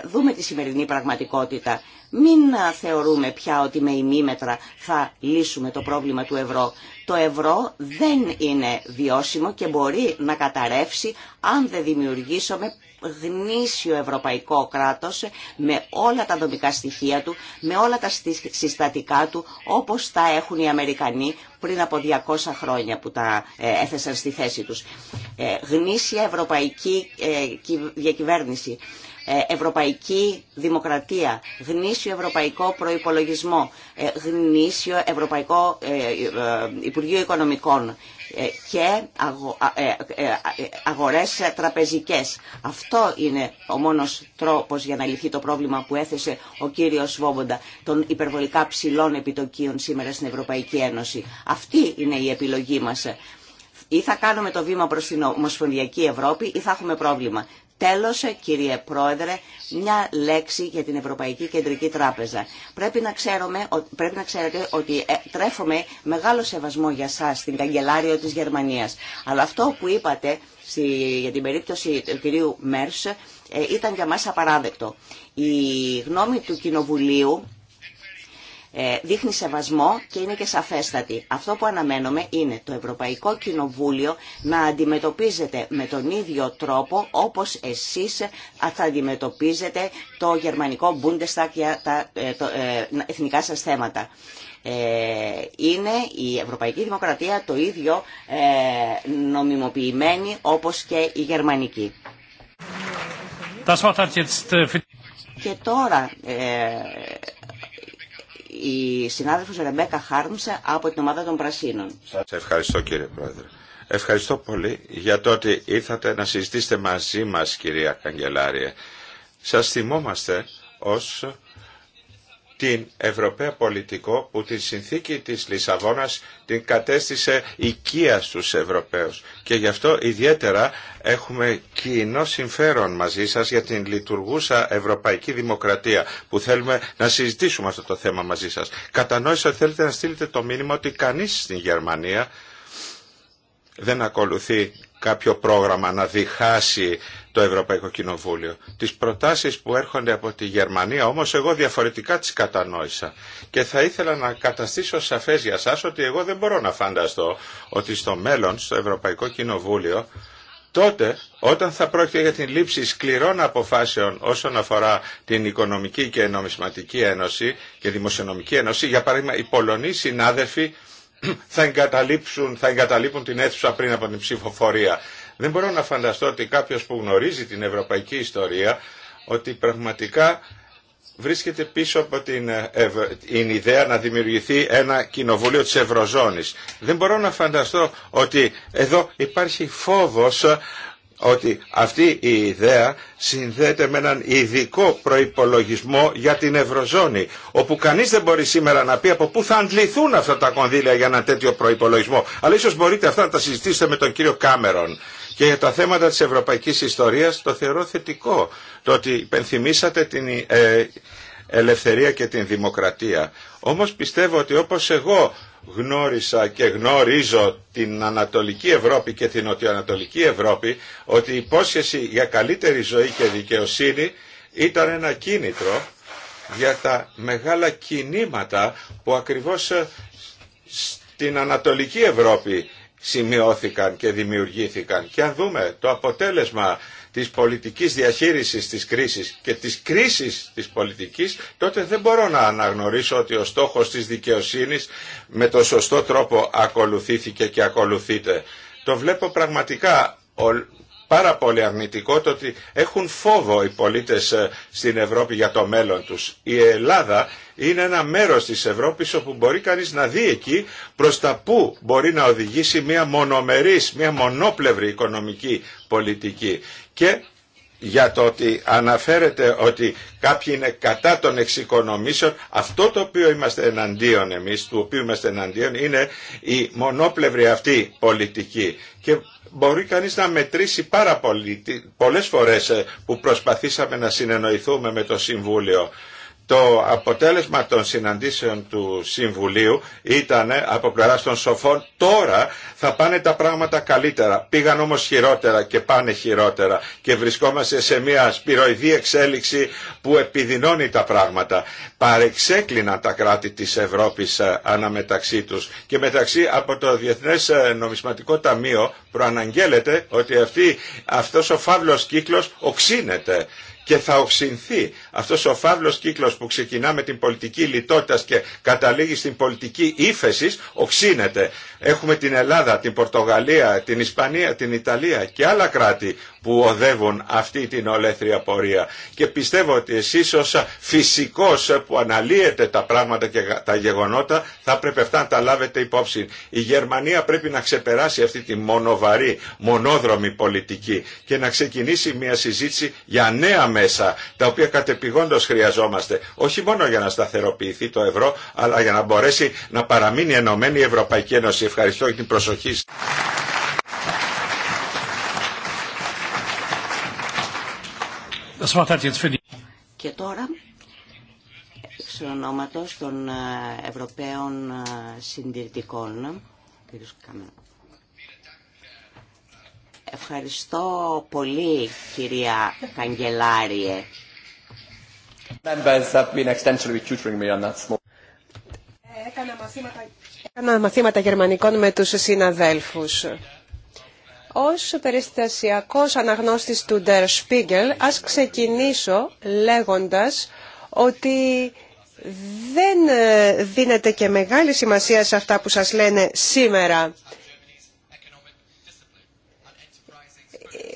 δούμε τη σημερινή πραγματικότητα. Μην θεωρούμε πια ότι με ημίμετρα θα λύσουμε το πρόβλημα του ευρώ. Το ευρώ δεν είναι βιώσιμο και μπορεί να καταρρεύσει αν δεν δημιουργήσουμε γνήσιο ευρωπαϊκό κράτος με όλα τα δομικά στοιχεία του, με όλα τα συστατικά του, όπως τα έχουν οι Αμερικανοί πριν από 200 χρόνια που τα ε, έθεσαν στη θέση τους. Ε, γνήσια ευρωπαϊκή ε, διακυβέρνηση ε, ευρωπαϊκή δημοκρατία, γνήσιο ευρωπαϊκό προϋπολογισμό, ε, γνήσιο ευρωπαϊκό ε, Υπουργείο Οικονομικών και αγορές τραπεζικές. Αυτό είναι ο μόνος τρόπος για να λυθεί το πρόβλημα που έθεσε ο κύριος Βόμποντα των υπερβολικά ψηλών επιτοκίων σήμερα στην Ευρωπαϊκή Ένωση. Αυτή είναι η επιλογή μας. Ή θα κάνουμε το βήμα προς την Ομοσπονδιακή Ευρώπη ή θα έχουμε πρόβλημα. Τέλος, κύριε Πρόεδρε, μια λέξη για την Ευρωπαϊκή Κεντρική Τράπεζα. Πρέπει να, ξέρουμε, πρέπει να ξέρετε ότι ε, τρέφουμε μεγάλο σεβασμό για σας, την καγκελάριο της Γερμανίας. Αλλά αυτό που είπατε για την περίπτωση του κυρίου Μέρς ε, ήταν για μας απαράδεκτο. Η γνώμη του Κοινοβουλίου ε, δείχνει σεβασμό και είναι και σαφέστατη. Αυτό που αναμένουμε είναι το Ευρωπαϊκό Κοινοβούλιο να αντιμετωπίζεται με τον ίδιο τρόπο όπως εσείς θα αντιμετωπίζετε το γερμανικό Bundestag για τα ε, ε, εθνικά σας θέματα. Είναι η Ευρωπαϊκή Δημοκρατία το ίδιο νομιμοποιημένη όπως και η γερμανική. Äh, και τώρα η συνάδελφος Ρεμπέκα Χάρμς από την ομάδα των Πρασίνων. Σας ευχαριστώ κύριε Πρόεδρε. Ευχαριστώ πολύ για το ότι ήρθατε να συζητήσετε μαζί μας κυρία Καγκελάρια. Σας θυμόμαστε ως την Ευρωπαία πολιτικό που την συνθήκη της Λισαβόνας την κατέστησε οικία στους Ευρωπαίους. Και γι' αυτό ιδιαίτερα έχουμε κοινό συμφέρον μαζί σας για την λειτουργούσα Ευρωπαϊκή Δημοκρατία που θέλουμε να συζητήσουμε αυτό το θέμα μαζί σας. Κατανόησα ότι θέλετε να στείλετε το μήνυμα ότι κανείς στην Γερμανία δεν ακολουθεί κάποιο πρόγραμμα να διχάσει το Ευρωπαϊκό Κοινοβούλιο. Τις προτάσεις που έρχονται από τη Γερμανία όμως εγώ διαφορετικά τις κατανόησα και θα ήθελα να καταστήσω σαφές για σας ότι εγώ δεν μπορώ να φανταστώ ότι στο μέλλον στο Ευρωπαϊκό Κοινοβούλιο τότε όταν θα πρόκειται για την λήψη σκληρών αποφάσεων όσον αφορά την Οικονομική και Νομισματική Ένωση και Δημοσιονομική Ένωση, για παράδειγμα οι Πολωνοί συνάδελφοι θα, εγκαταλείψουν, θα εγκαταλείπουν την αίθουσα πριν από την ψηφοφορία. Δεν μπορώ να φανταστώ ότι κάποιος που γνωρίζει την ευρωπαϊκή ιστορία ότι πραγματικά βρίσκεται πίσω από την, ε, την ιδέα να δημιουργηθεί ένα κοινοβούλιο της Ευρωζώνης. Δεν μπορώ να φανταστώ ότι εδώ υπάρχει φόβος ότι αυτή η ιδέα συνδέεται με έναν ειδικό προϋπολογισμό για την Ευρωζώνη, όπου κανείς δεν μπορεί σήμερα να πει από πού θα αντληθούν αυτά τα κονδύλια για ένα τέτοιο προϋπολογισμό. Αλλά ίσως μπορείτε αυτά να τα συζητήσετε με τον κύριο Κάμερον. Και για τα θέματα της ευρωπαϊκής ιστορίας το θεωρώ θετικό, το ότι υπενθυμίσατε την ε, ελευθερία και την δημοκρατία. Όμως πιστεύω ότι όπως εγώ γνώρισα και γνωρίζω την Ανατολική Ευρώπη και την Νοτιοανατολική Ευρώπη ότι η υπόσχεση για καλύτερη ζωή και δικαιοσύνη ήταν ένα κίνητρο για τα μεγάλα κινήματα που ακριβώς ε, στην Ανατολική Ευρώπη σημειώθηκαν και δημιουργήθηκαν. Και αν δούμε το αποτέλεσμα της πολιτικής διαχείρισης της κρίσης και της κρίσης της πολιτικής, τότε δεν μπορώ να αναγνωρίσω ότι ο στόχος της δικαιοσύνης με το σωστό τρόπο ακολουθήθηκε και ακολουθείται. Το βλέπω πραγματικά πάρα πολύ αρνητικό το ότι έχουν φόβο οι πολίτες ε, στην Ευρώπη για το μέλλον τους. Η Ελλάδα είναι ένα μέρος της Ευρώπης όπου μπορεί κανείς να δει εκεί προς τα που μπορεί να οδηγήσει μια μονομερής, μια μονόπλευρη οικονομική πολιτική. Και για το ότι αναφέρεται ότι κάποιοι είναι κατά των εξοικονομήσεων, αυτό το οποίο είμαστε εναντίον εμείς, του οποίου είμαστε εναντίον, είναι η μονόπλευρη αυτή πολιτική. Και μπορεί κανείς να μετρήσει πάρα πολύ, πολλές φορές ε, που προσπαθήσαμε να συνεννοηθούμε με το Συμβούλιο το αποτέλεσμα των συναντήσεων του Συμβουλίου ήταν ε, από πλευρά των σοφών τώρα θα πάνε τα πράγματα καλύτερα. Πήγαν όμως χειρότερα και πάνε χειρότερα και βρισκόμαστε σε μια σπυροειδή εξέλιξη που επιδεινώνει τα πράγματα. Παρεξέκλειναν τα κράτη της Ευρώπης ε, αναμεταξύ τους και μεταξύ από το Διεθνές ε, Νομισματικό Ταμείο προαναγγέλλεται ότι αυτό αυτός ο φαύλος κύκλος οξύνεται και θα οξυνθεί αυτός ο φαύλος κύκλος που ξεκινά με την πολιτική λιτότητα και καταλήγει στην πολιτική ύφεση οξύνεται. Έχουμε την Ελλάδα, την Πορτογαλία, την Ισπανία, την Ιταλία και άλλα κράτη που οδεύουν αυτή την ολέθρια πορεία. Και πιστεύω ότι εσείς ως φυσικός που αναλύετε τα πράγματα και τα γεγονότα θα πρέπει αυτά να τα λάβετε υπόψη. Η Γερμανία πρέπει να ξεπεράσει αυτή τη μονοβαρή, μονόδρομη πολιτική και να ξεκινήσει μια συζήτηση για νέα μέσα τα οποία κατ' Επιγόντως χρειαζόμαστε. Όχι μόνο για να σταθεροποιηθεί το ευρώ, αλλά για να μπορέσει να παραμείνει ενωμένη η Ευρωπαϊκή Ένωση. Ευχαριστώ για την προσοχή σας. Και τώρα, εξ ονόματος των ε, Ευρωπαίων ε, Συντηρητικών, Ευχαριστώ πολύ κυρία Καγκελάριε Έκανα μαθήματα, γερμανικών με τους συναδέλφους. Ως περιστασιακός αναγνώστης του Der Spiegel, ας ξεκινήσω λέγοντας ότι δεν ε, δίνεται και μεγάλη σημασία σε αυτά που σας λένε σήμερα.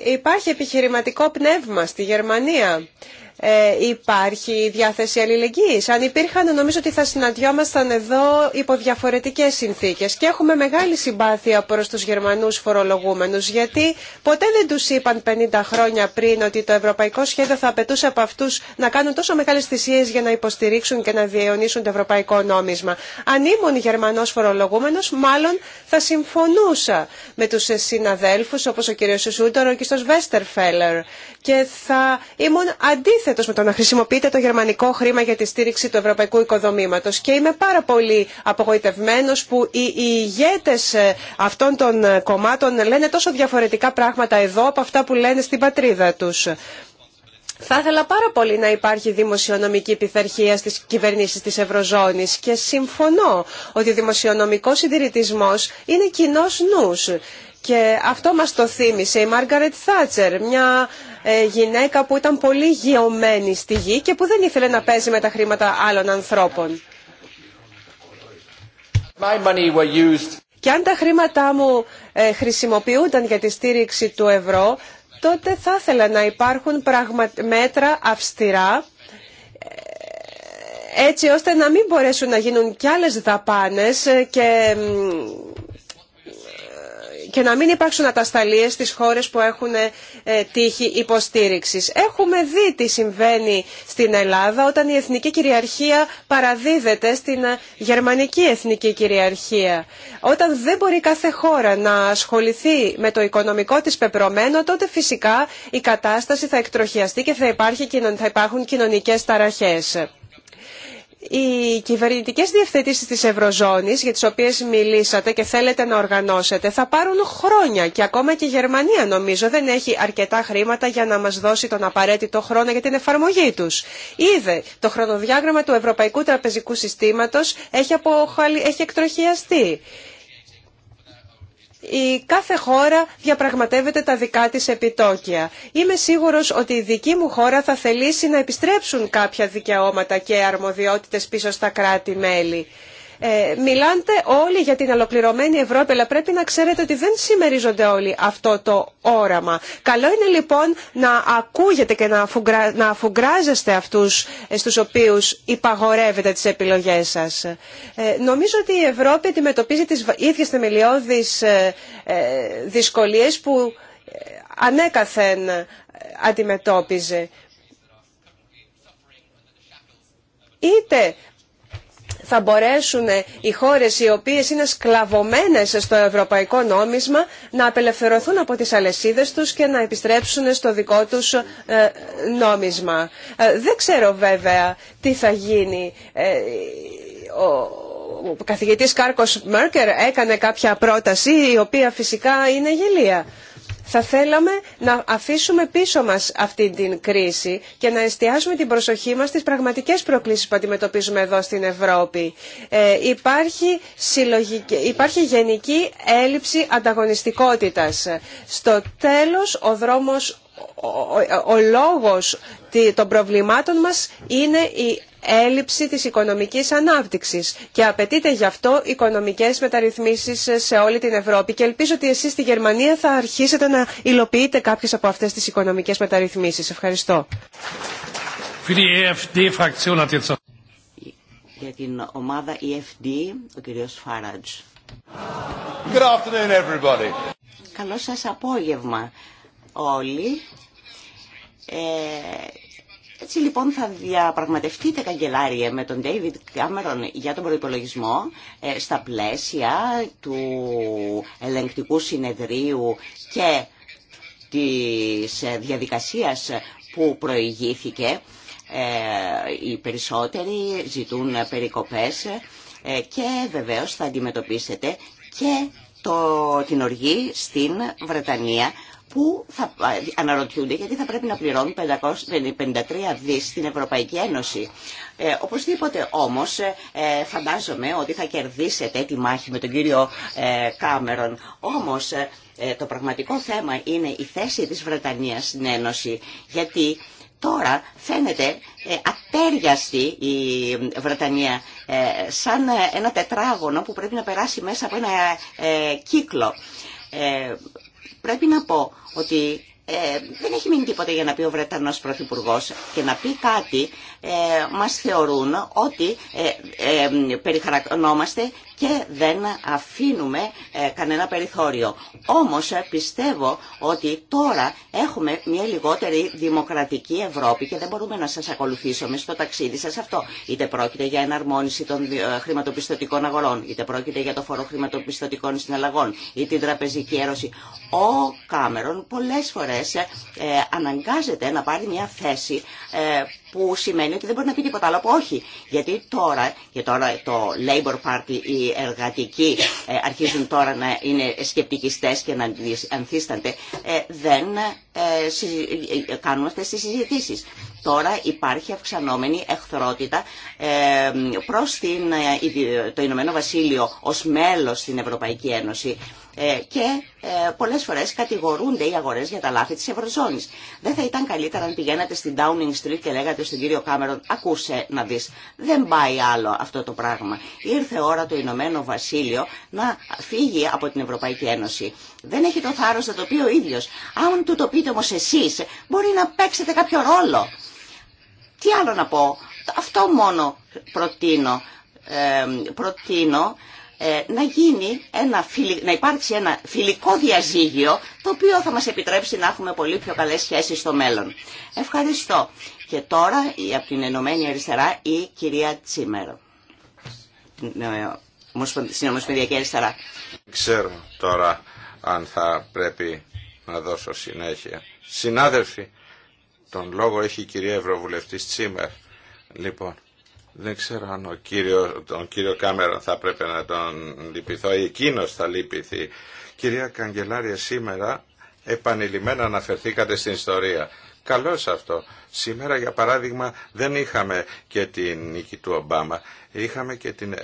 Ε, υπάρχει επιχειρηματικό πνεύμα στη Γερμανία. Ε, υπάρχει διάθεση αλληλεγγύης. Αν υπήρχαν νομίζω ότι θα συναντιόμασταν εδώ υπό διαφορετικές συνθήκες και έχουμε μεγάλη συμπάθεια προς τους Γερμανούς φορολογούμενους γιατί ποτέ δεν τους είπαν 50 χρόνια πριν ότι το ευρωπαϊκό σχέδιο θα απαιτούσε από αυτούς να κάνουν τόσο μεγάλες θυσίες για να υποστηρίξουν και να διαιωνίσουν το ευρωπαϊκό νόμισμα. Αν ήμουν Γερμανός φορολογούμενος μάλλον θα συμφωνούσα με τους συναδέλφους όπως ο κ. Σουσούτορο και ο και θα ήμουν αντίθετο αντίθετο με το να χρησιμοποιείτε το γερμανικό χρήμα για τη στήριξη του ευρωπαϊκού οικοδομήματο. Και είμαι πάρα πολύ απογοητευμένο που οι ηγέτε ε, αυτών των ε, κομμάτων λένε τόσο διαφορετικά πράγματα εδώ από αυτά που λένε στην πατρίδα του. Θα ήθελα πάρα πολύ να υπάρχει δημοσιονομική πειθαρχία στις κυβερνήσεις της Ευρωζώνης και συμφωνώ ότι ο δημοσιονομικός συντηρητισμός είναι κοινός νους. Και αυτό μας το θύμισε η Μάργαρετ Θάτσερ, μια ε, γυναίκα που ήταν πολύ γεωμένη στη γη και που δεν ήθελε να παίζει με τα χρήματα άλλων ανθρώπων. Και αν τα χρήματά μου ε, χρησιμοποιούνταν για τη στήριξη του ευρώ, τότε θα ήθελα να υπάρχουν πραγμα... μέτρα αυστηρά ε, έτσι ώστε να μην μπορέσουν να γίνουν κι άλλες δαπάνες και και να μην υπάρξουν ατασταλίες στις χώρες που έχουν ε, τύχη υποστήριξης. Έχουμε δει τι συμβαίνει στην Ελλάδα όταν η εθνική κυριαρχία παραδίδεται στην ε, γερμανική εθνική κυριαρχία. Όταν δεν μπορεί κάθε χώρα να ασχοληθεί με το οικονομικό της πεπρωμένο, τότε φυσικά η κατάσταση θα εκτροχιαστεί και θα, υπάρχουν κοινωνικές ταραχές οι κυβερνητικές διευθετήσεις της Ευρωζώνης, για τις οποίες μιλήσατε και θέλετε να οργανώσετε, θα πάρουν χρόνια και ακόμα και η Γερμανία νομίζω δεν έχει αρκετά χρήματα για να μας δώσει τον απαραίτητο χρόνο για την εφαρμογή τους. Είδε, το χρονοδιάγραμμα του Ευρωπαϊκού Τραπεζικού Συστήματος έχει, αποχαλ... έχει εκτροχιαστεί η κάθε χώρα διαπραγματεύεται τα δικά της επιτόκια. Είμαι σίγουρος ότι η δική μου χώρα θα θελήσει να επιστρέψουν κάποια δικαιώματα και αρμοδιότητες πίσω στα κράτη-μέλη. Ε, μιλάτε όλοι για την ολοκληρωμένη Ευρώπη, αλλά πρέπει να ξέρετε ότι δεν συμμερίζονται όλοι αυτό το όραμα. Καλό είναι λοιπόν να ακούγετε και να, να αφουγκράζεστε αυτούς ε, στους οποίους υπαγορεύετε τις επιλογές σας. Ε, νομίζω ότι η Ευρώπη αντιμετωπίζει τις ίδιες θεμελιώδεις ε, ε δυσκολίες που ανέκαθεν αντιμετώπιζε. Είτε θα μπορέσουν οι χώρες οι οποίες είναι σκλαβωμένες στο ευρωπαϊκό νόμισμα να απελευθερωθούν από τις αλεσίδες τους και να επιστρέψουν στο δικό τους ε, νόμισμα. Ε, δεν ξέρω βέβαια τι θα γίνει. Ε, ο καθηγητής Κάρκος Μέρκερ έκανε κάποια πρόταση η οποία φυσικά είναι γελία. Θα θέλαμε να αφήσουμε πίσω μας αυτή την κρίση και να εστιάσουμε την προσοχή μας στις πραγματικές προκλήσεις που αντιμετωπίζουμε εδώ στην Ευρώπη. Ε, υπάρχει, συλλογική, υπάρχει γενική έλλειψη ανταγωνιστικότητας. Στο τέλος, ο δρόμος ο, ο λόγος των προβλημάτων μας είναι η έλλειψη της οικονομικής ανάπτυξης και απαιτείται γι' αυτό οικονομικές μεταρρυθμίσεις σε όλη την Ευρώπη και ελπίζω ότι εσείς στη Γερμανία θα αρχίσετε να υλοποιείτε κάποιες από αυτές τις οικονομικές μεταρρυθμίσεις. Ευχαριστώ. E Για την ομάδα EFD, ο κύριος σας απόγευμα όλοι. Ε, έτσι λοιπόν θα διαπραγματευτείτε καγκελάριε με τον David Cameron για τον προϋπολογισμό ε, στα πλαίσια του ελεγκτικού συνεδρίου και της ε, διαδικασίας που προηγήθηκε. Ε, οι περισσότεροι ζητούν περικοπές και βεβαίως θα αντιμετωπίσετε και το, την οργή στην Βρετανία που θα αναρωτιούνται γιατί θα πρέπει να πληρώνουν 553 δι στην Ευρωπαϊκή Ένωση. Ε, οπωσδήποτε όμως ε, φαντάζομαι ότι θα κερδίσετε τη μάχη με τον κύριο ε, Κάμερον. Όμως ε, το πραγματικό θέμα είναι η θέση της Βρετανίας στην Ένωση γιατί τώρα φαίνεται ατέριαστη η Βρετανία σαν ένα τετράγωνο που πρέπει να περάσει μέσα από ένα κύκλο πρέπει να πω ότι ε, δεν έχει μείνει τίποτα για να πει ο Βρετανός Πρωθυπουργός και να πει κάτι ε, μας θεωρούν ότι ε, ε και δεν αφήνουμε ε, κανένα περιθώριο. Όμως ε, πιστεύω ότι τώρα έχουμε μια λιγότερη δημοκρατική Ευρώπη και δεν μπορούμε να σας ακολουθήσουμε στο ταξίδι σας αυτό. Είτε πρόκειται για εναρμόνιση των χρηματοπιστωτικών αγορών, είτε πρόκειται για το φόρο χρηματοπιστωτικών συναλλαγών ή την τραπεζική έρωση. Ο Κάμερον πολλές φορές αναγκάζεται να πάρει μια θέση που σημαίνει ότι δεν μπορεί να πει τίποτα άλλο από όχι. Γιατί τώρα, και τώρα το Labour Party, οι εργατικοί ε, αρχίζουν τώρα να είναι σκεπτικιστές και να ανθίστανται, ε, δεν ε, κάνουν αυτές τις συζητήσεις. Τώρα υπάρχει αυξανόμενη εχθρότητα προς την, το Ηνωμένο Βασίλειο ως μέλος στην Ευρωπαϊκή Ένωση ε, και ε, πολλές φορές κατηγορούνται οι αγορές για τα λάθη της Ευρωζώνης. Δεν θα ήταν καλύτερα αν πηγαίνατε στην Downing Street και λέγατε στον κύριο Κάμερον «Ακούσε να δεις, δεν πάει άλλο αυτό το πράγμα. Ήρθε ώρα το Ηνωμένο Βασίλειο να φύγει από την Ευρωπαϊκή Ένωση. Δεν έχει το θάρρος να το πει ο ίδιος. Αν του το πείτε όμως εσείς, μπορεί να παίξετε κάποιο ρόλο. Τι άλλο να πω, αυτό μόνο προτείνω. Ε, προτείνω ε, να, γίνει ένα, να υπάρξει ένα φιλικό διαζύγιο το οποίο θα μας επιτρέψει να έχουμε πολύ πιο καλές σχέσεις στο μέλλον. Ευχαριστώ. Και τώρα από την Ενωμένη Αριστερά η κυρία Τσίμερο. Ναι, στην Ομοσπονδιακή Αριστερά. Ξέρω τώρα αν θα πρέπει να δώσω συνέχεια. Συνάδελφοι, τον λόγο έχει η κυρία Ευρωβουλευτής Τσίμερ. Λοιπόν, δεν ξέρω αν ο τον κύριο Κάμερον θα πρέπει να τον λυπηθώ. Εκείνο θα λυπηθεί. Κυρία Καγκελάρια, σήμερα επανειλημμένα αναφερθήκατε στην ιστορία. Καλό αυτό. Σήμερα, για παράδειγμα, δεν είχαμε και την νίκη του Ομπάμα. Είχαμε και την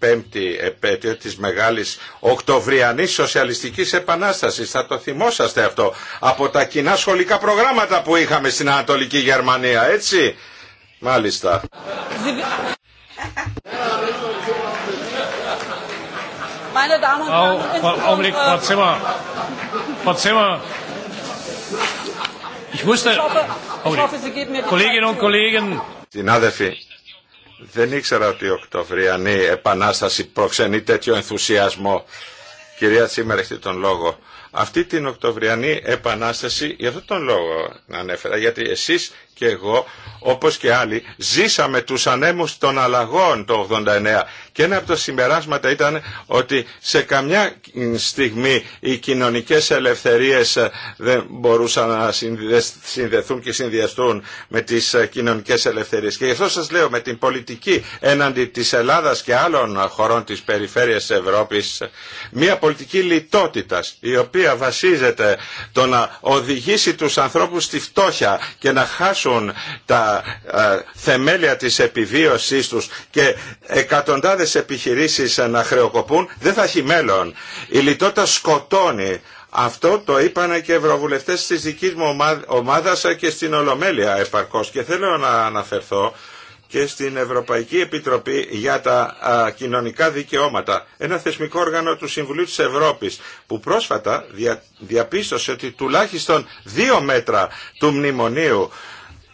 95η επέτειο της μεγάλης Οκτωβριανής Σοσιαλιστικής Επανάστασης. Θα το θυμόσαστε αυτό από τα κοινά σχολικά προγράμματα που είχαμε στην Ανατολική Γερμανία, έτσι. Μάλιστα. Την Damen δεν ήξερα ότι η Οκτωβριανή Επανάσταση προξενεί τέτοιο ενθουσιασμό. Κυρία Τσίμερ, έχετε τον λόγο. Αυτή την Οκτωβριανή Επανάσταση, για αυτόν τον λόγο ανέφερα, γιατί εσείς και εγώ, όπως και άλλοι, ζήσαμε τους ανέμους των αλλαγών το 89 και ένα από τα συμπεράσματα ήταν ότι σε καμιά στιγμή οι κοινωνικές ελευθερίες ε, δεν μπορούσαν να συνδεθούν και συνδυαστούν με τις ε, κοινωνικές ελευθερίες. Και γι' αυτό σας λέω με την πολιτική έναντι της Ελλάδας και άλλων χωρών της περιφέρειας της Ευρώπης, μια πολιτική λιτότητας η οποία βασίζεται το να οδηγήσει τους ανθρώπους στη φτώχεια και να χάσουν τα ε, θεμέλια της επιβίωσής τους και εκατοντάδες επιχειρήσεις ε, να χρεοκοπούν, δεν θα έχει μέλλον. Η λιτότητα σκοτώνει. Αυτό το είπαν και ευρωβουλευτές της δικής μου ομάδας ε, και στην Ολομέλεια επαρκώς. Και θέλω να αναφερθώ και στην Ευρωπαϊκή Επιτροπή για τα κοινωνικά δικαιώματα, ένα θεσμικό όργανο του Συμβουλίου της Ευρώπης, που πρόσφατα δια, διαπίστωσε ότι τουλάχιστον δύο μέτρα του μνημονίου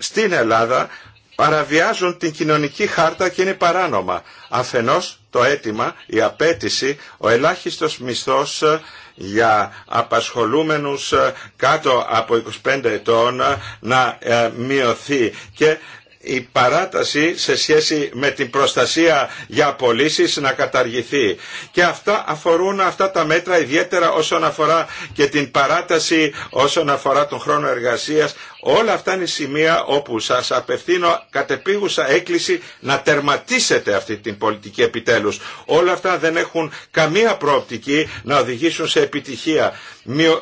στην Ελλάδα παραβιάζουν την κοινωνική χάρτα και είναι παράνομα. Αφενός το αίτημα, η απέτηση, ο ελάχιστος μισθός ε, για απασχολούμενους ε, κάτω από 25 ετών ε, να μειωθεί και η παράταση σε σχέση με την προστασία για απολύσει να καταργηθεί. Και αυτά αφορούν αυτά τα μέτρα ιδιαίτερα όσον αφορά και την παράταση όσον αφορά τον χρόνο εργασίας Όλα αυτά είναι σημεία όπου σας απευθύνω κατεπίγουσα έκκληση να τερματίσετε αυτή την πολιτική επιτέλους. Όλα αυτά δεν έχουν καμία προοπτική να οδηγήσουν σε επιτυχία.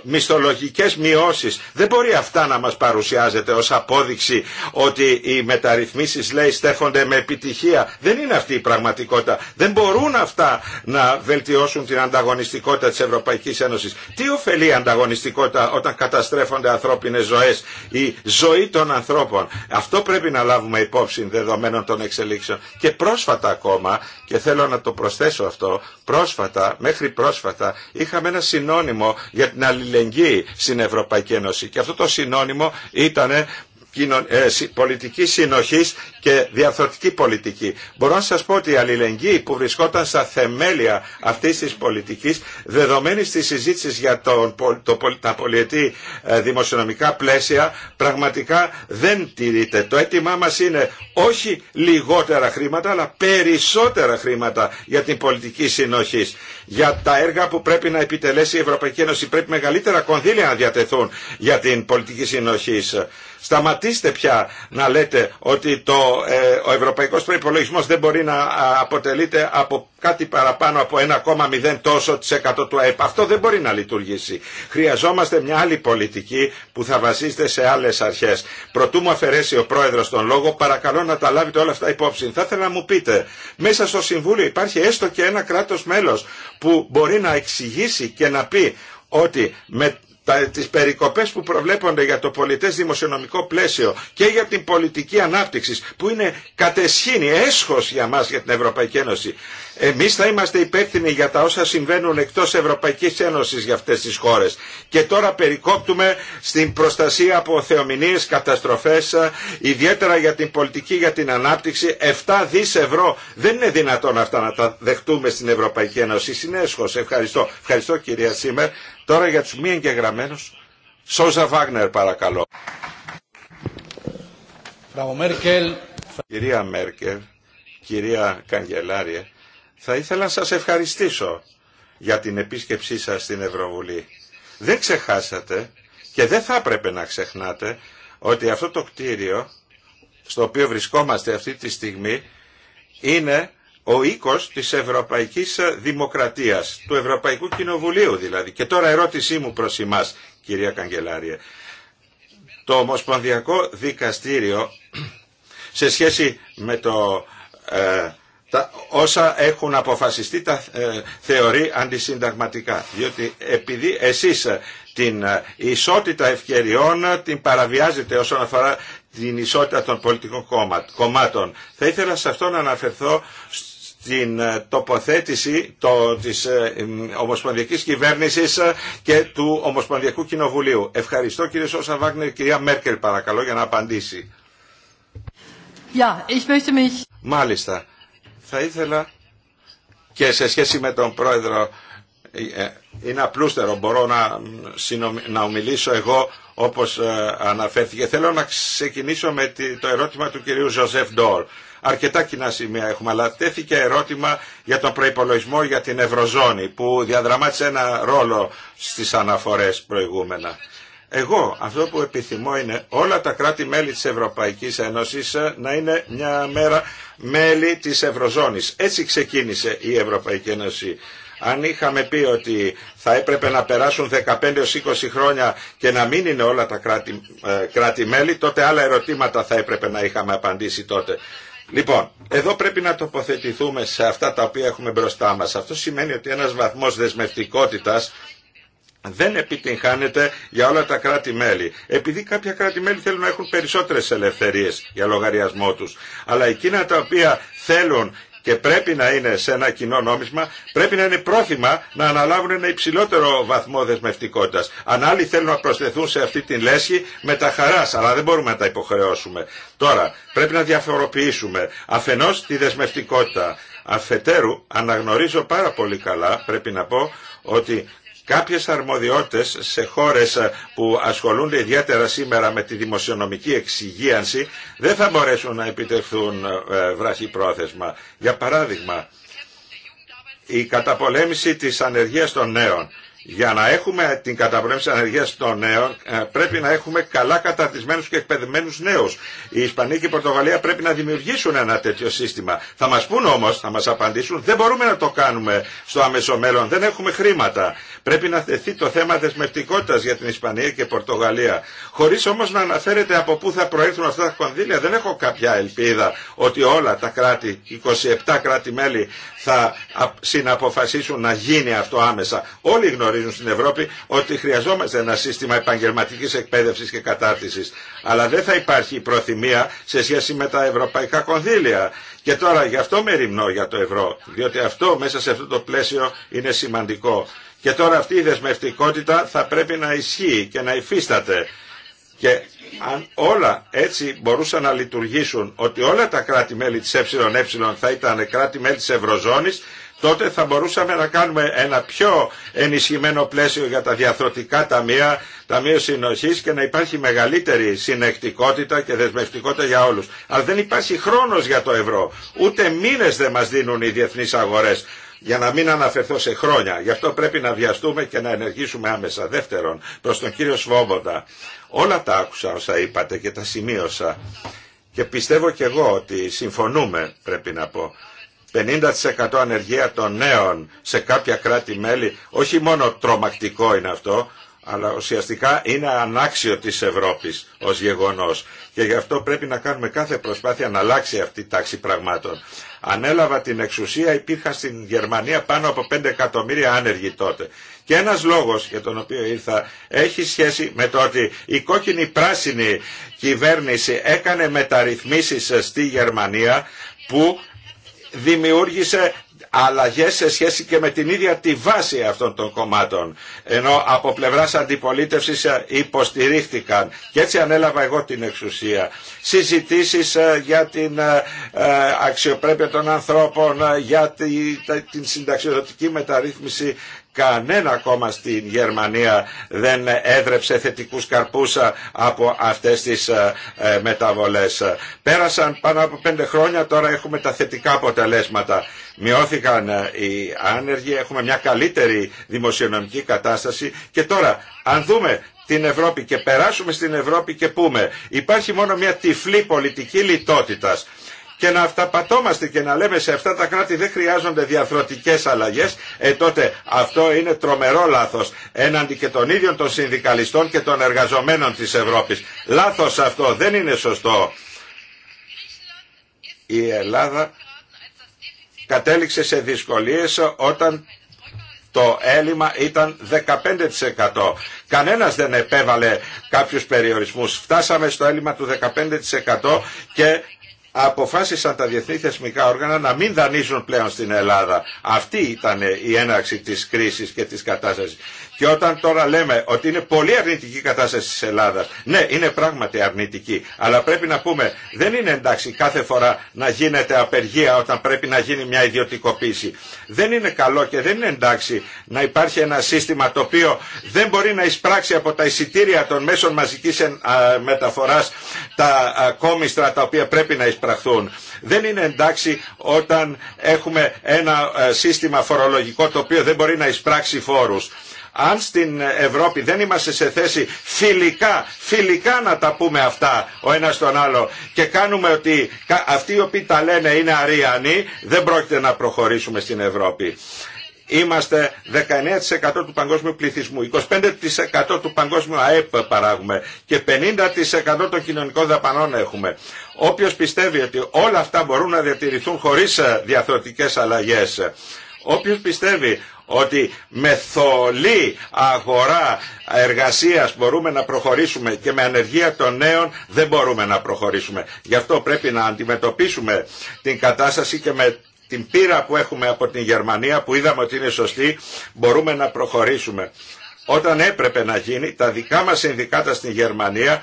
Μισθολογικές μειώσεις. Δεν μπορεί αυτά να μας παρουσιάζεται ως απόδειξη ότι οι μεταρρυθμίσεις λέει στέφονται με επιτυχία. Δεν είναι αυτή η πραγματικότητα. Δεν μπορούν αυτά να βελτιώσουν την ανταγωνιστικότητα της Ευρωπαϊκής Ένωσης. Τι ωφελεί η ανταγωνιστικότητα όταν καταστρέφονται ανθρώπινες ζωές ζωή των ανθρώπων. Αυτό πρέπει να λάβουμε υπόψη δεδομένων των εξελίξεων. Και πρόσφατα ακόμα, και θέλω να το προσθέσω αυτό, πρόσφατα, μέχρι πρόσφατα, είχαμε ένα συνώνυμο για την αλληλεγγύη στην Ευρωπαϊκή Ένωση. Και αυτό το συνώνυμο ήταν ε, πολιτική συνοχής και διαρθρωτική πολιτική. Μπορώ να σας πω ότι η αλληλεγγύη που βρισκόταν στα θεμέλια αυτής της πολιτικής, δεδομένη στη συζήτηση για το, το, τα πολιετή ε, δημοσιονομικά πλαίσια, πραγματικά δεν τηρείται. Το αίτημά μα είναι όχι λιγότερα χρήματα, αλλά περισσότερα χρήματα για την πολιτική συνοχής για τα έργα που πρέπει να επιτελέσει η Ευρωπαϊκή Ένωση. Πρέπει μεγαλύτερα κονδύλια να διατεθούν για την πολιτική συνοχή. Σταματήστε πια να λέτε ότι το, ε, ο ευρωπαϊκός προϋπολογισμός δεν μπορεί να αποτελείται από κάτι παραπάνω από 1,0 τόσο της εκατό του ΑΕΠ. Αυτό δεν μπορεί να λειτουργήσει. Χρειαζόμαστε μια άλλη πολιτική που θα βασίζεται σε άλλες αρχές. Προτού μου αφαιρέσει ο πρόεδρος τον λόγο, παρακαλώ να τα λάβετε όλα αυτά υπόψη. Θα ήθελα να μου πείτε, μέσα στο Συμβούλιο υπάρχει έστω και ένα κράτος μέλος που μπορεί να εξηγήσει και να πει ότι με τις περικοπές που προβλέπονται για το πολιτές δημοσιονομικό πλαίσιο και για την πολιτική ανάπτυξη που είναι κατεσχήνη, έσχος για μας για την Ευρωπαϊκή Ένωση. Εμείς θα είμαστε υπεύθυνοι για τα όσα συμβαίνουν εκτός Ευρωπαϊκής Ένωσης για αυτές τις χώρες. Και τώρα περικόπτουμε στην προστασία από θεομηνίες, καταστροφές, ιδιαίτερα για την πολιτική, για την ανάπτυξη. 7 δις ευρώ δεν είναι δυνατόν αυτά να τα δεχτούμε στην Ευρωπαϊκή Ένωση. Συνέσχος, ευχαριστώ. Ευχαριστώ κυρία Σίμερ. Τώρα για τους μη εγγεγραμμένους, Σόζα Βάγνερ παρακαλώ. Κυρία Μέρκελ, κυρία Καγκελάρια, θα ήθελα να σας ευχαριστήσω για την επίσκεψή σας στην Ευρωβουλή. Δεν ξεχάσατε και δεν θα έπρεπε να ξεχνάτε ότι αυτό το κτίριο στο οποίο βρισκόμαστε αυτή τη στιγμή είναι ο οίκος της Ευρωπαϊκής Δημοκρατίας, του Ευρωπαϊκού Κοινοβουλίου δηλαδή. Και τώρα ερώτησή μου προς εμάς, κυρία Καγκελάρια. Το Ομοσπονδιακό Δικαστήριο σε σχέση με το... Ε, τα, όσα έχουν αποφασιστεί τα ε, θεωρεί αντισυνταγματικά. Διότι επειδή εσείς ε, την ισότητα ευκαιριών την παραβιάζετε όσον αφορά την ισότητα των πολιτικών κομμάτων. Θα ήθελα σε αυτό να αναφερθώ την ε, τοποθέτηση το, της ε, Ομοσπονδιακής Κυβέρνησης ε, και του Ομοσπονδιακού Κοινοβουλίου. Ευχαριστώ κύριε Σώσαν Βάγνερ. Κυρία Μέρκελ παρακαλώ για να απαντήσει. ich mich... Μάλιστα. Θα ήθελα και σε σχέση με τον πρόεδρο είναι απλούστερο μπορώ να, να ομιλήσω εγώ όπως αναφέρθηκε. Θέλω να ξεκινήσω με το ερώτημα του κυρίου Ζωζεφ Ντόρ αρκετά κοινά σημεία έχουμε, αλλά τέθηκε ερώτημα για τον προϋπολογισμό για την Ευρωζώνη που διαδραμάτισε ένα ρόλο στις αναφορές προηγούμενα. Εγώ αυτό που επιθυμώ είναι όλα τα κράτη-μέλη της Ευρωπαϊκής Ένωσης ε, να είναι μια μέρα μέλη της Ευρωζώνης. Έτσι ξεκίνησε η Ευρωπαϊκή Ένωση. Αν είχαμε πει ότι θα έπρεπε να περάσουν 15 20 χρόνια και να μην είναι όλα τα ε, κράτη-μέλη, κράτη τότε άλλα ερωτήματα θα έπρεπε να είχαμε απαντήσει τότε. Λοιπόν, εδώ πρέπει να τοποθετηθούμε σε αυτά τα οποία έχουμε μπροστά μας. Αυτό σημαίνει ότι ένας βαθμός δεσμευτικότητας δεν επιτυγχάνεται για όλα τα κράτη-μέλη. Επειδή κάποια κράτη-μέλη θέλουν να έχουν περισσότερες ελευθερίες για λογαριασμό τους. Αλλά εκείνα τα οποία θέλουν και πρέπει να είναι σε ένα κοινό νόμισμα, πρέπει να είναι πρόθυμα να αναλάβουν ένα υψηλότερο βαθμό δεσμευτικότητα. Αν άλλοι θέλουν να προσθεθούν σε αυτή τη λέσχη, με τα χαρά, αλλά δεν μπορούμε να τα υποχρεώσουμε. Τώρα, πρέπει να διαφοροποιήσουμε αφενό τη δεσμευτικότητα. Αφετέρου, αναγνωρίζω πάρα πολύ καλά, πρέπει να πω, ότι κάποιες αρμοδιότητες σε χώρες ε, που ασχολούνται ιδιαίτερα σήμερα με τη δημοσιονομική εξυγίανση δεν θα μπορέσουν να επιτευχθούν ε, πρόθεσμα. Για παράδειγμα, η καταπολέμηση της ανεργίας των νέων για να έχουμε την καταπολέμηση ανεργία των νέων, ε, πρέπει να έχουμε καλά καταρτισμένους και εκπαιδευμένου νέου. Η Ισπανία και η Πορτογαλία πρέπει να δημιουργήσουν ένα τέτοιο σύστημα. Θα μας πούν όμω, θα μας απαντήσουν, δεν μπορούμε να το κάνουμε στο άμεσο μέλλον, δεν έχουμε χρήματα. Πρέπει να θεθεί το θέμα δεσμευτικότητα για την Ισπανία και Πορτογαλία. χωρίς όμως να αναφέρεται από πού θα προέλθουν αυτά τα κονδύλια, δεν έχω κάποια ελπίδα ότι όλα τα κράτη, 27 κράτη-μέλη, θα συναποφασίσουν να γίνει αυτό άμεσα. Όλοι γνωρίζουν στην Ευρώπη ότι χρειαζόμαστε ένα σύστημα επαγγελματική εκπαίδευση και κατάρτιση. Αλλά δεν θα υπάρχει προθυμία σε σχέση με τα ευρωπαϊκά κονδύλια. Και τώρα γι' αυτό με ρημνώ για το ευρώ, διότι αυτό μέσα σε αυτό το πλαίσιο είναι σημαντικό. Και τώρα αυτή η δεσμευτικότητα θα πρέπει να ισχύει και να υφίσταται. Και αν όλα έτσι μπορούσαν να λειτουργήσουν, ότι όλα τα κράτη-μέλη της ΕΕ θα ήταν κράτη-μέλη της Ευρωζώνης, τότε θα μπορούσαμε να κάνουμε ένα πιο ενισχυμένο πλαίσιο για τα διαθροτικά ταμεία, ταμείο συνοχής και να υπάρχει μεγαλύτερη συνεκτικότητα και δεσμευτικότητα για όλους. Αλλά δεν υπάρχει χρόνος για το ευρώ. Ούτε μήνες δεν μας δίνουν οι διεθνείς αγορές για να μην αναφερθώ σε χρόνια. Γι' αυτό πρέπει να βιαστούμε και να ενεργήσουμε άμεσα. Δεύτερον, προς τον κύριο Σβόμποντα. Όλα τα άκουσα όσα είπατε και τα σημείωσα. Και πιστεύω και εγώ ότι συμφωνούμε, πρέπει να πω. 50% ανεργία των νέων σε κάποια κράτη-μέλη, όχι μόνο τρομακτικό είναι αυτό, αλλά ουσιαστικά είναι ανάξιο της Ευρώπης ως γεγονός. Και γι' αυτό πρέπει να κάνουμε κάθε προσπάθεια να αλλάξει αυτή η τάξη πραγμάτων. Ανέλαβα την εξουσία, υπήρχαν στην Γερμανία πάνω από 5 εκατομμύρια άνεργοι τότε. Και ένας λόγος για τον οποίο ήρθα έχει σχέση με το ότι η κόκκινη-πράσινη κυβέρνηση έκανε μεταρρυθμίσεις στη Γερμανία που δημιούργησε αλλαγές σε σχέση και με την ίδια τη βάση αυτών των κομμάτων ενώ από πλευράς αντιπολίτευσης ε, υποστηρίχθηκαν. και έτσι ανέλαβα εγώ την εξουσία συζητήσεις ε, για την ε, αξιοπρέπεια των ανθρώπων για την συνταξιοδοτική μεταρρύθμιση Κανένα κόμμα στην Γερμανία δεν έδρεψε θετικούς καρπούς ε, από αυτές τις ε, ε, μεταβολές. Πέρασαν πάνω από πέντε χρόνια, τώρα έχουμε τα θετικά αποτελέσματα. Μειώθηκαν οι άνεργοι, έχουμε μια καλύτερη δημοσιονομική κατάσταση και τώρα αν δούμε την Ευρώπη και περάσουμε στην Ευρώπη και πούμε υπάρχει μόνο μια τυφλή πολιτική λιτότητας και να αυταπατώμαστε και να λέμε σε αυτά τα κράτη δεν χρειάζονται διαθροτικές αλλαγές, ε τότε αυτό είναι τρομερό λάθος έναντι και των ίδιων των συνδικαλιστών και των εργαζομένων της Ευρώπης. Λάθος αυτό, δεν είναι σωστό. Η Ελλάδα κατέληξε σε δυσκολίες όταν το έλλειμμα ήταν 15%. Κανένας δεν επέβαλε κάποιους περιορισμούς. Φτάσαμε στο έλλειμμα του 15% και αποφάσισαν τα διεθνή θεσμικά όργανα να μην δανείζουν πλέον στην Ελλάδα. Αυτή ήταν η έναρξη της κρίσης και της κατάστασης. Και όταν τώρα λέμε ότι είναι πολύ αρνητική η κατάσταση της Ελλάδα, ναι, είναι πράγματι αρνητική, αλλά πρέπει να πούμε, δεν είναι εντάξει κάθε φορά να γίνεται απεργία όταν πρέπει να γίνει μια ιδιωτικοποίηση. Δεν είναι καλό και δεν είναι εντάξει να υπάρχει ένα σύστημα το οποίο δεν μπορεί να εισπράξει από τα εισιτήρια των μέσων μαζικής μεταφοράς τα κόμιστρα τα οποία πρέπει να εισπραχθούν. Δεν είναι εντάξει όταν έχουμε ένα ε, σύστημα φορολογικό το οποίο δεν μπορεί να εισπράξει φόρους. Αν στην Ευρώπη δεν είμαστε σε θέση φιλικά, φιλικά να τα πούμε αυτά ο ένας τον άλλο και κάνουμε ότι αυτοί οι οποίοι τα λένε είναι αρίανοι, δεν πρόκειται να προχωρήσουμε στην Ευρώπη. Είμαστε 19% του παγκόσμιου πληθυσμού, 25% του παγκόσμιου ΑΕΠ παράγουμε και 50% των κοινωνικών δαπανών έχουμε. Όποιος πιστεύει ότι όλα αυτά μπορούν να διατηρηθούν χωρίς ε, διαθροτικές αλλαγές, όποιος πιστεύει ότι με θολή αγορά εργασίας μπορούμε να προχωρήσουμε και με ανεργία των νέων δεν μπορούμε να προχωρήσουμε. Γι' αυτό πρέπει να αντιμετωπίσουμε την κατάσταση και με την πείρα που έχουμε από την Γερμανία που είδαμε ότι είναι σωστή μπορούμε να προχωρήσουμε. Όταν έπρεπε να γίνει, τα δικά μας συνδικάτα στην Γερμανία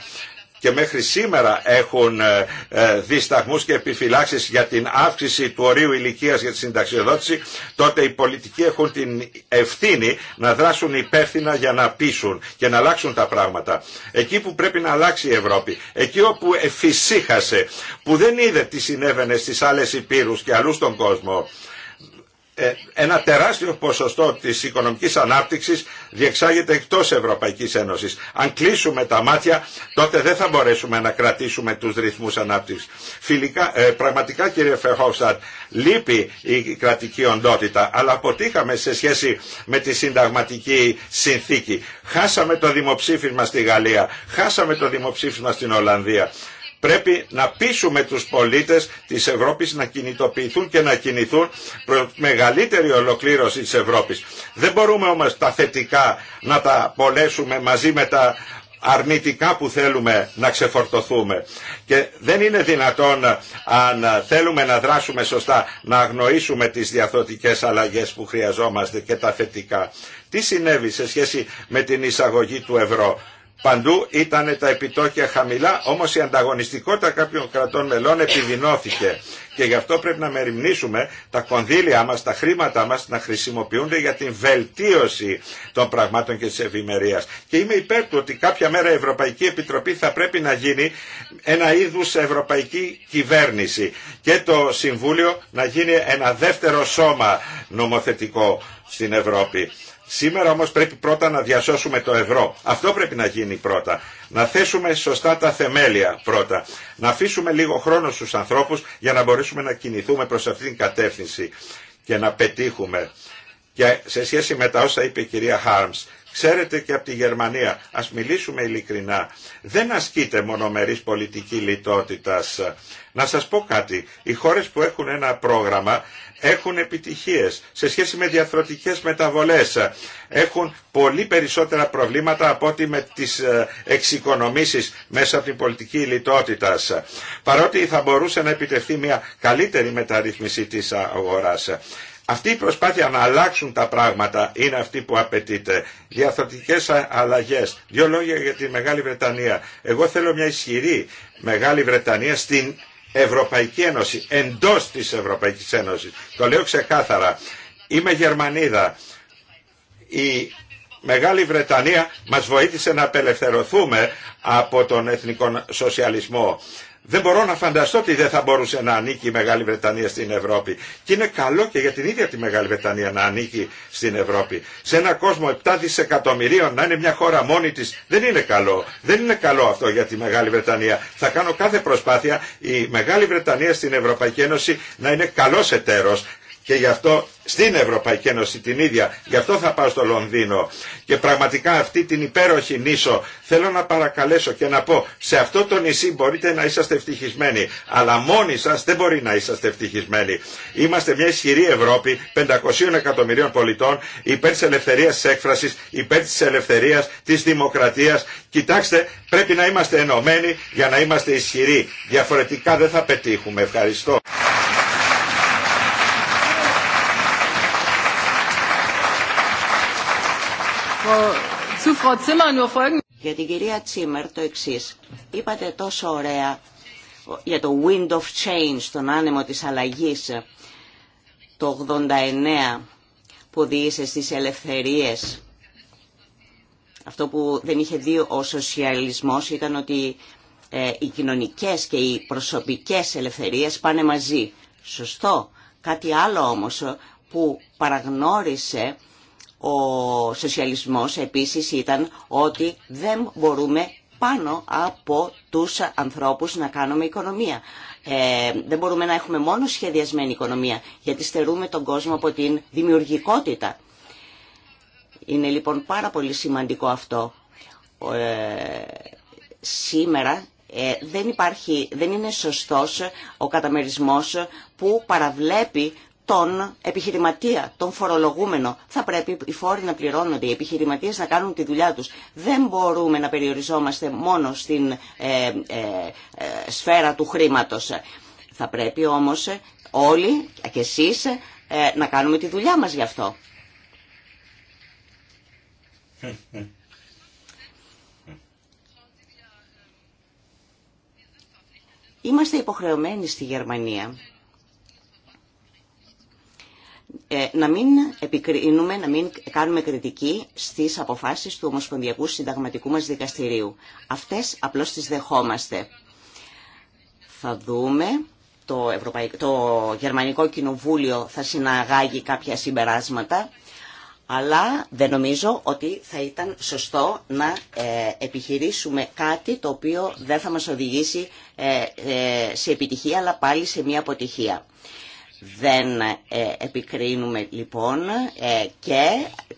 και μέχρι σήμερα έχουν ε, ε, δισταγμούς και επιφυλάξεις για την αύξηση του ορίου ηλικίας για τη συνταξιοδότηση, τότε οι πολιτικοί έχουν την ευθύνη να δράσουν υπεύθυνα για να πείσουν και να αλλάξουν τα πράγματα. Εκεί που πρέπει να αλλάξει η Ευρώπη, εκεί όπου εφησύχασε, που δεν είδε τι συνέβαινε στις άλλες υπήρους και αλλού στον κόσμο, ε, ένα τεράστιο ποσοστό της οικονομικής ανάπτυξης διεξάγεται εκτός Ευρωπαϊκής Ένωσης. Αν κλείσουμε τα μάτια τότε δεν θα μπορέσουμε να κρατήσουμε τους ρυθμούς ανάπτυξης. Ε, πραγματικά κύριε Φεχόφστατ λείπει η κρατική οντότητα αλλά αποτύχαμε σε σχέση με τη συνταγματική συνθήκη. Χάσαμε το δημοψήφισμα στη Γαλλία, χάσαμε το δημοψήφισμα στην Ολλανδία. Πρέπει να πείσουμε τους πολίτες της Ευρώπης να κινητοποιηθούν και να κινηθούν προ μεγαλύτερη ολοκλήρωση της Ευρώπης. Δεν μπορούμε όμως τα θετικά να τα πολέσουμε μαζί με τα αρνητικά που θέλουμε να ξεφορτωθούμε. Και δεν είναι δυνατόν αν θέλουμε να δράσουμε σωστά να αγνοήσουμε τις διαθωτικές αλλαγές που χρειαζόμαστε και τα θετικά. Τι συνέβη σε σχέση με την εισαγωγή του ευρώ. Παντού ήταν τα επιτόκια χαμηλά, όμως η ανταγωνιστικότητα κάποιων κρατών μελών επιδεινώθηκε. Και γι' αυτό πρέπει να μεριμνήσουμε τα κονδύλια μας, τα χρήματά μας να χρησιμοποιούνται για την βελτίωση των πραγμάτων και της ευημερία. Και είμαι υπέρ του ότι κάποια μέρα η Ευρωπαϊκή Επιτροπή θα πρέπει να γίνει ένα είδους ευρωπαϊκή κυβέρνηση και το Συμβούλιο να γίνει ένα δεύτερο σώμα νομοθετικό στην Ευρώπη. Σήμερα όμως πρέπει πρώτα να διασώσουμε το ευρώ. Αυτό πρέπει να γίνει πρώτα. Να θέσουμε σωστά τα θεμέλια πρώτα. Να αφήσουμε λίγο χρόνο στους ανθρώπους για να μπορέσουμε να κινηθούμε προς αυτήν την κατεύθυνση και να πετύχουμε. Και σε σχέση με τα όσα είπε η κυρία Χάρμς, Ξέρετε και από τη Γερμανία, ας μιλήσουμε ειλικρινά, δεν ασκείται μονομερής πολιτική λιτότητας. Να σας πω κάτι, οι χώρες που έχουν ένα πρόγραμμα έχουν επιτυχίες σε σχέση με διαθροτικές μεταβολές. Έχουν πολύ περισσότερα προβλήματα από ότι με τις ε, εξοικονομήσεις μέσα από την πολιτική λιτότητα. Παρότι θα μπορούσε να επιτευχθεί μια καλύτερη μεταρρύθμιση της αγοράς. Αυτή η προσπάθεια να αλλάξουν τα πράγματα είναι αυτή που απαιτείται. Διαθωτικές αλλαγές. Δύο λόγια για τη Μεγάλη Βρετανία. Εγώ θέλω μια ισχυρή Μεγάλη Βρετανία στην Ευρωπαϊκή Ένωση, εντός της Ευρωπαϊκής Ένωσης. Το λέω ξεκάθαρα. Είμαι Γερμανίδα. Η Μεγάλη Βρετανία μας βοήθησε να απελευθερωθούμε από τον εθνικό σοσιαλισμό. Δεν μπορώ να φανταστώ ότι δεν θα μπορούσε να ανήκει η Μεγάλη Βρετανία στην Ευρώπη. Και είναι καλό και για την ίδια τη Μεγάλη Βρετανία να ανήκει στην Ευρώπη. Σε ένα κόσμο 7 δισεκατομμυρίων να είναι μια χώρα μόνη τη δεν είναι καλό. Δεν είναι καλό αυτό για τη Μεγάλη Βρετανία. Θα κάνω κάθε προσπάθεια η Μεγάλη Βρετανία στην Ευρωπαϊκή Ένωση να είναι καλό εταίρο και γι' αυτό στην Ευρωπαϊκή Ένωση την ίδια. Γι' αυτό θα πάω στο Λονδίνο. Και πραγματικά αυτή την υπέροχη νήσο θέλω να παρακαλέσω και να πω σε αυτό το νησί μπορείτε να είσαστε ευτυχισμένοι. Αλλά μόνοι σας δεν μπορεί να είσαστε ευτυχισμένοι. Είμαστε μια ισχυρή Ευρώπη 500 εκατομμυρίων πολιτών υπέρ της ελευθερίας της έκφραση, υπέρ τη ελευθερία τη δημοκρατία. Κοιτάξτε, πρέπει να είμαστε ενωμένοι για να είμαστε ισχυροί. Διαφορετικά δεν θα πετύχουμε. Ευχαριστώ. Για την κυρία Τσίμερ το εξή. Είπατε τόσο ωραία για το wind of change, τον άνεμο της αλλαγής το 89 που διήσε στις ελευθερίες. Αυτό που δεν είχε δει ο σοσιαλισμός ήταν ότι ε, οι κοινωνικές και οι προσωπικές ελευθερίες πάνε μαζί. Σωστό. Κάτι άλλο όμως ε, που παραγνώρισε ο σοσιαλισμός επίσης ήταν ότι δεν μπορούμε πάνω από τους ανθρώπους να κάνουμε οικονομία. Ε, δεν μπορούμε να έχουμε μόνο σχεδιασμένη οικονομία, γιατί στερούμε τον κόσμο από την δημιουργικότητα. Είναι λοιπόν πάρα πολύ σημαντικό αυτό. Ε, σήμερα ε, δεν, υπάρχει, δεν είναι σωστός ο καταμερισμός που παραβλέπει τον επιχειρηματία, τον φορολογούμενο. Θα πρέπει οι φόροι να πληρώνονται, οι επιχειρηματίες να κάνουν τη δουλειά τους. Δεν μπορούμε να περιοριζόμαστε μόνο στην ε, ε, ε, σφαίρα του χρήματος. Θα πρέπει όμως όλοι και εσείς να κάνουμε τη δουλειά μας γι' αυτό. Είμαστε υποχρεωμένοι στη Γερμανία ε, να μην επικρίνουμε, να μην κάνουμε κριτική στις αποφάσεις του Ομοσπονδιακού Συνταγματικού μας Δικαστηρίου. Αυτές απλώς τις δεχόμαστε. Θα δούμε, το, το Γερμανικό Κοινοβούλιο θα συναγάγει κάποια συμπεράσματα, αλλά δεν νομίζω ότι θα ήταν σωστό να ε, επιχειρήσουμε κάτι το οποίο δεν θα μας οδηγήσει ε, σε επιτυχία, αλλά πάλι σε μια αποτυχία. Δεν ε, επικρίνουμε λοιπόν ε, και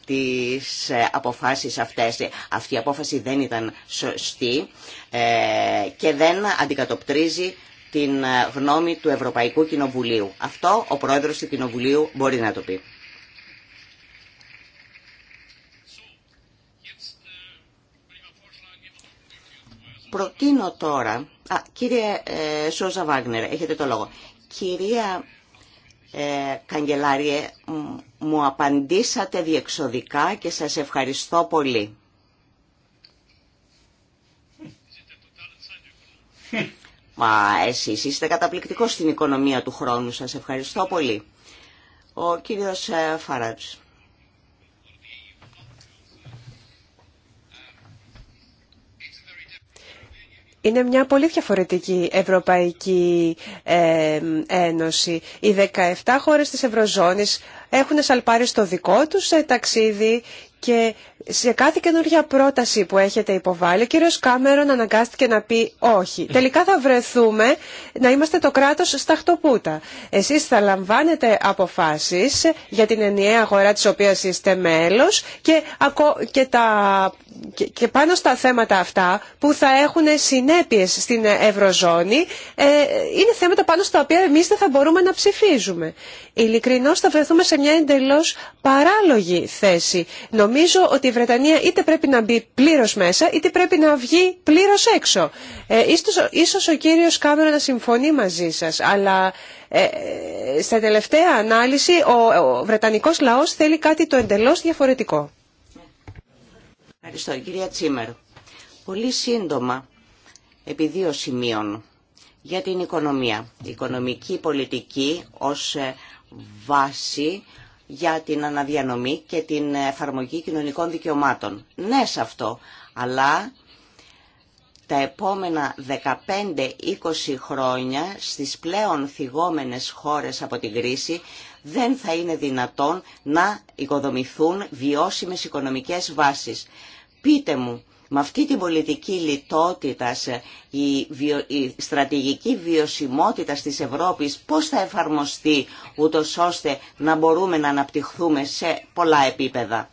τις ε, αποφάσεις αυτές. Αυτή η απόφαση δεν ήταν σωστή και δεν αντικατοπτρίζει την γνώμη του Ευρωπαϊκού Κοινοβουλίου. Αυτό ο πρόεδρος του Κοινοβουλίου μπορεί να το πει. Προτείνω τώρα... Α, κύριε Σόζα Βάγνερ, έχετε το λόγο. Κυρία ε, καγκελάριε, μου απαντήσατε διεξοδικά και σας ευχαριστώ πολύ. Μα εσείς είστε καταπληκτικός στην οικονομία του χρόνου σας. Ευχαριστώ πολύ. Ο κύριος ε, Φαρατς. Είναι μια πολύ διαφορετική Ευρωπαϊκή ε, Ένωση. Οι 17 χώρες της Ευρωζώνης έχουν σαλπάρει στο δικό τους ε, ταξίδι και σε κάθε καινούργια πρόταση που έχετε υποβάλει, ο κύριος Κάμερον αναγκάστηκε να πει όχι. Τελικά θα βρεθούμε να είμαστε το κράτος στα χτωπούτα. Εσείς θα λαμβάνετε αποφάσεις για την ενιαία αγορά της οποίας είστε μέλος και, και, τα, και πάνω στα θέματα αυτά που θα έχουν συνέπειες στην Ευρωζώνη ε, είναι θέματα πάνω στα οποία εμείς δεν θα μπορούμε να ψηφίζουμε. Ειλικρινώς θα βρεθούμε σε μια εντελώς παράλογη θέση. Νομίζω ότι η Βρετανία είτε πρέπει να μπει πλήρω μέσα, είτε πρέπει να βγει πλήρω έξω. Ε, ίσως ο κύριος Κάμερο να συμφωνεί μαζί σας, αλλά ε, στα τελευταία ανάλυση ο, ο Βρετανικός λαός θέλει κάτι το εντελώς διαφορετικό. Ευχαριστώ. Κυρία Τσίμερ, πολύ σύντομα, επί δύο σημείων, για την οικονομία. Η οικονομική πολιτική ως ε, βάση για την αναδιανομή και την εφαρμογή κοινωνικών δικαιωμάτων. Ναι σε αυτό, αλλά τα επόμενα 15-20 χρόνια στις πλέον θυγόμενες χώρες από την κρίση δεν θα είναι δυνατόν να οικοδομηθούν βιώσιμες οικονομικές βάσεις. Πείτε μου, με αυτή την πολιτική λιτότητα, ε, η, στρατηγική βιωσιμότητα της Ευρώπης πώς θα εφαρμοστεί ούτω ώστε να μπορούμε να αναπτυχθούμε σε πολλά επίπεδα.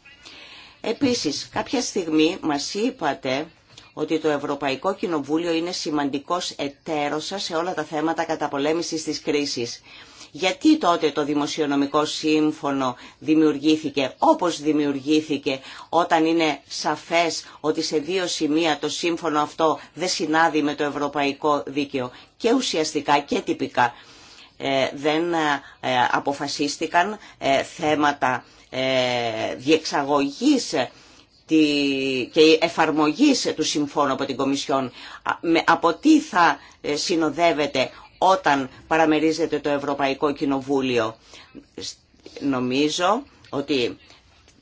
Επίσης, κάποια στιγμή μας είπατε ότι το Ευρωπαϊκό Κοινοβούλιο είναι σημαντικός εταίρος σας σε όλα τα θέματα καταπολέμησης της κρίσης. Γιατί τότε το δημοσιονομικό σύμφωνο δημιουργήθηκε όπως δημιουργήθηκε όταν είναι σαφές ότι σε δύο σημεία το σύμφωνο αυτό δεν συνάδει με το ευρωπαϊκό δίκαιο και ουσιαστικά και τυπικά. Ε, δεν ε, αποφασίστηκαν ε, θέματα διεξαγωγής και εφαρμογής του συμφώνου από την Κομισιόν. Από τι θα συνοδεύεται όταν παραμερίζεται το Ευρωπαϊκό Κοινοβούλιο. Νομίζω ότι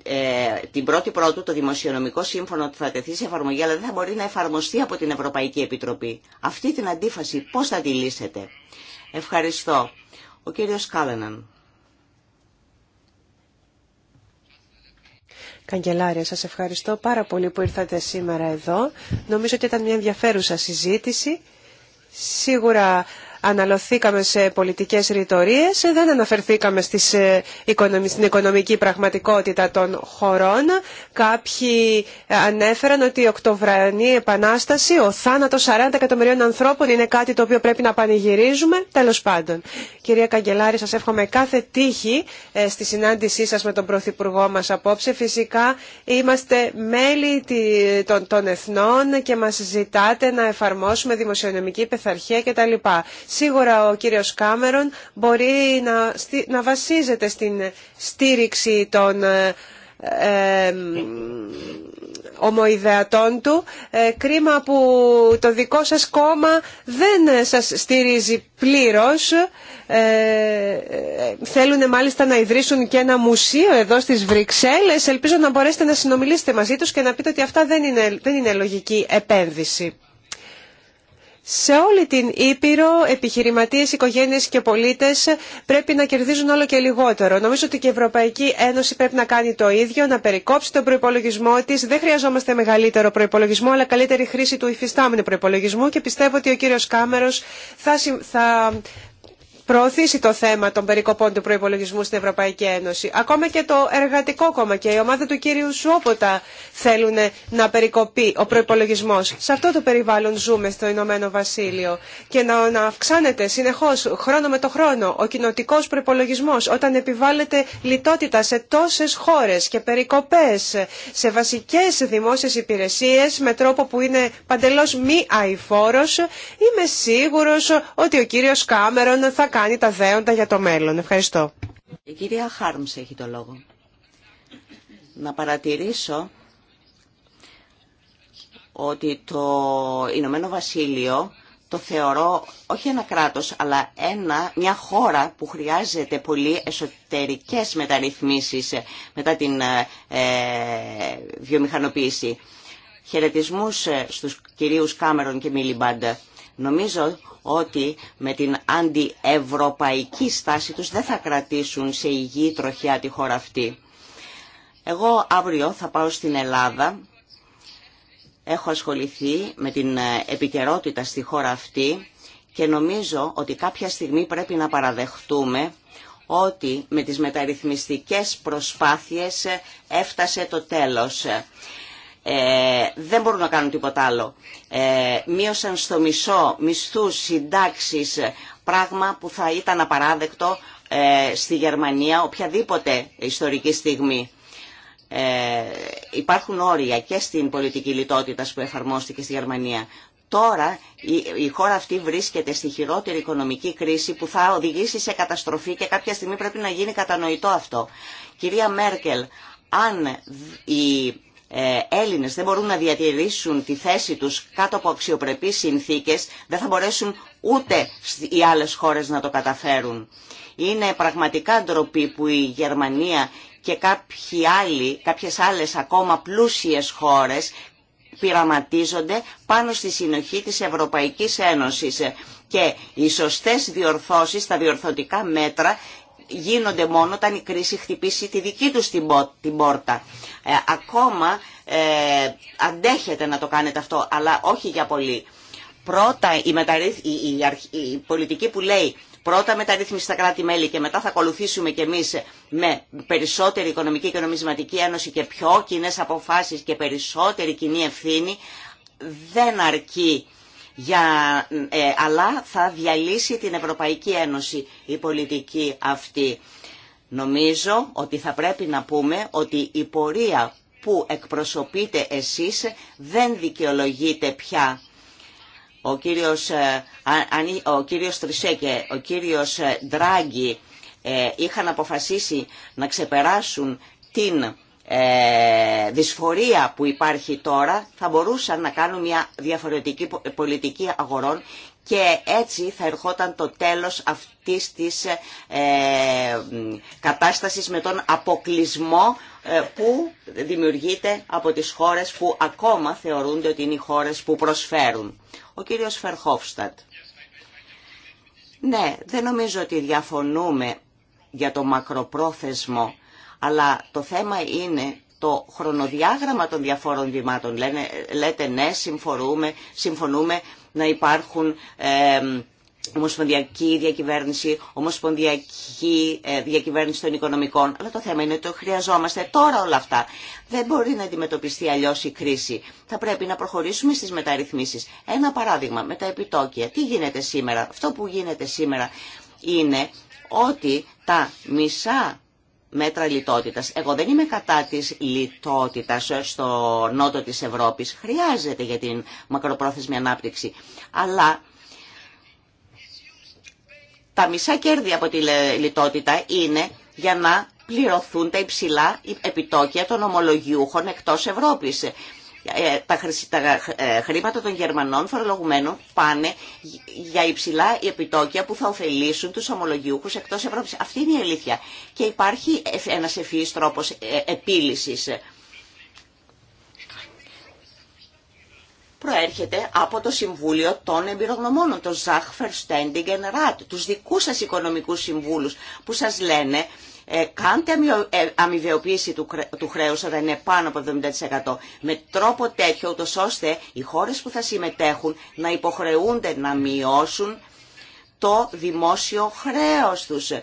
ε, την πρώτη πρώτου το δημοσιονομικό σύμφωνο θα τεθεί σε εφαρμογή, αλλά δεν θα μπορεί να εφαρμοστεί από την Ευρωπαϊκή Επιτροπή. Αυτή την αντίφαση πώς θα τη λύσετε. Ευχαριστώ. Ο κύριος Κάλεναν. Καγκελάρια, σας ευχαριστώ πάρα πολύ που ήρθατε σήμερα εδώ. Νομίζω ότι ήταν μια ενδιαφέρουσα συζήτηση. Σίγουρα αναλωθήκαμε σε πολιτικές ρητορίες, ε, δεν αναφερθήκαμε στις, ε, στην οικονομική πραγματικότητα των χωρών. Κάποιοι ε, ανέφεραν ότι η Οκτωβρανή Επανάσταση, ο θάνατος 40 εκατομμυρίων ανθρώπων είναι κάτι το οποίο πρέπει να πανηγυρίζουμε. Τέλος πάντων, κυρία Καγκελάρη, σας εύχομαι κάθε τύχη στη συνάντησή σας με τον Πρωθυπουργό μας απόψε. Φυσικά είμαστε μέλη των εθνών και μας ζητάτε να εφαρμόσουμε δημοσιονομική πεθαρχία κτλ. Σίγουρα ο κύριος Κάμερον μπορεί να, βασίζεται στην στήριξη των ε, ομοειδεατών του. Ε, κρίμα που το δικό σας κόμμα δεν σας στηρίζει πλήρως. Ε, θέλουν μάλιστα να ιδρύσουν και ένα μουσείο εδώ στις Βρυξέλλες. Ελπίζω να μπορέσετε να συνομιλήσετε μαζί τους και να πείτε ότι αυτά δεν είναι λογική επένδυση. Σε όλη την Ήπειρο, επιχειρηματίες, οικογένειες και πολίτες πρέπει να κερδίζουν όλο και λιγότερο. Νομίζω ότι και η Ευρωπαϊκή Ένωση πρέπει να κάνει το ίδιο, να περικόψει τον προϋπολογισμό της. Δεν χρειαζόμαστε μεγαλύτερο προϋπολογισμό, αλλά καλύτερη χρήση του υφιστάμενου προϋπολογισμού και πιστεύω ότι ο κύριος Κάμερος θα, θα προωθήσει το θέμα των περικοπών του προϋπολογισμού στην Ευρωπαϊκή Ένωση. Ακόμα και το εργατικό κόμμα και η ομάδα του κύριου Σουόποτα θέλουν να περικοπεί ο προϋπολογισμός. Σε αυτό το περιβάλλον ζούμε στο Ηνωμένο Βασίλειο και να, αυξάνεται συνεχώς χρόνο με το χρόνο ο κοινοτικό προϋπολογισμός όταν επιβάλλεται λιτότητα σε τόσες χώρες και περικοπές σε βασικές δημόσιες υπηρεσίες με τρόπο που είναι παντελώς μη αηφόρο είμαι σίγουρος ότι ο κύριος Κάμερον θα κάνει τα δέοντα για το μέλλον. Ευχαριστώ. Η κυρία Χάρμς έχει το λόγο. Να παρατηρήσω ότι το Ηνωμένο Βασίλειο το θεωρώ όχι ένα κράτος, αλλά ένα, μια χώρα που χρειάζεται πολύ εσωτερικές μεταρρυθμίσεις μετά την ε, ε βιομηχανοποίηση. Χαιρετισμούς ε, στους κυρίους Κάμερον και Μίλιμπαντα. Νομίζω ότι με την αντιευρωπαϊκή στάση τους δεν θα κρατήσουν σε υγιή τροχιά τη χώρα αυτή. Εγώ αύριο θα πάω στην Ελλάδα. Έχω ασχοληθεί με την ε, επικαιρότητα στη χώρα αυτή και νομίζω ότι κάποια στιγμή πρέπει να παραδεχτούμε ότι με τις μεταρρυθμιστικές προσπάθειες ε, έφτασε το τέλος. Ε, δεν μπορούν να κάνουν τίποτα άλλο. Ε, μείωσαν στο μισό μισθούς, συντάξεις, ε, πράγμα που θα ήταν απαράδεκτο στη Γερμανία οποιαδήποτε ιστορική στιγμή. Υπάρχουν όρια και στην πολιτική λιτότητα που εφαρμόστηκε στη Γερμανία. Τώρα η χώρα αυτή βρίσκεται στη χειρότερη οικονομική κρίση που θα οδηγήσει σε καταστροφή και κάποια στιγμή πρέπει να γίνει κατανοητό αυτό. Κυρία Μέρκελ, αν η ε, Έλληνες δεν μπορούν να διατηρήσουν τη θέση τους κάτω από αξιοπρεπείς συνθήκες, δεν θα μπορέσουν ούτε οι άλλες χώρες να το καταφέρουν. Είναι πραγματικά ντροπή που η Γερμανία και κάποιοι άλλοι, κάποιες άλλες ακόμα πλούσιες χώρες πειραματίζονται πάνω στη συνοχή της Ευρωπαϊκής Ένωσης και οι σωστές διορθώσεις, τα διορθωτικά μέτρα γίνονται μόνο όταν η κρίση χτυπήσει τη δική τους την πόρτα. Ε, ακόμα ε, αντέχετε να το κάνετε αυτό, αλλά όχι για πολύ. Πρώτα η, η, πολιτική που λέει πρώτα μεταρρύθμιση στα κράτη-μέλη και μετά θα ακολουθήσουμε κι εμείς με περισσότερη οικονομική και νομισματική ένωση και πιο κοινέ αποφάσεις και περισσότερη κοινή ευθύνη, δεν αρκεί για, ε, αλλά θα διαλύσει την Ευρωπαϊκή Ένωση η πολιτική αυτή. Νομίζω ότι θα πρέπει να πούμε ότι η πορεία που εκπροσωπείτε εσείς δεν δικαιολογείται πια. Ο κύριος, ε, ο κύριος Τρισέκε, ο κύριος ε, Ντράγκη είχαν αποφασίσει να ξεπεράσουν την ε, δυσφορία που υπάρχει τώρα θα μπορούσαν να κάνουν μια διαφορετική πολιτική αγορών και έτσι θα ερχόταν το τέλος αυτής της ε, κατάστασης με τον αποκλεισμό ε, που δημιουργείται από τις χώρες που ακόμα θεωρούνται ότι είναι οι χώρες που προσφέρουν. Ο κύριος Φερχόφστατ. Ναι, δεν νομίζω ότι διαφωνούμε για το μακροπρόθεσμο αλλά το θέμα είναι το χρονοδιάγραμμα των διαφόρων βημάτων. Λένε, λέτε ναι, συμφωνούμε, συμφωνούμε να υπάρχουν ε, ομοσπονδιακή διακυβέρνηση, ομοσπονδιακή ε, διακυβέρνηση των οικονομικών. Αλλά το θέμα είναι ότι χρειαζόμαστε τώρα όλα αυτά. Δεν μπορεί να αντιμετωπιστεί αλλιώ η κρίση. Θα πρέπει να προχωρήσουμε στι μεταρρυθμίσει. Ένα παράδειγμα με τα επιτόκια. Τι γίνεται σήμερα. Αυτό που γίνεται σήμερα είναι ότι τα μισά μέτρα λιτότητα. Εγώ δεν είμαι κατά της λιτότητας στο νότο της Ευρώπης. Χρειάζεται για την μακροπρόθεσμη ανάπτυξη. Αλλά τα μισά κέρδη από τη λιτότητα είναι για να πληρωθούν τα υψηλά επιτόκια των ομολογιούχων εκτός Ευρώπης. Ε, τα ε, χρήματα των Γερμανών φορολογουμένων πάνε για υψηλά επιτόκια που θα ωφελήσουν τους ομολογιούχους εκτός Ευρώπης. Αυτή είναι η αλήθεια. Και υπάρχει ένας ευφυής τρόπος ε, επίλυσης. Προέρχεται από το Συμβούλιο των Εμπειρογνωμόνων, το Ζαχ Verständigen Rat, τους δικούς σας οικονομικούς συμβούλους που σας λένε κάντε ε, αμοιβαιοποίηση του χρέους όταν είναι πάνω από 70% με τρόπο τέτοιο ούτως ώστε οι χώρες που θα συμμετέχουν να υποχρεούνται να μειώσουν το δημόσιο χρέος τους. Ε,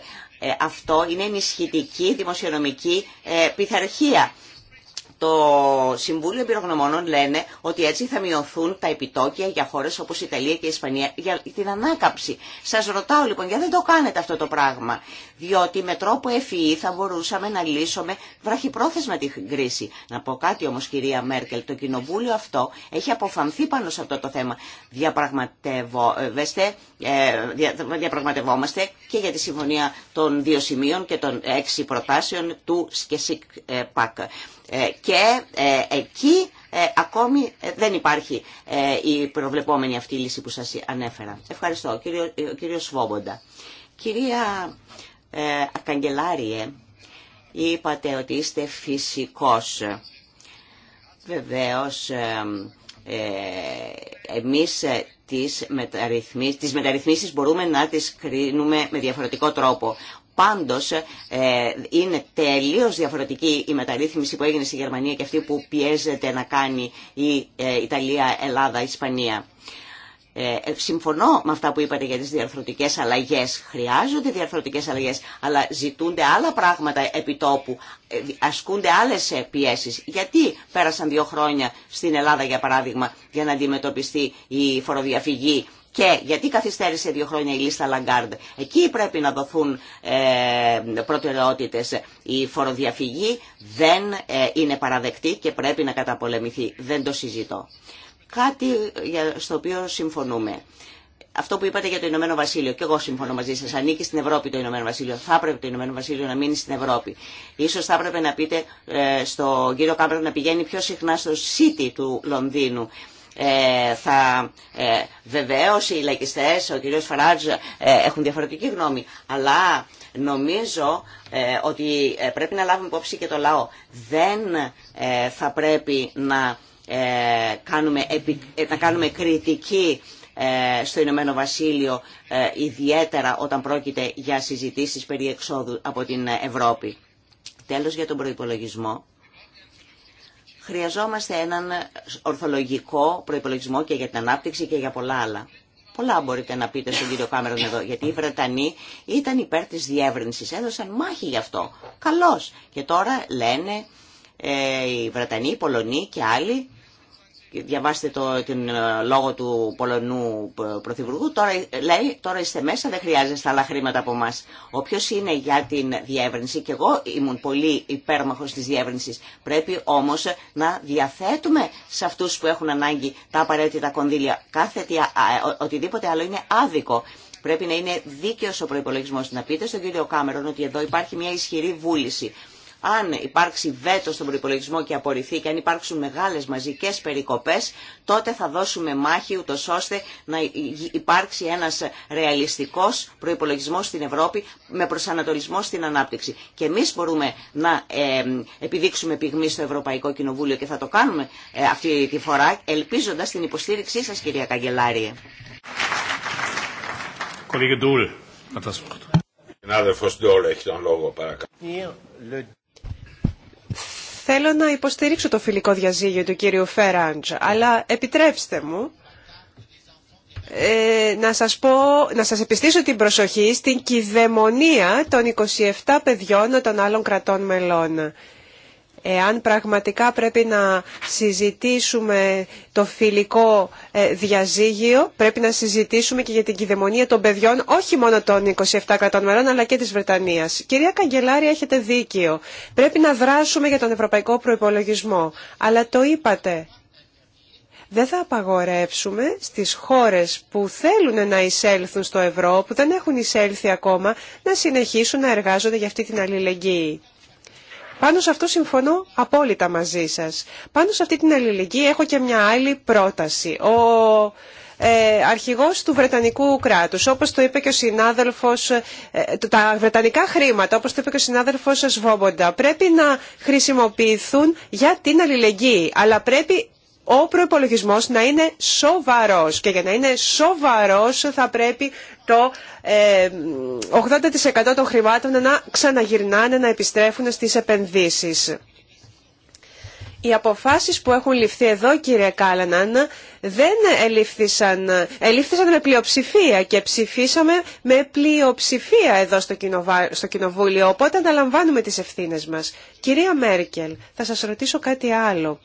αυτό είναι ενισχυτική δημοσιονομική ε, πειθαρχία. Το Συμβούλιο Εμπειρογνωμόνων λένε ότι έτσι θα μειωθούν τα επιτόκια για χώρε όπω η Ιταλία και η Ισπανία για την ανάκαμψη. Σα ρωτάω λοιπόν, γιατί δεν το κάνετε αυτό το πράγμα. Διότι με τρόπο ευφυή e θα μπορούσαμε να λύσουμε βραχυπρόθεσμα την κρίση. Να πω κάτι όμω, κυρία Μέρκελ, το κοινοβούλιο αυτό έχει αποφανθεί πάνω σε αυτό το θέμα. Διαπραγματευόμαστε, ε, διαπραγματευόμαστε και για τη συμφωνία των δύο σημείων και των έξι προτάσεων του ΣΚΕΣΙΚ ε, ε, και ε, εκεί ε, ακόμη δεν υπάρχει η προβλεπόμενη αυτή λύση που σας ανέφερα. Ευχαριστώ. Κύριο, κύριο Σβόμποντα. Κυρία ε, Καγκελάριε, είπατε ότι είστε φυσικός. Βεβαίως, ε, ε, εμείς τις τις μεταρρυθμίσεις μπορούμε να τις κρίνουμε με διαφορετικό τρόπο. Πάντως ε, είναι τελείως διαφορετική η μεταρρύθμιση που έγινε στη Γερμανία και αυτή που πιέζεται να κάνει η ε, Ιταλία, Ελλάδα, Ισπανία. Ε, συμφωνώ με αυτά που είπατε για τις διαρθρωτικές αλλαγές. Χρειάζονται διαρθρωτικές αλλαγές, αλλά ζητούνται άλλα πράγματα επί τόπου, ασκούνται άλλες πιέσεις. Γιατί πέρασαν δύο χρόνια στην Ελλάδα, για παράδειγμα, για να αντιμετωπιστεί η φοροδιαφυγή και γιατί καθυστέρησε δύο χρόνια η λίστα Λαγκάρντ. Εκεί πρέπει να δοθούν ε, προτεραιότητες. Η φοροδιαφυγή δεν ε, είναι παραδεκτή και πρέπει να καταπολεμηθεί. Δεν το συζητώ. Κάτι στο οποίο συμφωνούμε. Αυτό που είπατε για το Ηνωμένο Βασίλειο, και εγώ συμφωνώ μαζί σα, ανήκει στην Ευρώπη το Ηνωμένο Βασίλειο. Θα έπρεπε το Ηνωμένο Βασίλειο να μείνει στην Ευρώπη. σω θα έπρεπε να πείτε ε, στον κύριο Κάμπρα να πηγαίνει πιο συχνά στο City του Λονδίνου ε, θα, ε, οι λαϊκιστές, ο κ. Φαράτζ ε, έχουν διαφορετική γνώμη, αλλά νομίζω ε, ότι ε, πρέπει να λάβουμε υπόψη και το λαό. Δεν θα πρέπει να, κάνουμε, να κάνουμε κριτική στο Ηνωμένο Βασίλειο, ιδιαίτερα όταν πρόκειται για συζητήσεις περί εξόδου από την Ευρώπη. Τέλος για τον προϋπολογισμό. Χρειαζόμαστε έναν ορθολογικό προπολογισμό και για την ανάπτυξη και για πολλά άλλα. Πολλά μπορείτε να πείτε στον κύριο Κάμερον εδώ, γιατί οι Βρετανοί ήταν υπέρ της διεύρυνσης, έδωσαν μάχη γι' αυτό. Καλώς. Και τώρα λένε ε, οι Βρετανοί, οι Πολωνοί και άλλοι διαβάστε το, την ε, λόγο του Πολωνού ε, Πρωθυπουργού, τώρα ε, λέει, τώρα είστε μέσα, δεν χρειάζεστε άλλα χρήματα από εμά. Όποιο είναι για την διεύρυνση, και εγώ ήμουν πολύ υπέρμαχο τη διεύρυνση, πρέπει όμω να διαθέτουμε σε αυτού που έχουν ανάγκη τα απαραίτητα κονδύλια. Κάθε τι, οτιδήποτε άλλο είναι άδικο. Πρέπει να είναι δίκαιο ο προπολογισμό. Να πείτε στον κύριο Κάμερον ότι εδώ υπάρχει μια ισχυρή βούληση αν υπάρξει βέτο στον προπολογισμό και απορριφθεί και αν υπάρξουν μεγάλες μαζικές περικοπές, τότε θα δώσουμε μάχη ούτω ώστε να υπάρξει ένας ρεαλιστικός προπολογισμό στην Ευρώπη με προσανατολισμό στην ανάπτυξη. Και εμεί μπορούμε να επιδείξουμε πυγμή στο Ευρωπαϊκό Κοινοβούλιο και θα το κάνουμε ε, αυτή τη φορά, ελπίζοντα την υποστήριξή σα, κυρία Καγκελάρη. Θέλω να υποστηρίξω το φιλικό διαζύγιο του κύριου Φέραντζ, αλλά επιτρέψτε μου ε, να, σας πω, να σας επιστήσω την προσοχή στην κυδαιμονία των 27 παιδιών των άλλων κρατών μελών. Εάν πραγματικά πρέπει να συζητήσουμε το φιλικό ε, διαζύγιο, πρέπει να συζητήσουμε και για την κυδαιμονία των παιδιών, όχι μόνο των 27 κρατών μερών, αλλά και της Βρετανίας. Κυρία Καγκελάρη, έχετε δίκιο. Πρέπει να δράσουμε για τον ευρωπαϊκό προϋπολογισμό. Αλλά το είπατε δεν θα απαγορεύσουμε στις χώρες που θέλουν να εισέλθουν στο ευρώ, που δεν έχουν εισέλθει ακόμα, να συνεχίσουν να εργάζονται για αυτή την αλληλεγγύη. Πάνω σε αυτό συμφωνώ απόλυτα μαζί σας. Πάνω σε αυτή την αλληλεγγύη έχω και μια άλλη πρόταση. Ο ε, αρχηγός του Βρετανικού κράτους, όπως το είπε και ο συνάδελφος, ε, τα βρετανικά χρήματα, όπως το είπε και ο συνάδελφος Σβόμποντα, πρέπει να χρησιμοποιηθούν για την αλληλεγγύη, αλλά πρέπει ο προπολογισμό να είναι σοβαρός και για να είναι σοβαρός θα πρέπει το 80% ε, των χρημάτων να ξαναγυρνάνε, να επιστρέφουν στις επενδύσεις. Οι αποφάσεις που έχουν ληφθεί εδώ, κύριε Κάλαναν, δεν ελήφθησαν, ελήφθησαν με πλειοψηφία και ψηφίσαμε με πλειοψηφία εδώ στο, Κοινοβούλιο, οπότε αναλαμβάνουμε τις ευθύνες μας. Κυρία Μέρκελ, θα σας ρωτήσω κάτι άλλο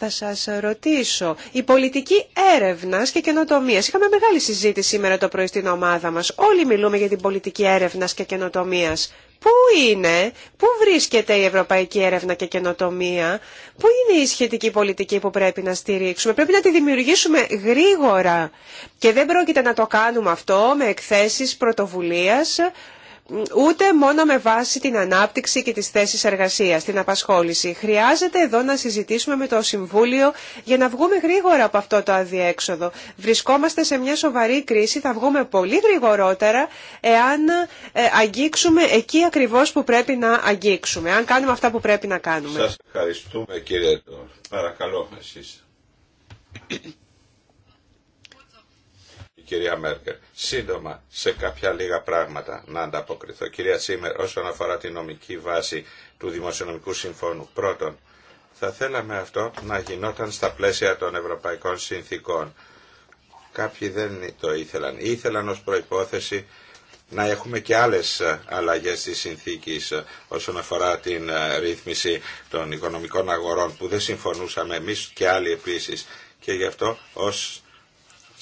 θα σας ρωτήσω. Η πολιτική έρευνας και καινοτομίας. Είχαμε μεγάλη συζήτηση σήμερα το πρωί στην ομάδα μας. Όλοι μιλούμε για την πολιτική έρευνας και καινοτομίας. Πού είναι, πού βρίσκεται η ευρωπαϊκή έρευνα και καινοτομία, πού είναι η σχετική πολιτική που πρέπει να στηρίξουμε. Πρέπει να τη δημιουργήσουμε γρήγορα και δεν πρόκειται να το κάνουμε αυτό με εκθέσεις πρωτοβουλίας ούτε μόνο με βάση την ανάπτυξη και τις θέσεις εργασίας, την απασχόληση. Χρειάζεται εδώ να συζητήσουμε με το Συμβούλιο για να βγούμε γρήγορα από αυτό το αδιέξοδο. Βρισκόμαστε σε μια σοβαρή κρίση, θα βγούμε πολύ γρηγορότερα εάν ε, αγγίξουμε εκεί ακριβώς που πρέπει να αγγίξουμε, αν κάνουμε αυτά που πρέπει να κάνουμε. Σας ευχαριστούμε κύριε Παρακαλώ εσείς κυρία Μέρκελ. Σύντομα σε κάποια λίγα πράγματα να ανταποκριθώ. Κυρία Τσίμερ, όσον αφορά τη νομική βάση του Δημοσιονομικού Συμφώνου, πρώτον, θα θέλαμε αυτό να γινόταν στα πλαίσια των ευρωπαϊκών συνθήκων. Κάποιοι δεν το ήθελαν. Ήθελαν ως προϋπόθεση να έχουμε και άλλες αλλαγές της συνθήκης όσον αφορά την ρύθμιση των οικονομικών αγορών που δεν συμφωνούσαμε εμείς και άλλοι επίσης. Και γι' αυτό ως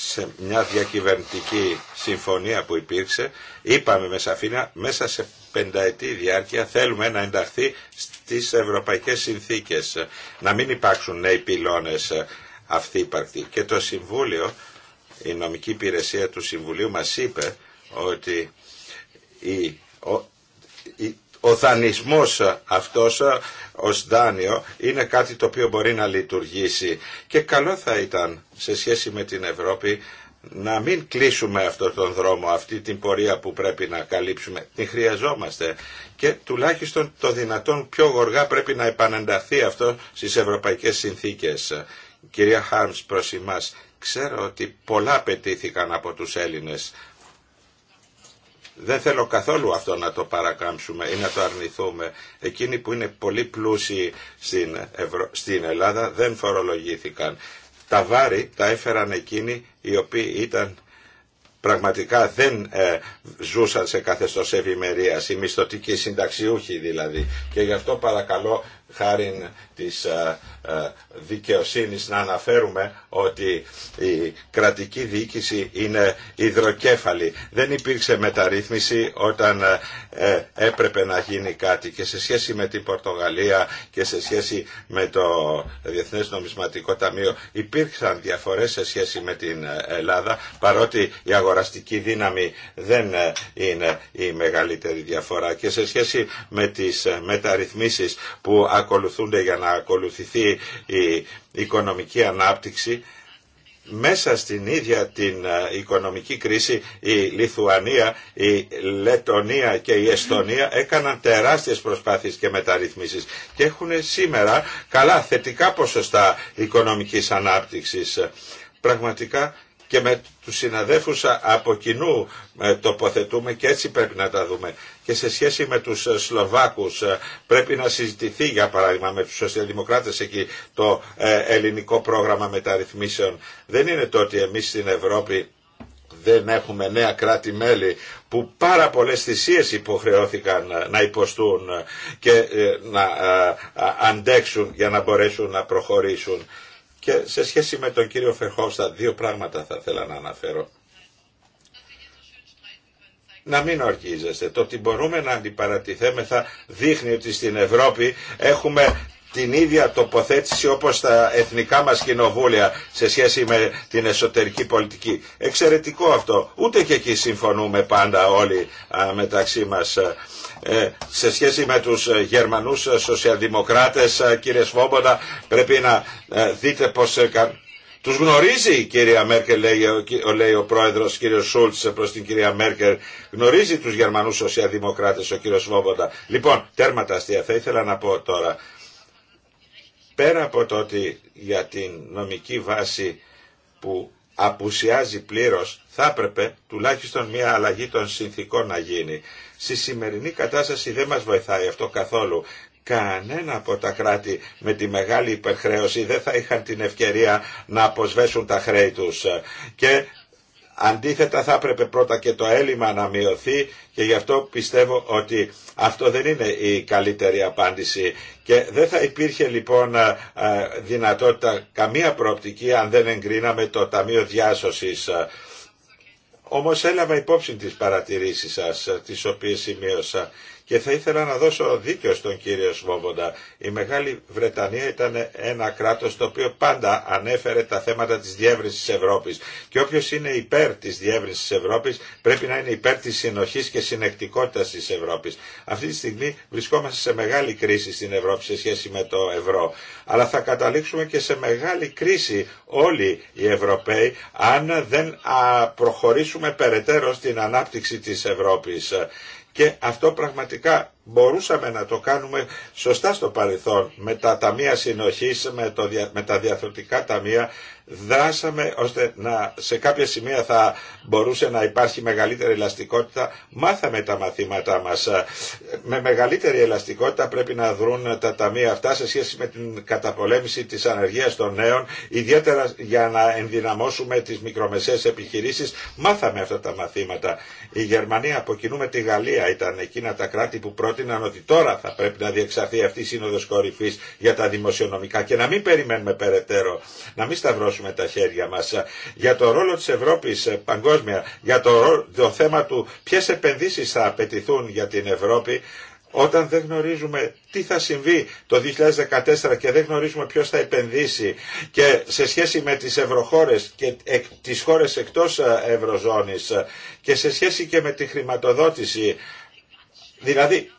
σε μια διακυβερνητική συμφωνία που υπήρξε, είπαμε με σαφήνα, μέσα σε πενταετή διάρκεια θέλουμε να ενταχθεί στις ευρωπαϊκές συνθήκες, να μην υπάρξουν νέοι πυλώνες ε, αυτοί υπαρκτοί. Και το Συμβούλιο, η νομική υπηρεσία του Συμβουλίου μας είπε ότι η, η, ο δανεισμός αυτός ως δάνειο είναι κάτι το οποίο μπορεί να λειτουργήσει και καλό θα ήταν σε σχέση με την Ευρώπη να μην κλείσουμε αυτόν τον δρόμο, αυτή την πορεία που πρέπει να καλύψουμε. Την χρειαζόμαστε και τουλάχιστον το δυνατόν πιο γοργά πρέπει να επανενταθεί αυτό στις ευρωπαϊκές συνθήκες. Κυρία Χάρμς προς εμάς, ξέρω ότι πολλά απαιτήθηκαν από τους Έλληνες δεν θέλω καθόλου αυτό να το παρακάμψουμε ή να το αρνηθούμε. Εκείνοι που είναι πολύ πλούσιοι στην, στην Ελλάδα δεν φορολογήθηκαν. Τα βάρη τα έφεραν εκείνοι οι οποίοι ήταν πραγματικά δεν ε, ζούσαν σε καθεστώς ευημερίας, οι μισθωτικοί συνταξιούχοι δηλαδή. Και γι' αυτό παρακαλώ χάρη της ε, ε, δικαιοσύνης να αναφέρουμε ότι η κρατική διοίκηση είναι υδροκέφαλη. Δεν υπήρξε μεταρρύθμιση όταν ε, έπρεπε να γίνει κάτι και σε σχέση με την Πορτογαλία και σε σχέση με το Διεθνές Νομισματικό Ταμείο υπήρξαν διαφορές σε σχέση με την Ελλάδα παρότι η αγοραστική δύναμη δεν είναι η μεγαλύτερη διαφορά και σε σχέση με τις μεταρρυθμίσεις που ακολουθούνται για να να ακολουθηθεί η οικονομική ανάπτυξη μέσα στην ίδια την ε, οικονομική κρίση η Λιθουανία, η Λετωνία και η Εστονία έκαναν τεράστιες προσπάθειες και μεταρρυθμίσεις και έχουν σήμερα καλά θετικά ποσοστά οικονομικής ανάπτυξης. Πραγματικά και με τους συναδέφους από κοινού ε, τοποθετούμε και έτσι πρέπει να τα δούμε και σε σχέση με τους ε, Σλοβάκους ε, πρέπει να συζητηθεί για παράδειγμα με τους σοσιαλδημοκράτες εκεί το ε, ελληνικό πρόγραμμα μεταρρυθμίσεων. Δεν είναι το ότι εμείς στην Ευρώπη δεν έχουμε νέα κράτη-μέλη που πάρα πολλές θυσίες υποχρεώθηκαν να υποστούν και να αντέξουν για να μπορέσουν να προχωρήσουν. Και σε σχέση με τον κύριο Φερχόφστα δύο πράγματα θα ήθελα να αναφέρω να μην ορκίζεστε. Το ότι μπορούμε να αντιπαρατηθέμεθα δείχνει ότι στην Ευρώπη έχουμε την ίδια τοποθέτηση όπως τα εθνικά μας κοινοβούλια σε σχέση με την εσωτερική πολιτική. Εξαιρετικό αυτό. Ούτε και εκεί συμφωνούμε πάντα όλοι μεταξύ μας. Ε, σε σχέση με τους Γερμανούς σοσιαλδημοκράτες, κύριε Σβόμποντα, πρέπει να ε, δείτε πως ε, τους γνωρίζει η κυρία Μέρκελ, λέει ο, λέει ο πρόεδρος κύριος Σούλτς προς την κυρία Μέρκελ. Γνωρίζει τους Γερμανούς σοσιαδημοκράτες ο κύριος Βόμποντα. Λοιπόν, τέρματα τα αστεία, θα ήθελα να πω τώρα. Πέρα από το ότι για την νομική βάση που απουσιάζει πλήρως, θα έπρεπε τουλάχιστον μια αλλαγή των συνθήκων να γίνει. Στη σημερινή κατάσταση δεν μας βοηθάει αυτό καθόλου κανένα από τα κράτη με τη μεγάλη υπερχρέωση δεν θα είχαν την ευκαιρία να αποσβέσουν τα χρέη τους. Και Αντίθετα θα έπρεπε πρώτα και το έλλειμμα να μειωθεί και γι' αυτό πιστεύω ότι αυτό δεν είναι η καλύτερη απάντηση και δεν θα υπήρχε λοιπόν ε, δυνατότητα καμία προοπτική αν δεν εγκρίναμε το Ταμείο Διάσωσης. Όμως έλαβα υπόψη τις παρατηρήσεις σας, ε, τις οποίες σημείωσα και θα ήθελα να δώσω δίκιο στον κύριο Σβόβοντα. Η Μεγάλη Βρετανία ήταν ένα κράτος το οποίο πάντα ανέφερε τα θέματα της διεύρυνσης Ευρώπης. Και όποιος είναι υπέρ της διεύρυνσης Ευρώπης πρέπει να είναι υπέρ της συνοχής και συνεκτικότητας της Ευρώπης. Αυτή τη στιγμή βρισκόμαστε σε μεγάλη κρίση στην Ευρώπη σε σχέση με το ευρώ. Αλλά θα καταλήξουμε και σε μεγάλη κρίση όλοι οι Ευρωπαίοι αν δεν προχωρήσουμε περαιτέρω στην ανάπτυξη της Ευρώπης και αυτό πραγματικά μπορούσαμε να το κάνουμε σωστά στο παρελθόν με τα ταμεία συνοχής, με, με τα διαθροτικά ταμεία δράσαμε ώστε να σε κάποια σημεία θα μπορούσε να υπάρχει μεγαλύτερη ελαστικότητα. Μάθαμε τα μαθήματά μας. Με μεγαλύτερη ελαστικότητα πρέπει να δρουν τα ταμεία αυτά σε σχέση με την καταπολέμηση της ανεργίας των νέων, ιδιαίτερα για να ενδυναμώσουμε τις μικρομεσαίες επιχειρήσεις. Μάθαμε αυτά τα μαθήματα. Η Γερμανία από με τη Γαλλία ήταν εκείνα τα κράτη που πρώτα είναι ότι τώρα θα πρέπει να διεξαχθεί αυτή η σύνοδος κορυφής για τα δημοσιονομικά και να μην περιμένουμε περαιτέρω, να μην σταυρώσουμε τα χέρια μας για το ρόλο της Ευρώπης ε, παγκόσμια, για το, το θέμα του ποιες επενδύσεις θα απαιτηθούν για την Ευρώπη όταν δεν γνωρίζουμε τι θα συμβεί το 2014 και δεν γνωρίζουμε ποιος θα επενδύσει και σε σχέση με τις ευρωχώρες και τις χώρες εκτός ε, ευρωζώνης ε, και σε σχέση και με τη χρηματοδότηση Δηλαδή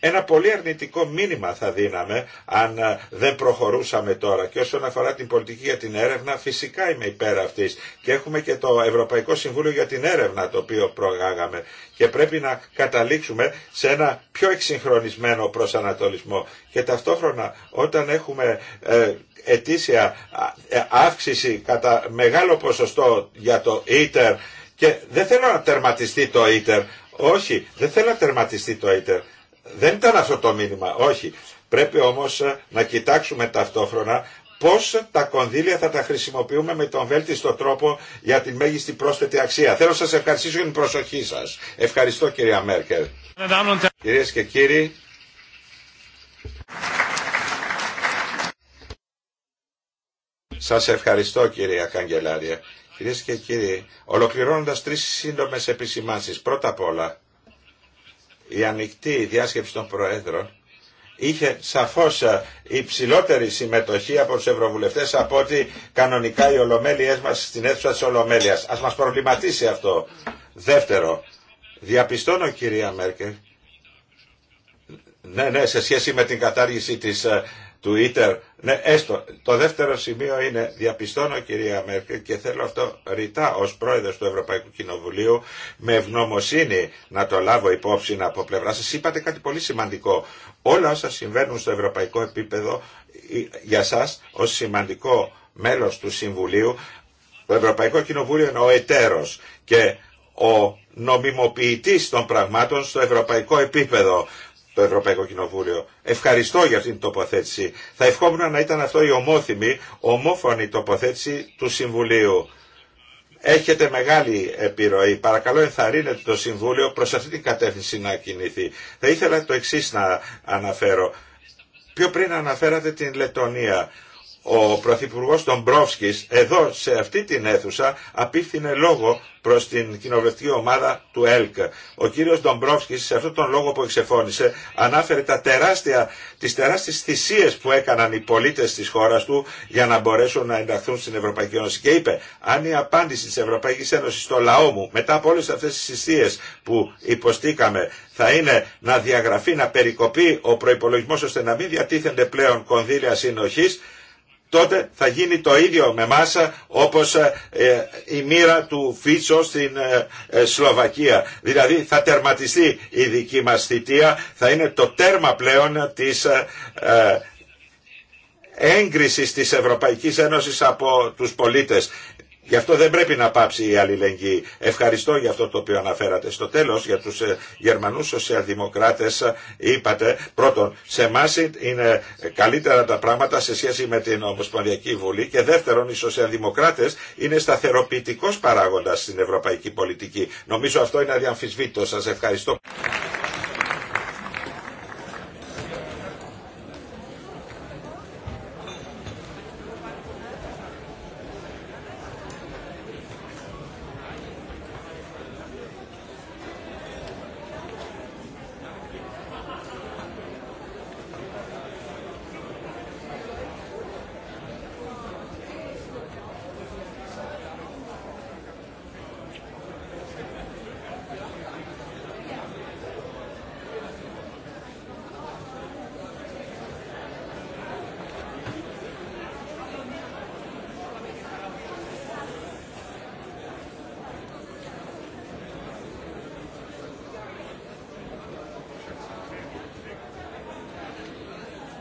ένα πολύ αρνητικό μήνυμα θα δίναμε αν ε, δεν προχωρούσαμε τώρα. Και όσον αφορά την πολιτική για την έρευνα, φυσικά είμαι υπέρ αυτή. Και έχουμε και το Ευρωπαϊκό Συμβούλιο για την Έρευνα, το οποίο προγάγαμε. Και πρέπει να καταλήξουμε σε ένα πιο εξυγχρονισμένο προσανατολισμό. Και ταυτόχρονα, όταν έχουμε ε, ετήσια ε, αύξηση κατά μεγάλο ποσοστό για το ίτερ, και δεν θέλω να τερματιστεί το ίτερ, όχι, δεν θέλω να τερματιστεί το ίτερ. Δεν ήταν αυτό το μήνυμα, όχι. Πρέπει όμως ε, να κοιτάξουμε ταυτόχρονα πώς τα κονδύλια θα τα χρησιμοποιούμε με τον βέλτιστο τρόπο για την μέγιστη πρόσθετη αξία. Θέλω να σας ευχαριστήσω για την προσοχή σας. Ευχαριστώ κυρία Μέρκελ. Κυρίες και κύριοι. Σας ευχαριστώ κυρία Καγκελάρια. Κυρίες και κύριοι, ολοκληρώνοντας τρεις σύντομες επισημάνσεις. Πρώτα απ' όλα, η ανοιχτή διάσκεψη των Προέδρων είχε σαφώς ε, υψηλότερη συμμετοχή από τους Ευρωβουλευτές από ότι κανονικά οι Ολομέλειές μας στην αίθουσα της Ολομέλειας. Ας μας προβληματίσει αυτό. Δεύτερο, διαπιστώνω κυρία Μέρκελ, ναι, ναι, σε σχέση με την κατάργηση της ε, Twitter. Ναι, έστω. Το δεύτερο σημείο είναι, διαπιστώνω κυρία Μέρκελ και θέλω αυτό ρητά ως πρόεδρος του Ευρωπαϊκού Κοινοβουλίου με ευγνωμοσύνη να το λάβω υπόψη από πλευρά σας. Είπατε κάτι πολύ σημαντικό. Όλα όσα συμβαίνουν στο ευρωπαϊκό επίπεδο ε, για σας ως σημαντικό μέλος του Συμβουλίου το Ευρωπαϊκό Κοινοβούλιο είναι ο εταίρος και ο νομιμοποιητής των πραγμάτων στο ευρωπαϊκό επίπεδο το Ευρωπαϊκό Κοινοβούλιο. Ευχαριστώ για αυτήν την τοποθέτηση. Θα ευχόμουν να ήταν αυτό η ομόθυμη, ομόφωνη τοποθέτηση του Συμβουλίου. Έχετε μεγάλη επιρροή. Παρακαλώ ενθαρρύνετε το Συμβούλιο προς αυτή την κατεύθυνση να κινηθεί. Θα ήθελα το εξής να αναφέρω. Πιο πριν αναφέρατε την Λετωνία ο Πρωθυπουργό των εδώ σε αυτή την αίθουσα απίφθινε λόγο προ την κοινοβουλευτική ομάδα του ΕΛΚ. Ο κύριο Ντομπρόφσκη, σε αυτόν τον λόγο που εξεφώνησε ανάφερε τα τεράστια, τις τεράστιες θυσίες που έκαναν οι πολίτε τη χώρα του για να μπορέσουν να ενταχθούν στην Ευρωπαϊκή Ένωση και είπε αν η απάντηση τη Ευρωπαϊκή Ένωση, στο λαό μου μετά από όλε αυτέ τι θυσίε που υποστήκαμε θα είναι να διαγραφεί, να περικοπεί ο προπολογισμό ώστε να μην διατίθενται πλέον κονδύλια σύνοχή τότε θα γίνει το ίδιο με μάσα όπως ε, η μοίρα του Φίτσο στην ε, ε, Σλοβακία. Δηλαδή θα τερματιστεί η δική μας θητεία, θα είναι το τέρμα πλέον της έγκρισης της Ευρωπαϊκής Ένωσης από τους πολίτες. Γι' αυτό δεν πρέπει να πάψει η αλληλεγγύη. Ευχαριστώ για αυτό το οποίο αναφέρατε. Στο τέλος για τους ε, Γερμανούς σοσιαλδημοκράτες ε, είπατε πρώτον σε εμά είναι καλύτερα τα πράγματα σε σχέση με την Ομοσπονδιακή Βουλή και δεύτερον οι σοσιαλδημοκράτες είναι σταθεροποιητικός παράγοντας στην ευρωπαϊκή πολιτική. Νομίζω αυτό είναι αδιαμφισβήτητο. Σας ευχαριστώ.